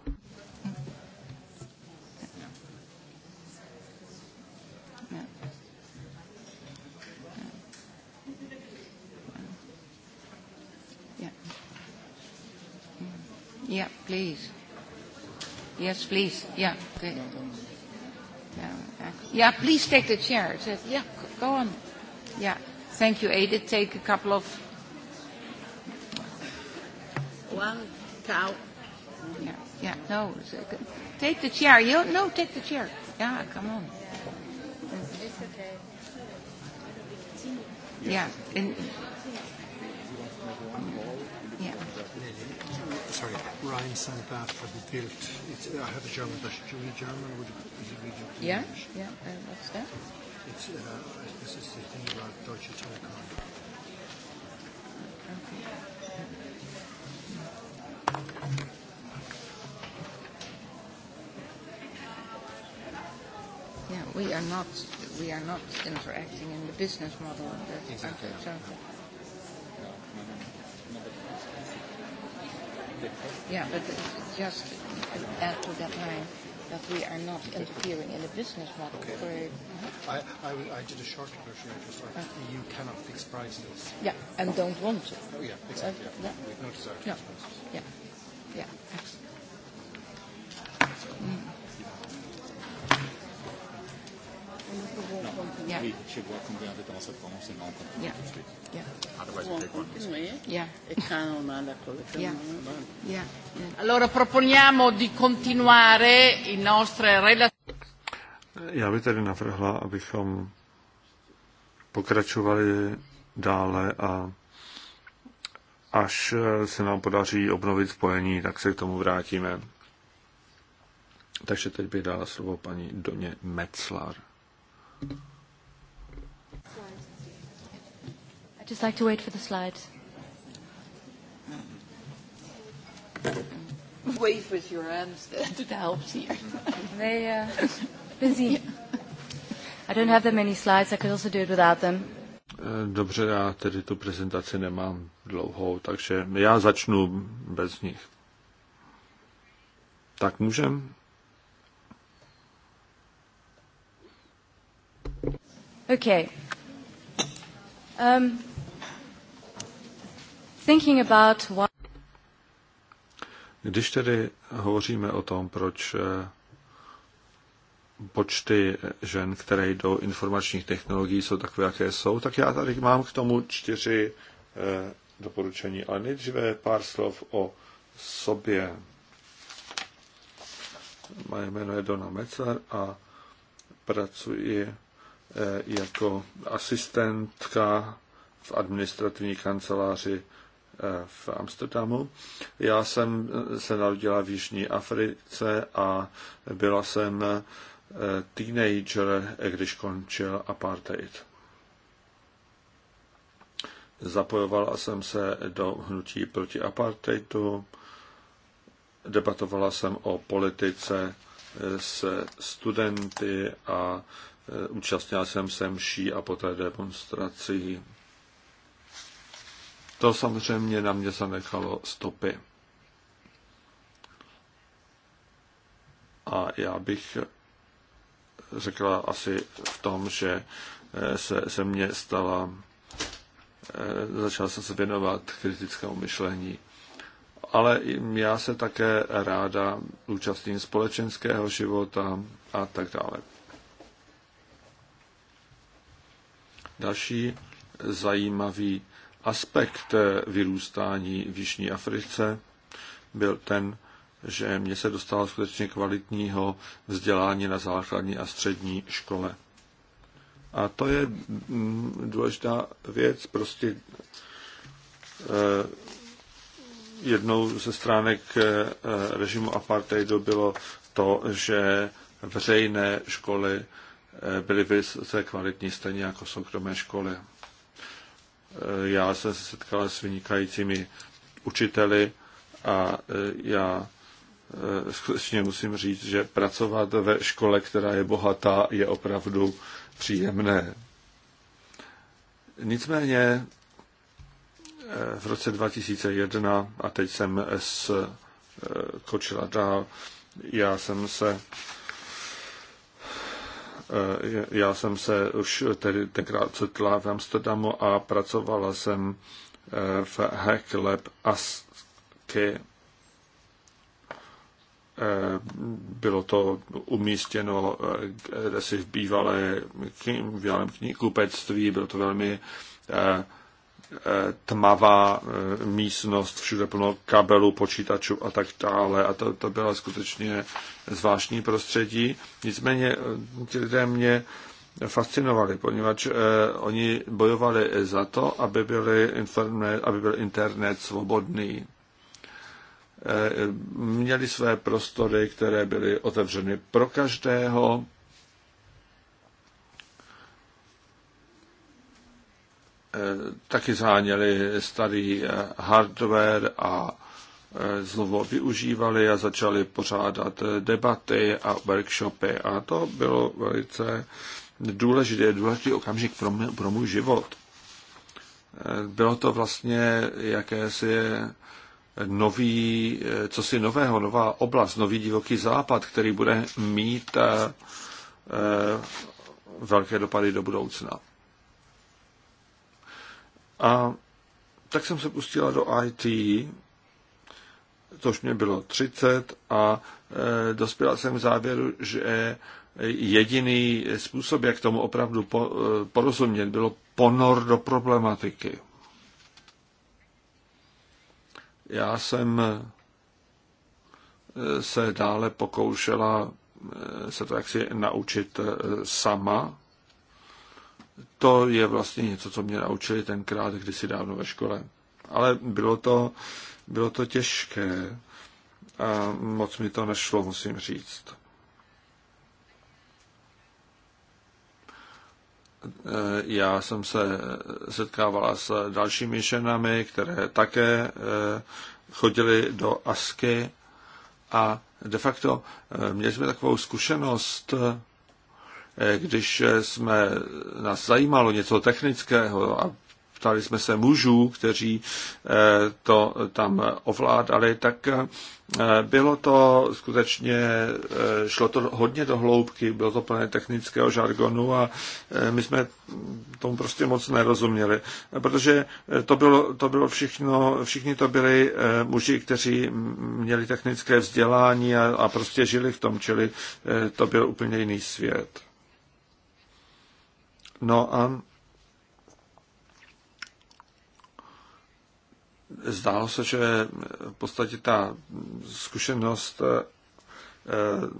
Yeah, please. Yes, please. Yeah. Yeah, please take the chair. Yeah, Go on. Yeah. Thank you, Edith. Take a couple of. One cow. Yeah. Yeah. No. Take the chair. You no. Take the chair. Yeah. Come on. Yeah. In, yeah. Sorry, Ryan sent that for the field. I have a German version. Should we German? Would you, would you read it? Yeah, yeah. Uh, what's that? It's, uh, this is the thing about Deutsche Telekom. Yeah, we are not we are not interacting in the business model of that. Exactly. exactly. Yeah, but just add to that line that we are not interfering in the business model. Okay. For, uh-huh. I, I, I did a short version of just like uh. the EU cannot fix prices. Yeah, and no. don't want to. Oh, yeah, exactly. Uh, yeah. Yeah. We've no desire to no. fix prices. Yeah, yeah. Excellent. Mm. Yeah. We should work combien de temps ça prend, c'est non yeah. tout de Yeah. Otherwise, we'll take one mistake. Yeah. E canon alla collezione. Yeah. Yeah. Allora proponiamo di continuare i nostre relazioni. Já bych tedy navrhla, abychom pokračovali dále a až se nám podaří obnovit spojení, tak se k tomu vrátíme. Takže teď bych dala slovo paní Doně Metzlar. I'd just like to wait for the slides. Wave with your hands. That helps you. they uh, busy. I don't have that many slides. I could also do it without them. Eh, dobře, já tedy tu prezentaci nemám dlouhou, takže já začnu bez nich. Tak můžem? Okay. Um, když tedy hovoříme o tom, proč eh, počty žen, které jdou informačních technologií, jsou takové, jaké jsou, tak já tady mám k tomu čtyři eh, doporučení. Ale nejdříve pár slov o sobě. Moje jméno je Dona Metzler a pracuji eh, jako asistentka v administrativní kanceláři v Amsterdamu. Já jsem se narodila v Jižní Africe a byla jsem eh, teenager, když končil apartheid. Zapojovala jsem se do hnutí proti apartheidu, debatovala jsem o politice eh, se studenty a eh, účastnila jsem se mší a poté demonstrací to samozřejmě na mě zanechalo stopy. A já bych řekla asi v tom, že eh, se, se mě stala, eh, začala jsem se věnovat kritickému myšlení. Ale já se také ráda účastním společenského života a tak dále. Další zajímavý aspekt vyrůstání v Jižní Africe byl ten, že mě se dostalo skutečně kvalitního vzdělání na základní a střední škole. A to je mm, důležitá věc. Prostě eh, jednou ze stránek eh, režimu apartheidu bylo to, že veřejné školy eh, byly vysoce kvalitní, stejně jako soukromé školy. Eh, já jsem se setkal s vynikajícími učiteli a eh, já eh, skutečně musím říct, že pracovat ve škole, která je bohatá, je opravdu příjemné. Nicméně v roce 2001, a teď jsem skočila dál, já jsem se Eh, já jsem se už tedy tenkrát setla v Amsterdamu a pracovala jsem eh, v Hack Lab ASKY. Eh, bylo to umístěno kde si v bývalé, v bývalém bylo to velmi tmavá eh, místnost, všude plno kabelů, počítačů a tak dále. A to, to bylo skutečně zvláštní prostředí. Nicméně eh, ti lidé mě fascinovali, poněvadž eh, oni bojovali za to, aby, byli internet, aby byl internet svobodný. Eh, měli své prostory, které byly otevřeny pro každého, Eh, taky záněli starý eh, hardware a eh, znovu využívali a začali pořádat debaty a workshopy. A to bylo velice důležité, důležitý okamžik pro, mě, pro můj život. Bylo to vlastně jakési nový, co si nového, nová oblast, nový divoký západ, který bude mít velké dopady do budoucna. A tak jsem se pustila do IT, což mě bylo 30 a e, dospěla jsem k závěru, že jediný způsob, jak tomu opravdu po, e, porozumět, bylo ponor do problematiky. Já jsem e, se dále pokoušela e, se to jaksi naučit e, sama to je vlastně něco, co mě naučili tenkrát kdysi dávno ve škole. Ale bylo to, bylo to těžké a moc mi to nešlo, musím říct. Eh, já jsem se setkávala s dalšími ženami, které také eh, chodili do ASKY a de facto eh, měli jsme takovou zkušenost Eh, když eh, jsme nás zajímalo něco technického a ptali jsme se mužů, kteří eh, to tam ovládali, tak bylo to skutečně, šlo to hodně do hloubky, bylo to plné technického žargonu a my jsme tomu prostě moc nerozuměli, protože to bylo, to bylo všechno, všichni to byli muži, kteří měli technické vzdělání a, a prostě žili v tom, čili to byl úplně jiný svět. No a zdálo se, že v podstatě ta zkušenost eh,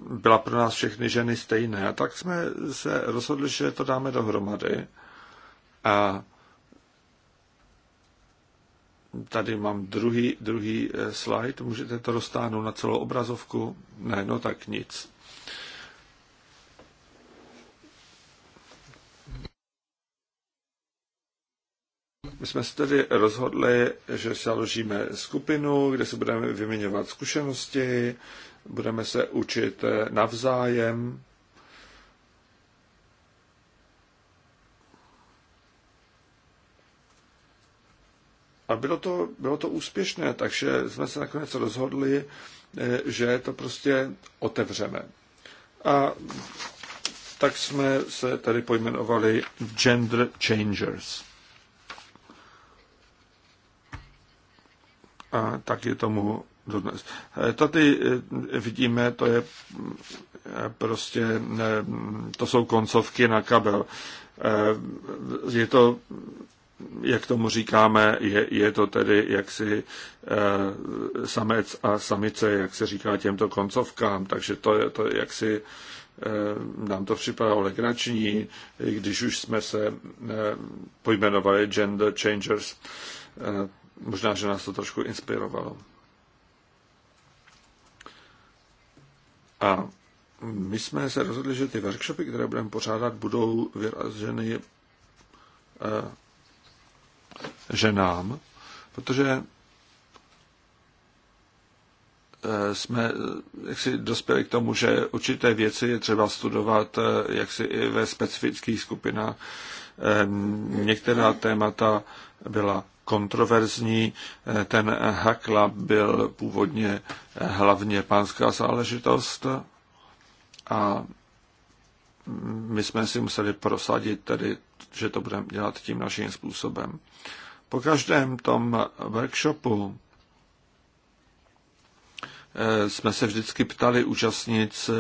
byla pro nás všechny ženy stejné. A tak jsme se rozhodli, že to dáme dohromady. A tady mám druhý, druhý eh, slide. Můžete to roztáhnout na celou obrazovku? Ne, no tak nic. My jsme se tedy rozhodli, že založíme skupinu, kde se budeme vyměňovat zkušenosti, budeme se učit navzájem. A bylo to, bylo to úspěšné, takže jsme se nakonec rozhodli, že to prostě otevřeme. A tak jsme se tady pojmenovali Gender Changers. A tak je tomu dodnes. E, Tady e, vidíme, to je e, prostě, to jsou koncovky na kabel. Je to, jak tomu říkáme, je, je to tedy jaksi samec a samice, jak se říká těmto koncovkám, takže to je to jaksi nám to připadalo legrační, když už jsme se pojmenovali Gender Changers. Možná, že nás to trošku inspirovalo. A my jsme se rozhodli, že ty workshopy, které budeme pořádat, budou vyraženy eh, ženám, protože eh, jsme eh, jaksi dospěli k tomu, že určité věci je třeba studovat jaksi i ve specifických skupinách. Některá témata byla kontroverzní. Ten Hakla byl původně hlavně pánská záležitost a my jsme si museli prosadit tedy, že to budeme dělat tím naším způsobem. Po každém tom workshopu eh, jsme se vždycky ptali účastnic, eh,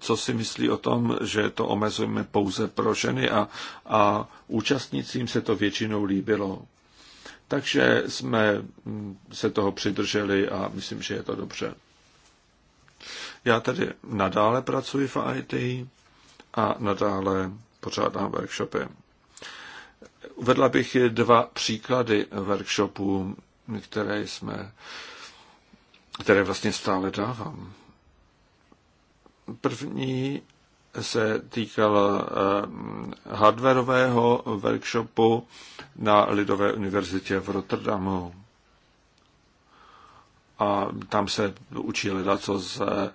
co si myslí o tom, že to omezujeme pouze pro ženy a, a účastnicím se to většinou líbilo. Takže jsme mm, se toho přidrželi a myslím, že je to dobře. Já tady nadále pracuji v IT a nadále pořádám workshopy. Uvedla bych dva příklady workshopů, které jsme, které vlastně stále dávám. První se týkal eh, hardwareového workshopu na Lidové univerzitě v Rotterdamu. A tam se učili co z eh,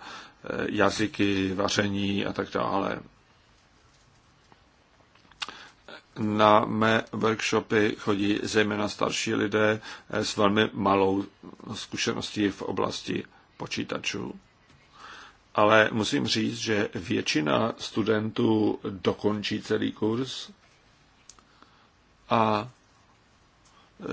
jazyky, vaření a tak dále. Na mé workshopy chodí zejména starší lidé eh, s velmi malou zkušeností v oblasti počítačů ale musím říct, že většina studentů dokončí celý kurz a eh,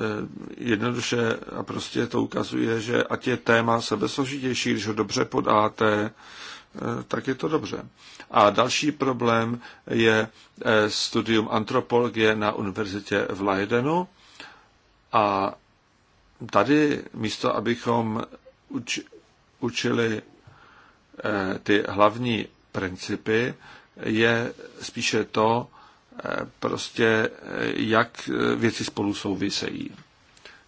jednoduše a prostě to ukazuje, že ať je téma sebesložitější, když ho dobře podáte, eh, tak je to dobře. A další problém je eh, studium antropologie na univerzitě v Leidenu. A tady místo, abychom uč, učili Eh, ty hlavní principy je spíše to, eh, prostě eh, jak věci spolu souvisejí.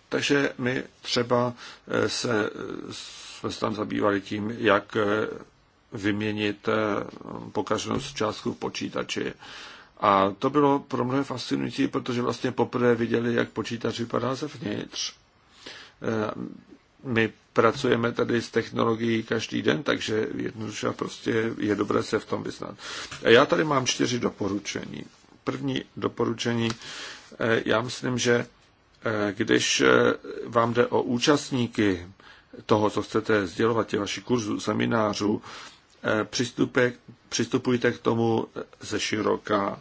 Takže my třeba se, jsme se tam zabývali tím, jak vyměnit pokaženou částku v počítači. A to bylo pro mnohé fascinující, protože vlastně poprvé viděli, jak počítač vypadá zevnitř my pracujeme tady s technologií každý den, takže jednoduše prostě je dobré se v tom vyznat. A já tady mám čtyři doporučení. První doporučení, eh, já myslím, že eh, když eh, vám jde o účastníky toho, co chcete sdělovat, těch vašich kurzů, seminářů, přistupujte k tomu ze široka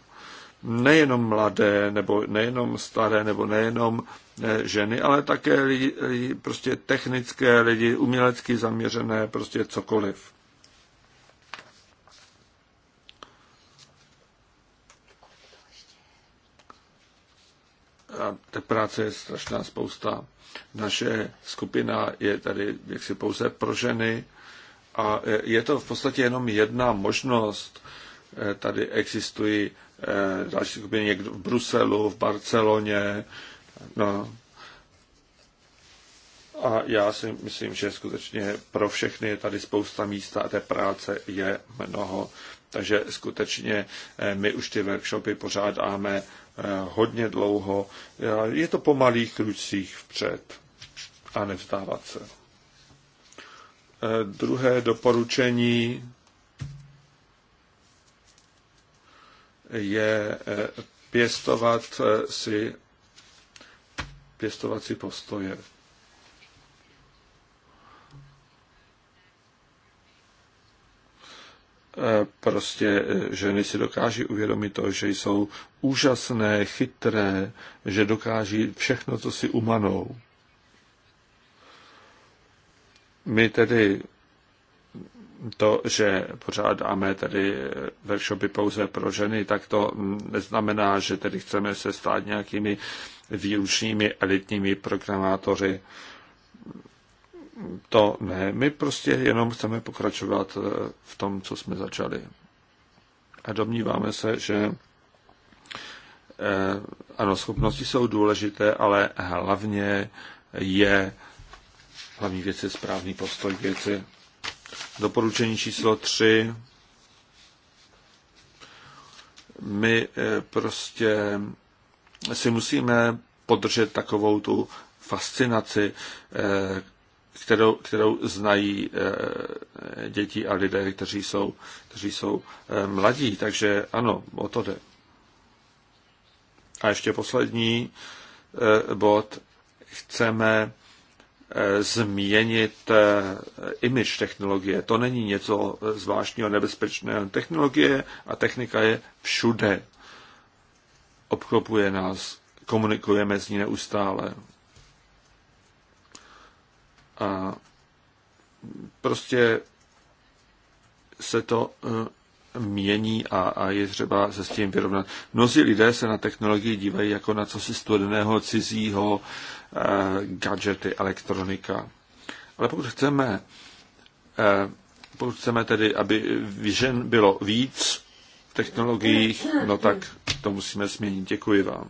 nejenom mladé, nebo nejenom staré, nebo nejenom eh, ženy, ale také lidi, lidi prostě technické lidi, umělecky zaměřené, prostě cokoliv. A té práce je strašná spousta. Naše skupina je tady jaksi pouze pro ženy a eh, je to v podstatě jenom jedna možnost. Eh, tady existují Eh, další skupiny někdo v Bruselu, v Barceloně. No. A já si myslím, že skutečně pro všechny je tady spousta místa a té práce je mnoho. Takže skutečně eh, my už ty workshopy pořádáme eh, hodně dlouho. Je to po malých kručcích vpřed a nevzdávat se. Druhé doporučení je eh, pěstovat eh, si pěstovací postoje. Eh, prostě ženy si dokáží uvědomit to, že jsou úžasné, chytré, že dokáží všechno, co si umanou. My tedy to, že pořádáme tedy workshopy pouze pro ženy, tak to neznamená, že tedy chceme se stát nějakými výlučnými elitními programátory. To ne. My prostě jenom chceme pokračovat v tom, co jsme začali. A domníváme se, že eh, ano, schopnosti jsou důležité, ale hlavně je hlavní věc je správný postoj věci doporučení číslo 3. My eh, prostě si musíme podržet takovou tu fascinaci, eh, kterou, kterou znají eh, děti a lidé, kteří jsou, kteří jsou mladí. Takže ano, o to jde. A ještě poslední bod. Chceme Eh, změnit eh, image technologie. To není něco zvláštního nebezpečného. Technologie a technika je všude. Obklopuje nás, komunikujeme s ní neustále. A prostě se to eh, mění a, a je třeba se s tím vyrovnat. Mnozí lidé se na technologii dívají jako na cosi studeného, cizího, eh, gadgety, elektronika. Ale pokud chceme, eh, pokud chceme tedy, aby žen bylo víc v technologiích, no tak to musíme změnit. Děkuji vám.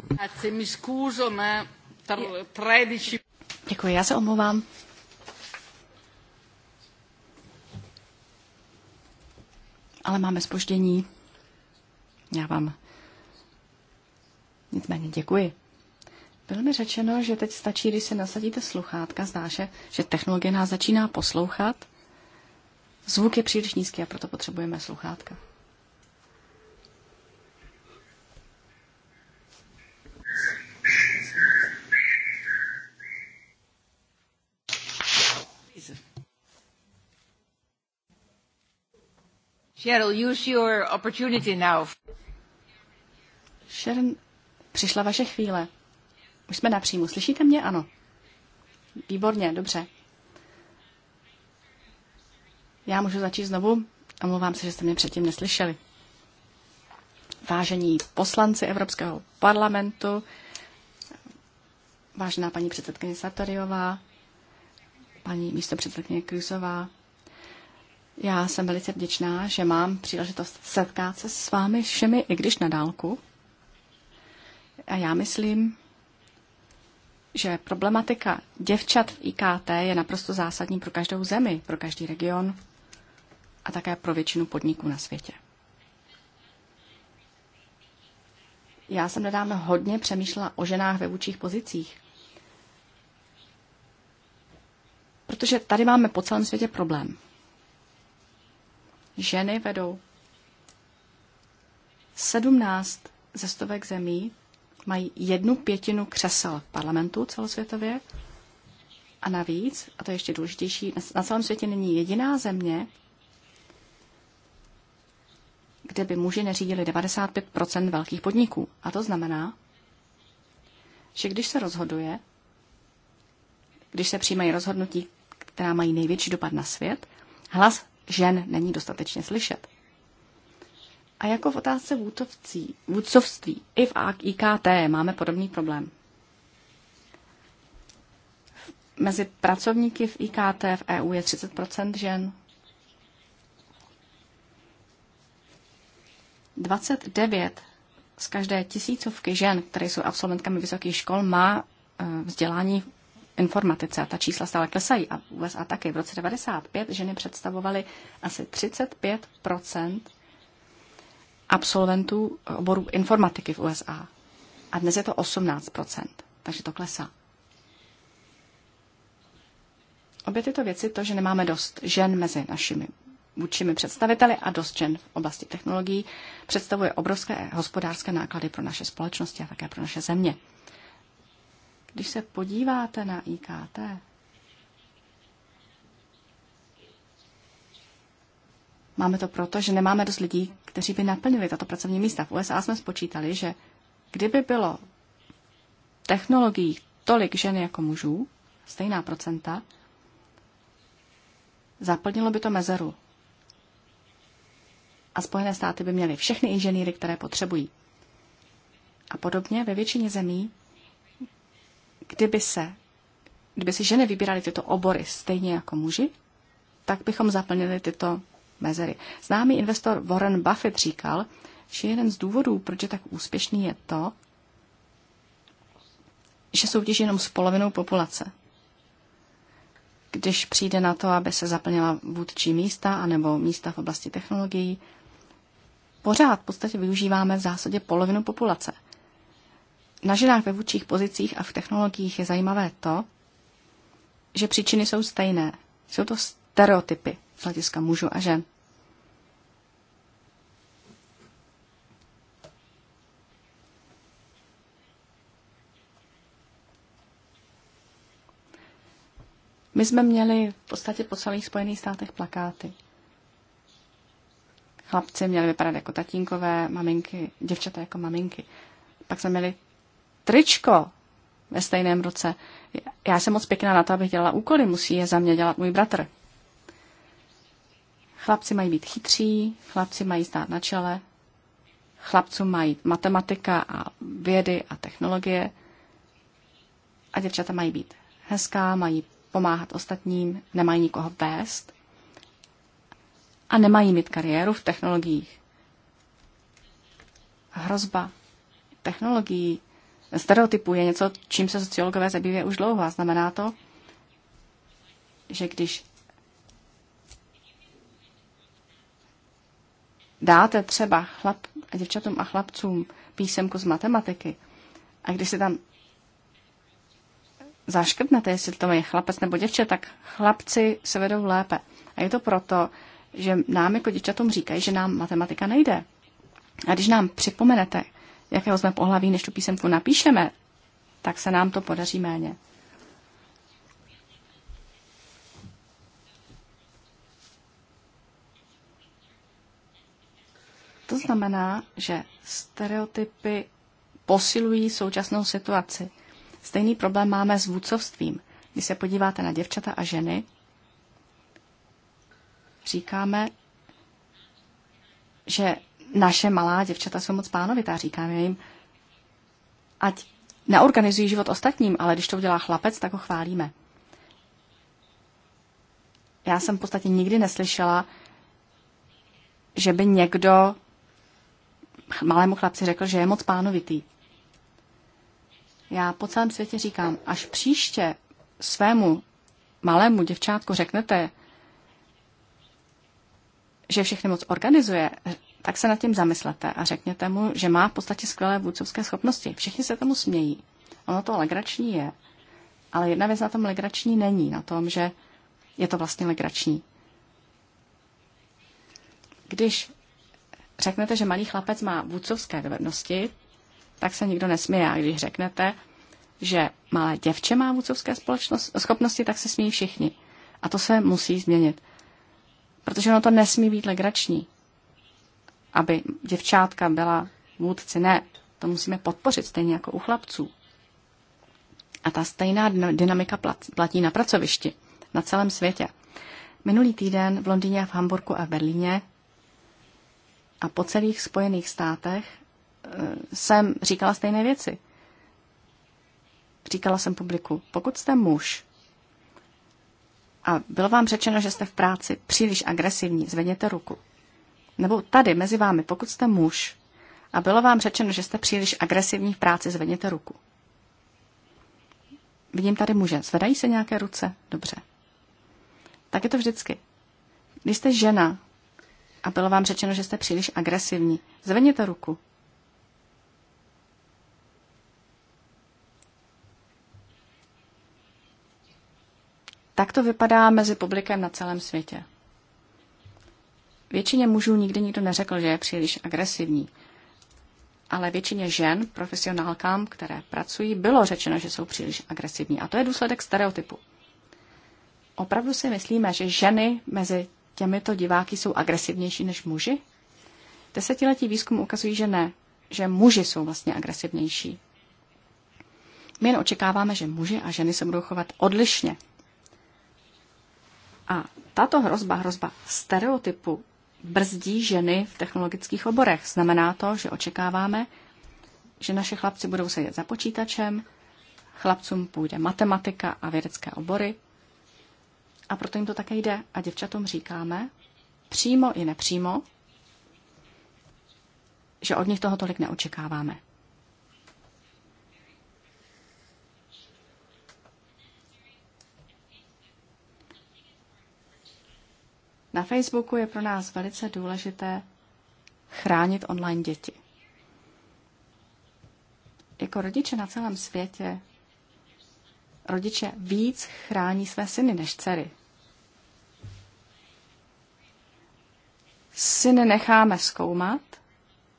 Děkuji, já se omlouvám. ale máme spoždění. Já vám nicméně děkuji. Bylo mi řečeno, že teď stačí, když se nasadíte sluchátka, zdá se, že technologie nás začíná poslouchat. Zvuk je příliš nízký a proto potřebujeme sluchátka. Cheryl, use your opportunity now. Sharon, přišla vaše chvíle. Už jsme napřímo. Slyšíte mě? Ano. Výborně, dobře. Já můžu začít znovu. Omlouvám se, že jste mě předtím neslyšeli. Vážení poslanci Evropského parlamentu, vážená paní předsedkyně Satoriová, paní místopředsedkyně Krusová, já jsem velice vděčná, že mám příležitost setkat se s vámi všemi, i když na dálku. A já myslím, že problematika děvčat v IKT je naprosto zásadní pro každou zemi, pro každý region a také pro většinu podniků na světě. Já jsem nedávno hodně přemýšlela o ženách ve vůčích pozicích. Protože tady máme po celém světě problém. Ženy vedou 17 ze stovek zemí, mají jednu pětinu křesel v parlamentu celosvětově a navíc, a to je ještě důležitější, na celém světě není jediná země, kde by muži neřídili 95 velkých podniků. A to znamená, že když se rozhoduje, když se přijímají rozhodnutí, která mají největší dopad na svět, hlas žen není dostatečně slyšet. A jako v otázce vůdcovství, vůdcovství, i v IKT máme podobný problém. Mezi pracovníky v IKT v EU je 30 žen. 29 z každé tisícovky žen, které jsou absolventkami vysokých škol, má eh, vzdělání informatice a ta čísla stále klesají a USA taky. V roce 95 ženy představovaly asi 35 absolventů oboru informatiky v USA. A dnes je to 18 takže to klesá. Obě tyto věci, to, že nemáme dost žen mezi našimi vůdčími představiteli a dost žen v oblasti technologií, představuje obrovské hospodářské náklady pro naše společnosti a také pro naše země. Když se podíváte na IKT, máme to proto, že nemáme dost lidí, kteří by naplnili tato pracovní místa. V USA jsme spočítali, že kdyby bylo technologií tolik žen jako mužů, stejná procenta, zaplnilo by to mezeru. A Spojené státy by měly všechny inženýry, které potřebují. A podobně ve většině zemí Kdyby se, kdyby si ženy vybíraly tyto obory stejně jako muži, tak bychom zaplnili tyto mezery. Známý investor Warren Buffett říkal, že jeden z důvodů, proč je tak úspěšný, je to, že soutěží jenom s polovinou populace. Když přijde na to, aby se zaplnila vůdčí místa anebo místa v oblasti technologií, pořád v podstatě využíváme v zásadě polovinu populace – na ženách ve vůdčích pozicích a v technologiích je zajímavé to, že příčiny jsou stejné. Jsou to stereotypy z hlediska mužů a žen. My jsme měli v podstatě po celých Spojených státech plakáty. Chlapci měli vypadat jako tatínkové, maminky, děvčata jako maminky. Pak jsme měli tričko ve stejném roce. Já jsem moc pěkná na to, abych dělala úkoly, musí je za mě dělat můj bratr. Chlapci mají být chytří, chlapci mají stát na čele, chlapcům mají matematika a vědy a technologie a děvčata mají být hezká, mají pomáhat ostatním, nemají nikoho vést a nemají mít kariéru v technologiích. Hrozba technologií stereotypů je něco, čím se sociologové zabývají už dlouho. A znamená to, že když dáte třeba chlap, děvčatům a chlapcům písemku z matematiky a když se tam zaškrtnete, jestli to je chlapec nebo děvče, tak chlapci se vedou lépe. A je to proto, že nám jako děvčatům říkají, že nám matematika nejde. A když nám připomenete, jakého jsme pohlaví, než tu písemku napíšeme, tak se nám to podaří méně. To znamená, že stereotypy posilují současnou situaci. Stejný problém máme s vůdcovstvím. Když se podíváte na děvčata a ženy, říkáme, že naše malá děvčata jsou moc pánovitá, říkám jim. Ať neorganizují život ostatním, ale když to udělá chlapec, tak ho chválíme. Já jsem v podstatě nikdy neslyšela, že by někdo malému chlapci řekl, že je moc pánovitý. Já po celém světě říkám, až příště svému malému děvčátku řeknete, že všechny moc organizuje, tak se nad tím zamyslete a řekněte mu, že má v podstatě skvělé vůdcovské schopnosti. Všichni se tomu smějí. Ono to legrační je, ale jedna věc na tom legrační není, na tom, že je to vlastně legrační. Když řeknete, že malý chlapec má vůdcovské dovednosti, tak se nikdo nesměje. A když řeknete, že malé děvče má vůdcovské schopnosti, tak se smějí všichni. A to se musí změnit. Protože ono to nesmí být legrační aby děvčátka byla vůdci. Ne, to musíme podpořit stejně jako u chlapců. A ta stejná dynamika platí na pracovišti, na celém světě. Minulý týden v Londýně, v Hamburgu a v Berlíně a po celých Spojených státech eh, jsem říkala stejné věci. Říkala jsem publiku, pokud jste muž a bylo vám řečeno, že jste v práci příliš agresivní, zvedněte ruku. Nebo tady mezi vámi, pokud jste muž a bylo vám řečeno, že jste příliš agresivní v práci, zvedněte ruku. Vidím tady muže. Zvedají se nějaké ruce? Dobře. Tak je to vždycky. Když jste žena a bylo vám řečeno, že jste příliš agresivní, zvedněte ruku. Tak to vypadá mezi publikem na celém světě. Většině mužů nikdy nikdo neřekl, že je příliš agresivní. Ale většině žen, profesionálkám, které pracují, bylo řečeno, že jsou příliš agresivní. A to je důsledek stereotypu. Opravdu si myslíme, že ženy mezi těmito diváky jsou agresivnější než muži? Desetiletí výzkum ukazují, že ne, že muži jsou vlastně agresivnější. My jen očekáváme, že muži a ženy se budou chovat odlišně. A tato hrozba, hrozba stereotypu, brzdí ženy v technologických oborech. Znamená to, že očekáváme, že naše chlapci budou sedět za počítačem, chlapcům půjde matematika a vědecké obory. A proto jim to také jde. A děvčatům říkáme, přímo i nepřímo, že od nich toho tolik neočekáváme. Na Facebooku je pro nás velice důležité chránit online děti. Jako rodiče na celém světě rodiče víc chrání své syny než dcery. Syny necháme zkoumat,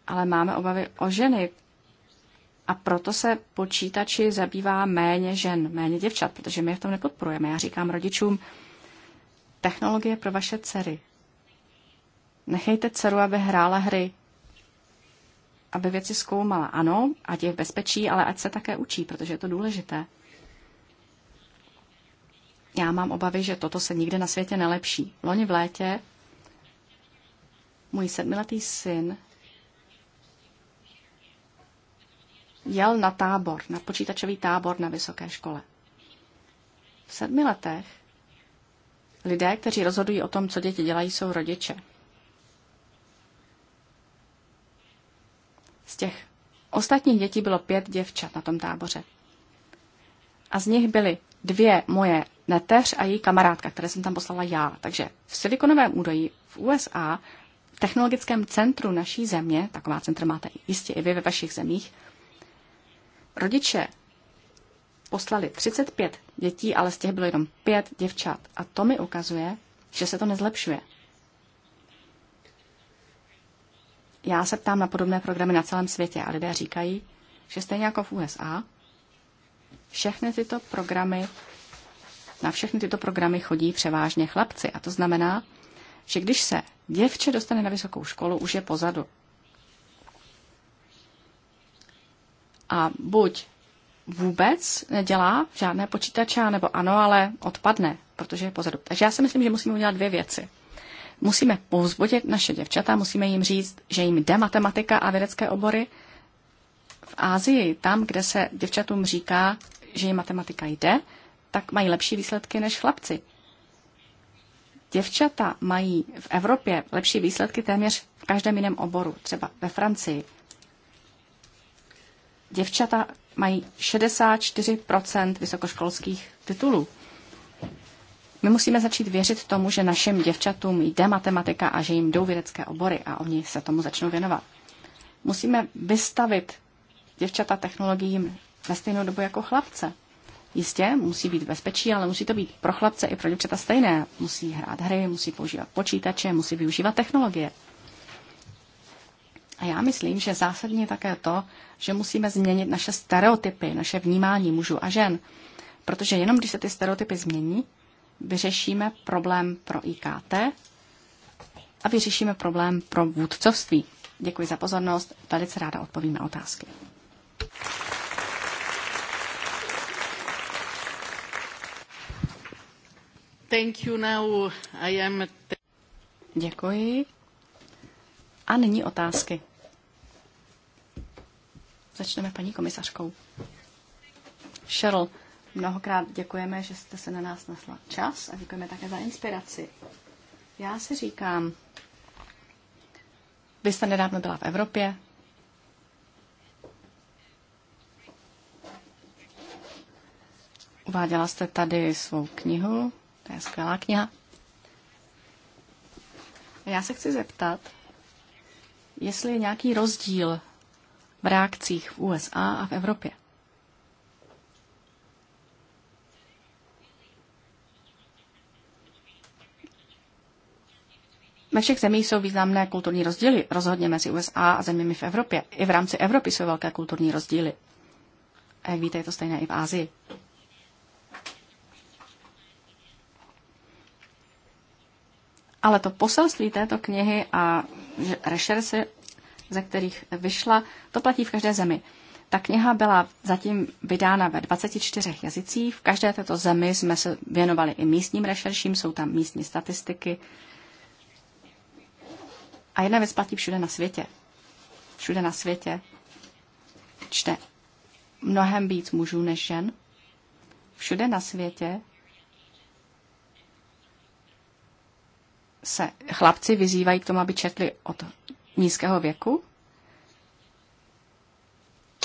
ale máme obavy o ženy. A proto se počítači zabývá méně žen, méně děvčat, protože my je v tom nepodporujeme. Já říkám rodičům, Technologie pro vaše dcery. Nechejte dceru, aby hrála hry, aby věci zkoumala. Ano, ať je v bezpečí, ale ať se také učí, protože je to důležité. Já mám obavy, že toto se nikde na světě nelepší. Loni v létě můj sedmiletý syn jel na tábor, na počítačový tábor na vysoké škole. V sedmi letech Lidé, kteří rozhodují o tom, co děti dělají, jsou rodiče. Z těch ostatních dětí bylo pět děvčat na tom táboře. A z nich byly dvě moje neteř a její kamarádka, které jsem tam poslala já. Takže v Silikonovém údoji v USA, v technologickém centru naší země, taková centra máte jistě i vy ve vašich zemích, rodiče poslali 35 dětí, ale z těch bylo jenom 5 děvčat. A to mi ukazuje, že se to nezlepšuje. Já se ptám na podobné programy na celém světě a lidé říkají, že stejně jako v USA, všechny tyto programy, na všechny tyto programy chodí převážně chlapci. A to znamená, že když se děvče dostane na vysokou školu, už je pozadu. A buď vůbec nedělá žádné počítače, nebo ano, ale odpadne, protože je pozadu. Takže já si myslím, že musíme udělat dvě věci. Musíme povzbudit naše děvčata, musíme jim říct, že jim jde matematika a vědecké obory. V Ázii, tam, kde se děvčatům říká, že jim matematika jde, tak mají lepší výsledky než chlapci. Děvčata mají v Evropě lepší výsledky téměř v každém jiném oboru, třeba ve Francii. Děvčata mají 64 vysokoškolských titulů. My musíme začít věřit tomu, že našim děvčatům jde matematika a že jim jdou vědecké obory a oni se tomu začnou věnovat. Musíme vystavit děvčata technologiím ve stejnou dobu jako chlapce. Jistě, musí být bezpečí, ale musí to být pro chlapce i pro děvčata stejné. Musí hrát hry, musí používat počítače, musí využívat technologie. A já myslím, že zásadní je také to, že musíme změnit naše stereotypy, naše vnímání mužů a žen. Protože jenom když se ty stereotypy změní, vyřešíme problém pro IKT a vyřešíme problém pro vůdcovství. Děkuji za pozornost, velice ráda odpovím na otázky. Thank you now. I am... Děkuji. A nyní otázky. Začneme paní komisařkou. Cheryl, mnohokrát děkujeme, že jste se na nás nasla čas a děkujeme také za inspiraci. Já si říkám, vy jste nedávno byla v Evropě, Uváděla jste tady svou knihu, to je skvělá kniha. Já se chci zeptat, jestli je nějaký rozdíl v reakcích v USA a v Evropě. Ve všech zemích jsou významné kulturní rozdíly, rozhodně mezi USA a zeměmi v Evropě. I v rámci Evropy jsou velké kulturní rozdíly. A jak víte, je to stejné i v Ázii. Ale to poselství této knihy a rešerse, ze kterých vyšla, to platí v každé zemi. Ta kniha byla zatím vydána ve 24 jazycích. V každé této zemi jsme se věnovali i místním rešerším, jsou tam místní statistiky. A jedna věc platí všude na světě. Všude na světě čte mnohem víc mužů než žen. Všude na světě se chlapci vyzývají k tomu, aby četli od nízkého věku.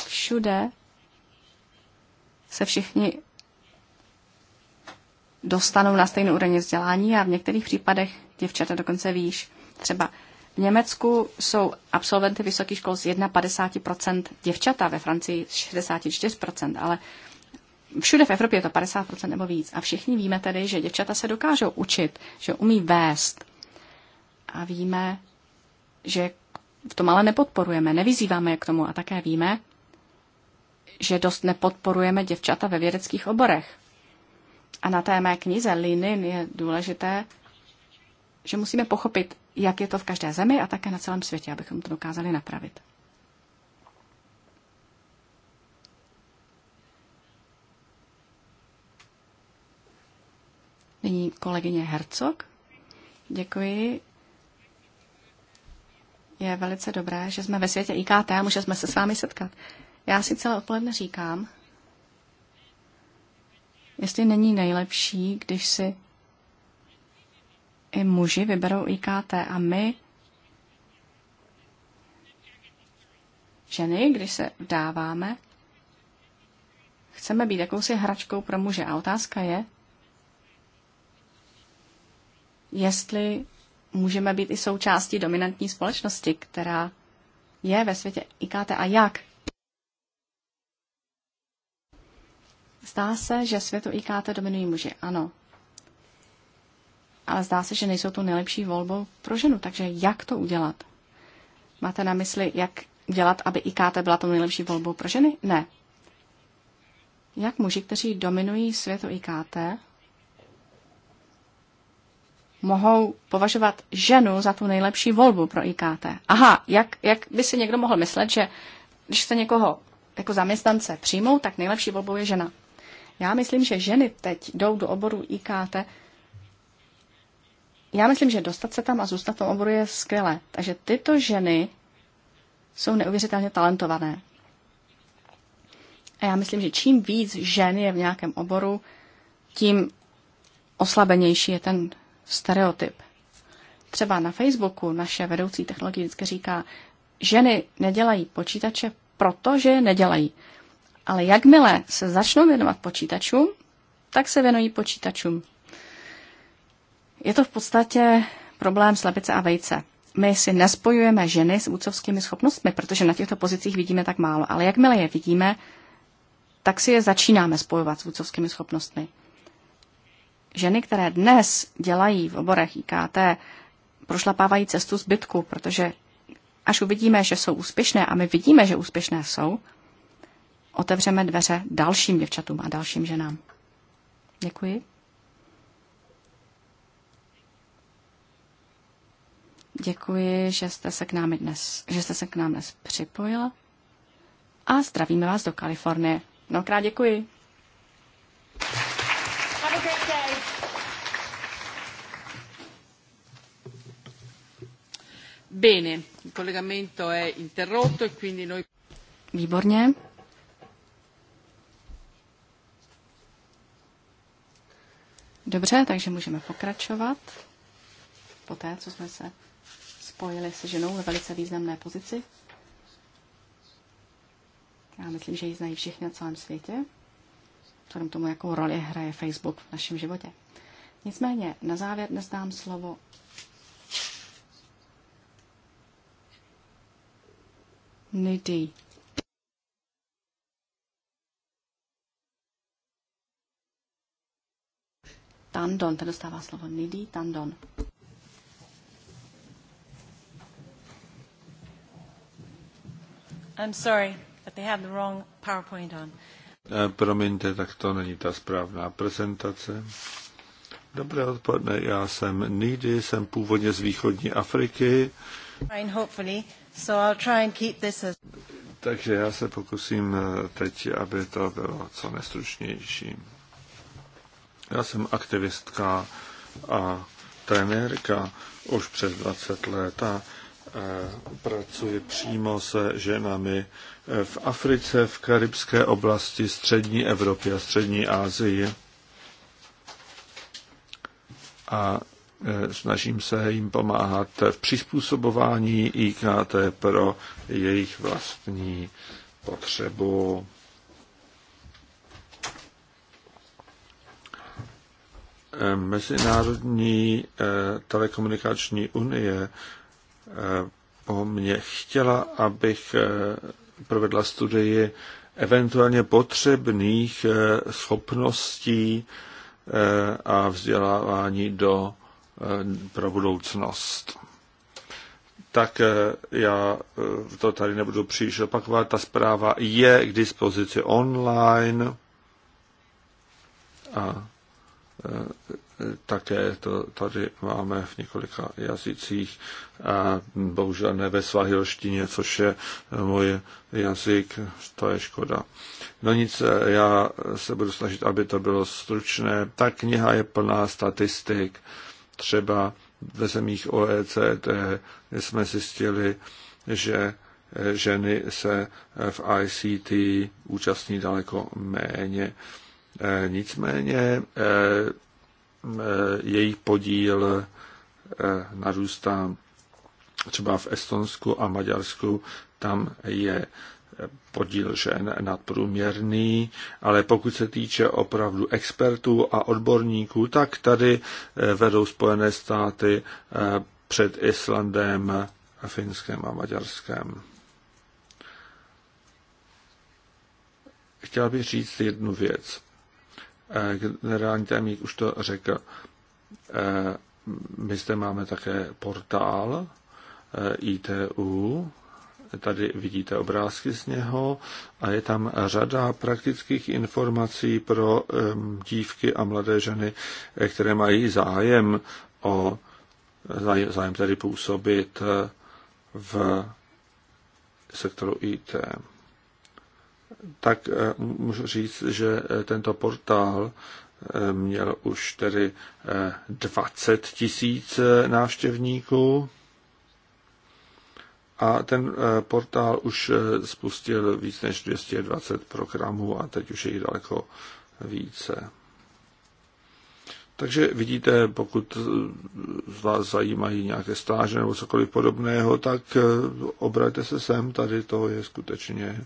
Všude se všichni dostanou na stejnou úroveň vzdělání a v některých případech děvčata dokonce výš. Třeba v Německu jsou absolventy vysokých škol z 51% děvčata, ve Francii 64%, ale všude v Evropě je to 50% nebo víc. A všichni víme tedy, že děvčata se dokážou učit, že umí vést. A víme, že v tom ale nepodporujeme, nevyzýváme je k tomu a také víme, že dost nepodporujeme děvčata ve vědeckých oborech. A na té mé knize Linin je důležité, že musíme pochopit, jak je to v každé zemi a také na celém světě, abychom to dokázali napravit. Nyní kolegyně Hercog. Děkuji je velice dobré, že jsme ve světě IKT a můžeme se s vámi setkat. Já si celé odpoledne říkám, jestli není nejlepší, když si i muži vyberou IKT a my, ženy, když se vdáváme, chceme být jakousi hračkou pro muže. A otázka je, jestli můžeme být i součástí dominantní společnosti, která je ve světě IKT a jak. Zdá se, že světu IKT dominují muži, ano. Ale zdá se, že nejsou tu nejlepší volbou pro ženu, takže jak to udělat? Máte na mysli, jak dělat, aby IKT byla tou nejlepší volbou pro ženy? Ne. Jak muži, kteří dominují světu IKT, mohou považovat ženu za tu nejlepší volbu pro IKT. Aha, jak, jak by si někdo mohl myslet, že když se někoho jako zaměstnance přijmou, tak nejlepší volbou je žena. Já myslím, že ženy teď jdou do oboru IKT. Já myslím, že dostat se tam a zůstat v tom oboru je skvělé. Takže tyto ženy jsou neuvěřitelně talentované. A já myslím, že čím víc žen je v nějakém oboru, tím oslabenější je ten stereotyp. Třeba na Facebooku naše vedoucí technologie vždycky říká, ženy nedělají počítače, protože je nedělají. Ale jakmile se začnou věnovat počítačům, tak se věnují počítačům. Je to v podstatě problém slepice a vejce. My si nespojujeme ženy s úcovskými schopnostmi, protože na těchto pozicích vidíme tak málo, ale jakmile je vidíme, tak si je začínáme spojovat s vůdcovskými schopnostmi ženy, které dnes dělají v oborech IKT, prošlapávají cestu zbytku, protože až uvidíme, že jsou úspěšné, a my vidíme, že úspěšné jsou, otevřeme dveře dalším děvčatům a dalším ženám. Děkuji. Děkuji, že jste se k nám dnes, že jste se k nám dnes připojila. A zdravíme vás do Kalifornie. Mnohokrát děkuji. E Výborně. Dobře, takže můžeme pokračovat. Poté, co jsme se spojili se ženou ve velice významné pozici. Já myslím, že ji znají všichni na celém světě. Vzhledem tomu, jakou roli hraje Facebook v našem životě. Nicméně, na závěr dnes dám slovo Nidi. Tandon, ten dostává slovo Nidi, Tandon. I'm sorry, but they have the wrong PowerPoint on. Eh, promiňte, tak to není ta správná prezentace. Dobré odpoledne, já jsem Nidy, jsem původně z východní Afriky takže já se pokusím eh, teď, aby to bylo co nestručnější. Já jsem aktivistka a trenérka už přes 20 let a eh, pracuji přímo se ženami eh, v Africe, v karibské oblasti, střední Evropě a střední Asii. A Eh, snažím se jim pomáhat v přizpůsobování IKT pro jejich vlastní potřebu. Eh, Mezinárodní eh, telekomunikační unie po mně chtěla, abych provedla studii eventuálně potřebných schopností a vzdělávání do Eh, pro budoucnost. Tak eh, já eh, to tady nebudu příliš opakovat. Ta zpráva je k dispozici online a také to tady máme v několika jazycích a bohužel ne ve svahilštině, což je můj jazyk, to je škoda. No nic, já se budu snažit, aby to bylo stručné. Ta kniha je plná statistik Třeba ve zemích OECD jsme zjistili, že eh, ženy se eh, v ICT účastní daleko méně. Eh, nicméně jejich podíl narůstá třeba v Estonsku a Maďarsku, tam je podíl žen nadprůměrný, ale pokud se týče opravdu expertů a odborníků, tak tady eh, vedou Spojené státy eh, před Islandem, Finskem a Maďarskem. Chtěl bych říct jednu věc. Eh, generální tajemník už to řekl. My zde máme také portál ITU, Tady vidíte obrázky z něho a je tam řada praktických informací pro dívky a mladé ženy, eh, které mají zájem o zájem tedy působit eh, v sektoru IT. Tak eh, můžu říct, že tento portál měl už tedy 20 tisíc návštěvníků a ten eh, portál už eh, spustil víc než 220 programů a teď už je jich daleko více. Takže vidíte, pokud z vás zajímají nějaké stáže nebo cokoliv podobného, tak eh, obraťte se sem, tady to je skutečně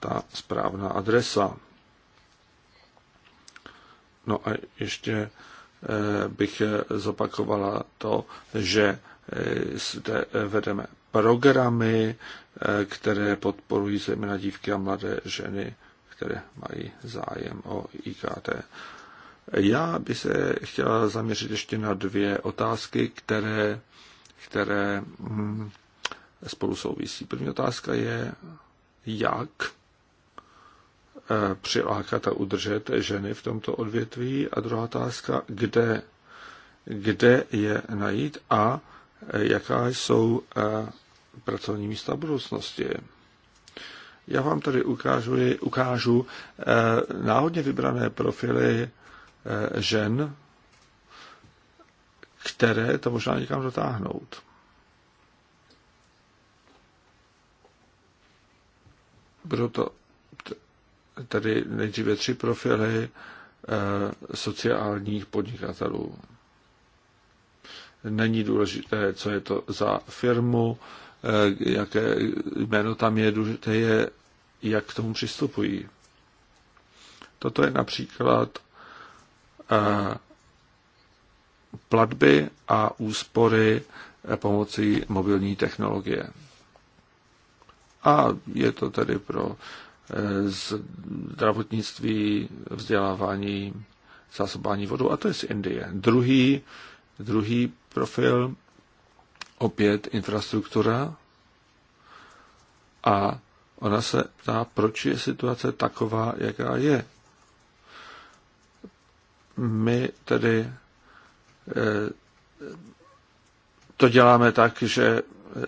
ta správná adresa. No a ještě bych zopakovala to, že Eh, zde eh, vedeme programy, eh, které podporují zejména dívky a mladé ženy, které mají zájem o IKT. Já bych se chtěla zaměřit ještě na dvě otázky, které, které hm, spolu souvisí. První otázka je, jak přilákat a udržet ženy v tomto odvětví. A druhá otázka, kde, kde je najít a jaká jsou eh, pracovní místa budoucnosti. Já vám tady ukážu, ukážu eh, náhodně vybrané profily eh, žen, které to možná někam dotáhnout. Budou to tady nejdříve tři profily sociálních podnikatelů. Není důležité, co je to za firmu, eh, jaké jméno tam je, důležité je, jak k tomu přistupují. Toto je například eh, platby a úspory eh, pomocí mobilní technologie. A je to tedy pro zdravotnictví, vzdělávání, zásobání vodu, a to je z Indie. Druhý, druhý profil, opět infrastruktura a ona se ptá, proč je situace taková, jaká je. My tedy eh, to děláme tak, že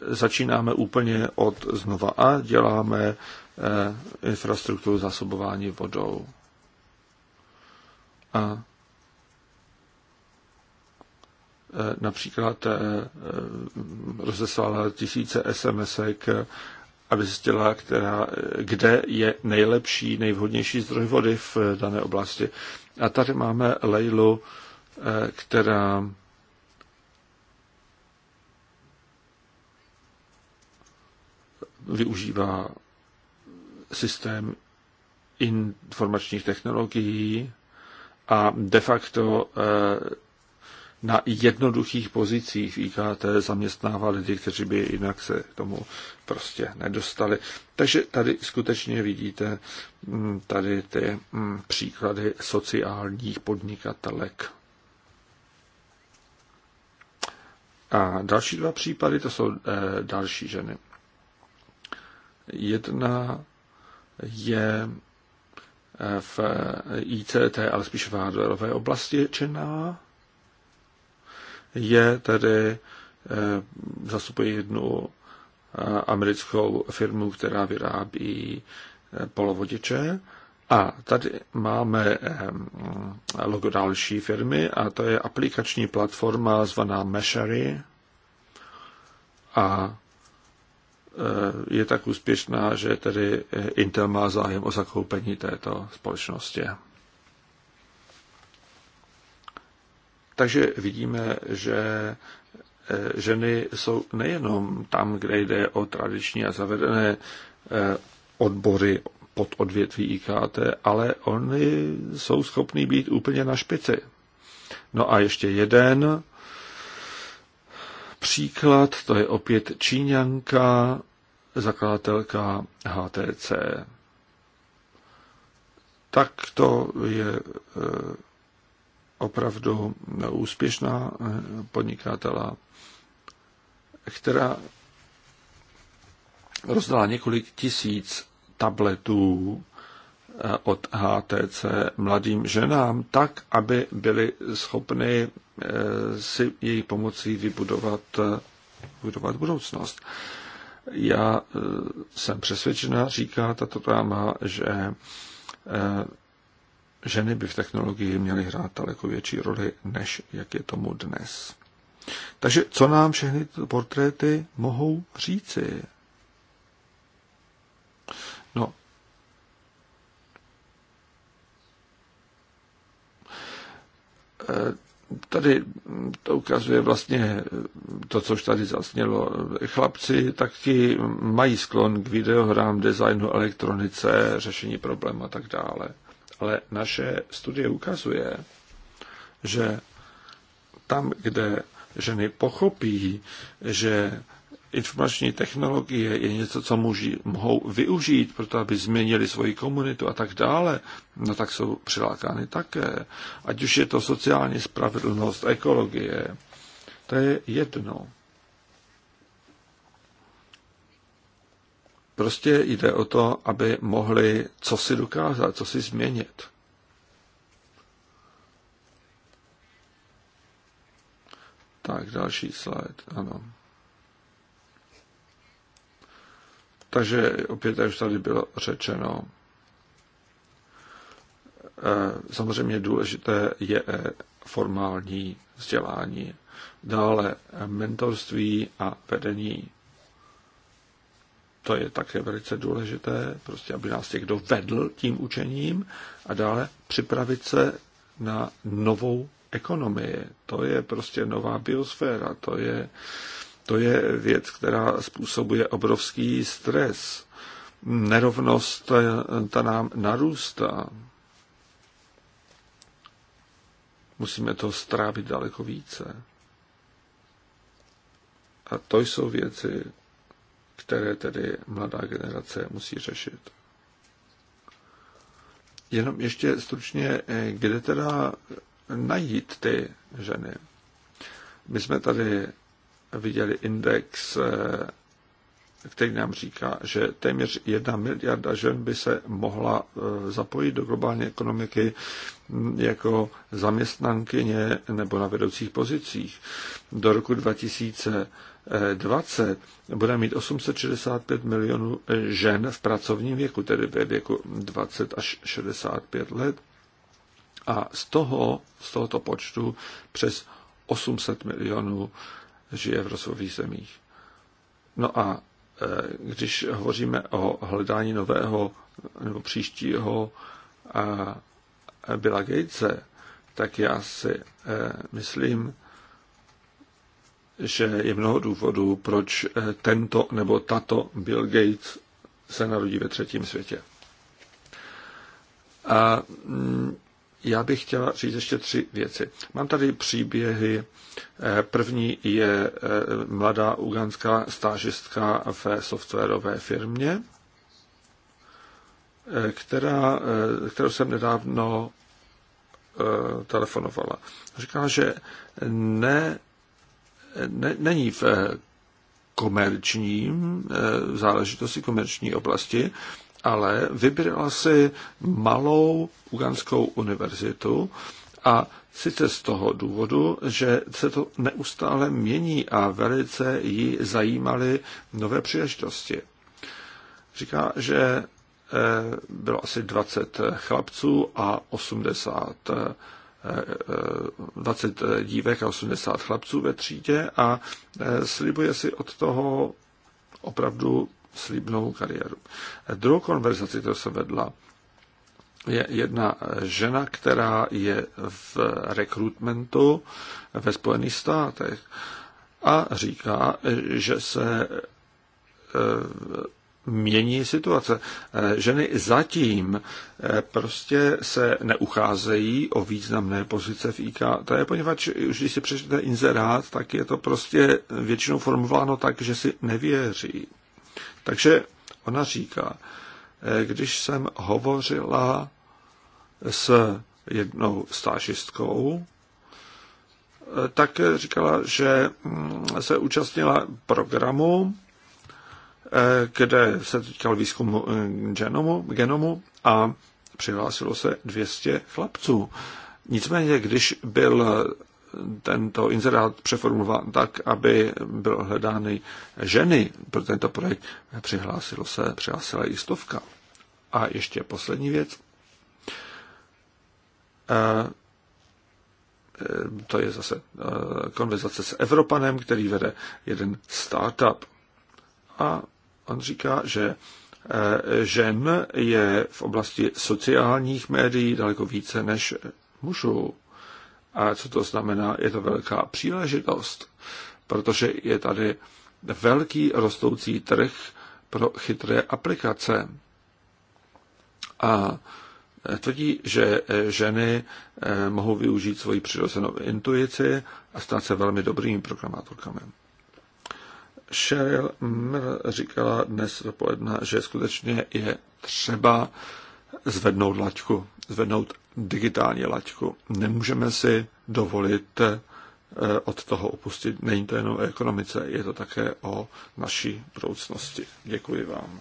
začínáme úplně od znova a děláme eh, infrastrukturu zasobování vodou. A například eh, eh, rozeslala tisíce sms aby zjistila, která, kde je nejlepší, nejvhodnější zdroj vody v dané oblasti. A tady máme Leilu, eh, která využívá systém informačních technologií a de facto na jednoduchých pozicích v IKT zaměstnává lidi, kteří by jinak se tomu prostě nedostali. Takže tady skutečně vidíte mm, tady ty mm, příklady sociálních podnikatelek. A další dva případy, to jsou eh, další ženy. Jedna je eh, v eh, ICT, ale spíš v hardwareové oblasti činná je tedy, eh, zastupuje jednu eh, americkou firmu, která vyrábí eh, polovodiče. A tady máme logo další firmy a to je aplikační platforma zvaná Meshery a je tak úspěšná, že tedy Intel má zájem o zakoupení této společnosti. Takže vidíme, že eh, ženy jsou nejenom tam, kde jde o tradiční a zavedené eh, odbory pod odvětví IKT, ale oni jsou schopní být úplně na špici. No a ještě jeden příklad, to je opět Číňanka, zakladatelka HTC. Tak to je eh, opravdu úspěšná eh, podnikatela, která rozdala několik tisíc tabletů eh, od HTC mladým ženám, tak, aby byly schopny eh, si její pomocí vybudovat, vybudovat budoucnost. Já jsem přesvědčena, říká tato dáma, že ženy by v technologii měly hrát daleko větší roli, než jak je tomu dnes. Takže co nám všechny portréty mohou říci? No, eh, tady to ukazuje vlastně to, co už tady zasnělo. Chlapci taky mají sklon k videohrám, designu, elektronice, řešení problémů a tak dále ale naše studie ukazuje, že tam, kde ženy pochopí, že informační technologie je něco, co muži mohou využít, proto aby změnili svoji komunitu a tak dále, no tak jsou přilákány také. Ať už je to sociální spravedlnost, ekologie, to je jedno. Prostě jde o to, aby mohli co si dokázat, co si změnit. Tak, další slide, ano. Takže opět, jak už tady bylo řečeno, eh, samozřejmě důležité je eh, formální vzdělání, dále eh, mentorství a vedení to je také velice důležité, prostě aby nás někdo vedl tím učením a dále připravit se na novou ekonomii. To je prostě nová biosféra, to je, to je věc, která způsobuje obrovský stres. Nerovnost eh, ta nám narůstá. Musíme to strávit daleko více. A to jsou věci, které tedy mladá generace musí řešit. Jenom ještě stručně, eh, kde teda najít ty ženy? My jsme tady viděli index, eh, který nám říká, že téměř jedna miliarda žen by se mohla eh, zapojit do globální ekonomiky jako zaměstnankyně nebo na vedoucích pozicích. Do roku 2000 2020 bude mít 865 milionů žen v pracovním věku, tedy ve věku 20 až 65 let. A z, toho, z tohoto počtu přes 800 milionů žije v rozvojových zemích. No a e, když hovoříme o hledání nového nebo příštího Billa Gatese, tak já si e, myslím, že je mnoho důvodů, proč eh, tento nebo tato Bill Gates se narodí ve třetím světě. A mm, já bych chtěla říct ještě tři věci. Mám tady příběhy. Eh, první je eh, mladá uganská stážistka v softwarové firmě, která, kterou jsem nedávno telefonovala. Říkala, že ne ne, není v eh, komerčním v eh, záležitosti komerční oblasti, ale vybrala si malou uganskou univerzitu a sice z toho důvodu, že se to neustále mění a velice ji zajímaly nové příležitosti. Říká, že eh, bylo asi 20 chlapců a 80 20 dívek a 80 chlapců ve třídě a e, slibuje si od toho opravdu slibnou kariéru. Druhou konverzaci, kterou jsem vedla, je jedna žena, která je v rekrutmentu ve Spojených státech a říká, že se e, mění situace. E, ženy zatím e, prostě se neucházejí o významné pozice v IKT, poněvadž už když si přečtete inzerát, tak je to prostě většinou formováno tak, že si nevěří. Takže ona říká, e, když jsem hovořila s jednou stážistkou, tak říkala, že mm, se účastnila programu, Eh, kde se týkal výzkumu eh, genomu, genomu a přihlásilo se 200 chlapců. Nicméně, když byl tento inzerát přeformulován tak, aby byl hledány ženy pro tento projekt, přihlásilo se, přihlásila i stovka. A ještě poslední věc. Eh, to je zase konverzace s Evropanem, který vede jeden startup. A on říká, že eh, žen je v oblasti sociálních médií daleko více než mužů. A co to znamená? Je to velká příležitost, protože je tady velký rostoucí trh pro chytré aplikace. A tvrdí, že eh, ženy eh, mohou využít svoji přirozenou intuici a stát se velmi dobrými programátorkami. Sheryl Mr říkala dnes dopoledne, že skutečně je třeba zvednout laťku, zvednout digitální laťku. Nemůžeme si dovolit eh, od toho opustit. Není to jenom o ekonomice, je to také o naší budoucnosti. Děkuji vám.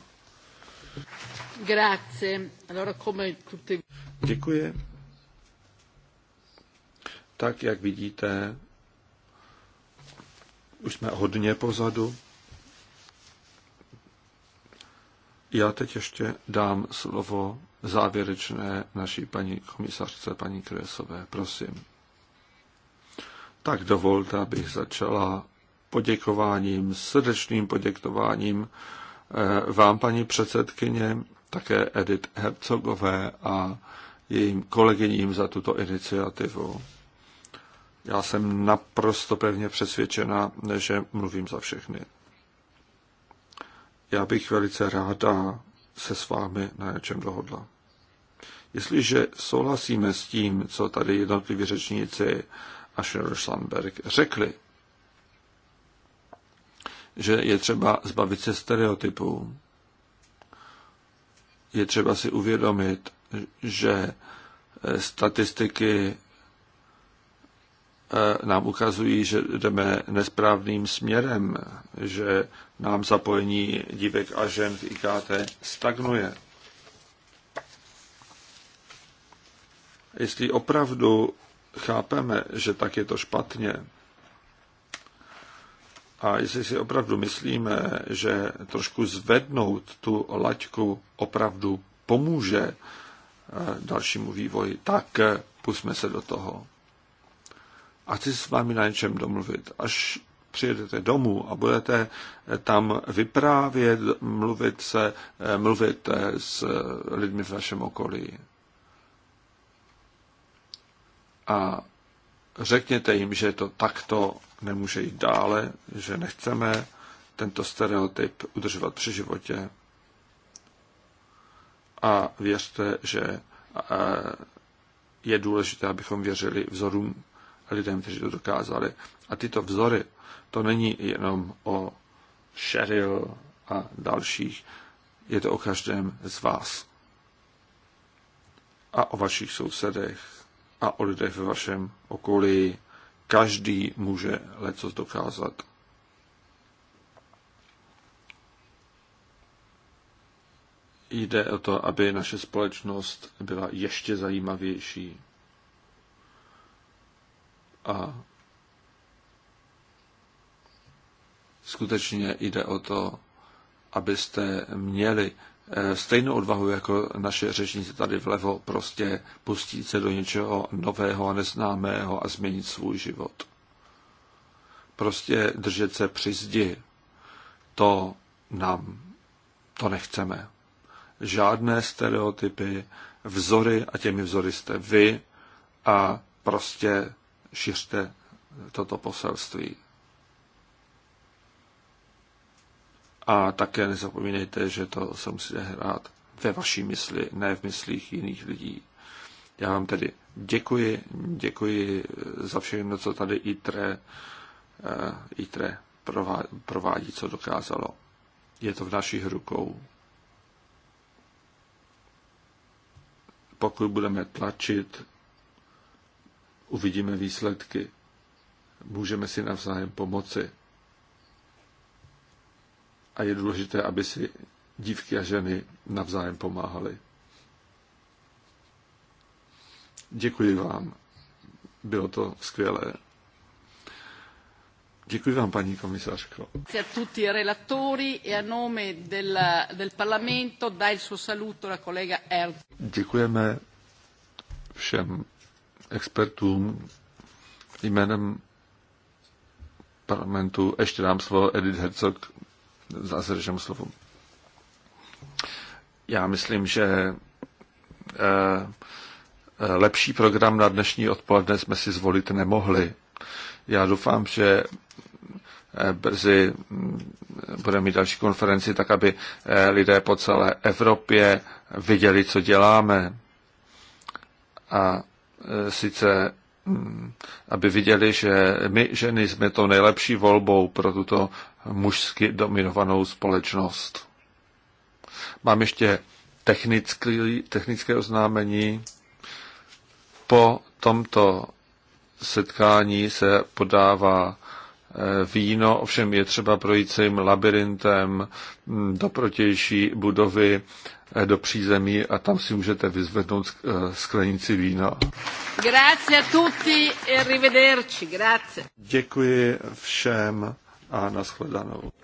Grazie. Allora, come tutte... Děkuji. Tak, jak vidíte, už jsme hodně pozadu. Já teď ještě dám slovo závěrečné naší paní komisařce, paní Kresové. Prosím. Tak dovolte, abych začala poděkováním, srdečným poděkováním eh, vám, paní předsedkyně, také Edith Hercogové a jejím kolegyním za tuto iniciativu. Já jsem naprosto pevně přesvědčena, že mluvím za všechny já bych velice ráda se s vámi na něčem dohodla. Jestliže souhlasíme s tím, co tady jednotliví řečníci a Sheryl Sandberg řekli, že je třeba zbavit se stereotypů, je třeba si uvědomit, že eh, statistiky eh, nám ukazují, že jdeme nesprávným směrem, že nám zapojení dívek a žen v IKT stagnuje. Jestli opravdu chápeme, že tak je to špatně, a jestli si opravdu myslíme, že trošku zvednout tu laťku opravdu pomůže eh, dalšímu vývoji, tak eh, pusme se do toho. A chci s vámi na něčem domluvit. Až přijedete domů a budete eh, tam vyprávět, mluvit, se, eh, mluvit eh, s lidmi v vašem okolí. A řekněte jim, že to takto nemůže jít dále, že nechceme tento stereotyp udržovat při životě. A věřte, že je důležité, abychom věřili vzorům lidem, kteří to dokázali. A tyto vzory to není jenom o Sheryl a dalších, je to o každém z vás. A o vašich sousedech a o lidech ve vašem okolí. Každý může leco dokázat. Jde o to, aby naše společnost byla ještě zajímavější. A skutečně jde o to, abyste měli eh, stejnou odvahu jako naše řečníci tady vlevo, prostě pustit se do něčeho nového a neznámého a změnit svůj život. Prostě držet se při zdi, to nám, to nechceme. Žádné stereotypy, vzory a těmi vzory jste vy a prostě šiřte toto poselství. A také nezapomínejte, že to se musíte hrát ve vaší mysli, ne v myslích jiných lidí. Já vám tedy děkuji, děkuji za všechno, co tady ITRE, eh, ITRE provádí, co dokázalo. Je to v našich rukou. Pokud budeme tlačit, uvidíme výsledky. Můžeme si navzájem pomoci a je důležité, aby si dívky a ženy navzájem pomáhaly. Děkuji vám. Bylo to skvělé. Děkuji vám, paní komisařko. A tutti i relatori e a nome del, del Parlamento dà il suo saluto la collega Erd. Děkujeme všem expertům jménem parlamentu. Ještě dám slovo Edith Herzog, závěrečnému slovu. Já myslím, že eh, eh, lepší program na dnešní odpoledne jsme si zvolit nemohli. Já doufám, že eh, brzy mm, budeme mít další konferenci, tak aby lidé po celé Evropě viděli, co děláme. A sice Hmm. aby viděli, že my ženy jsme to nejlepší volbou pro tuto mužsky dominovanou společnost. Mám ještě technický, technické oznámení. Po tomto setkání se podává víno, ovšem je třeba projít svým labirintem do protější budovy, eh, do přízemí a tam si můžete vyzvednout eh, sklenici vína. Grazie tutti e arrivederci. Grazie. Děkuji všem a nashledanou.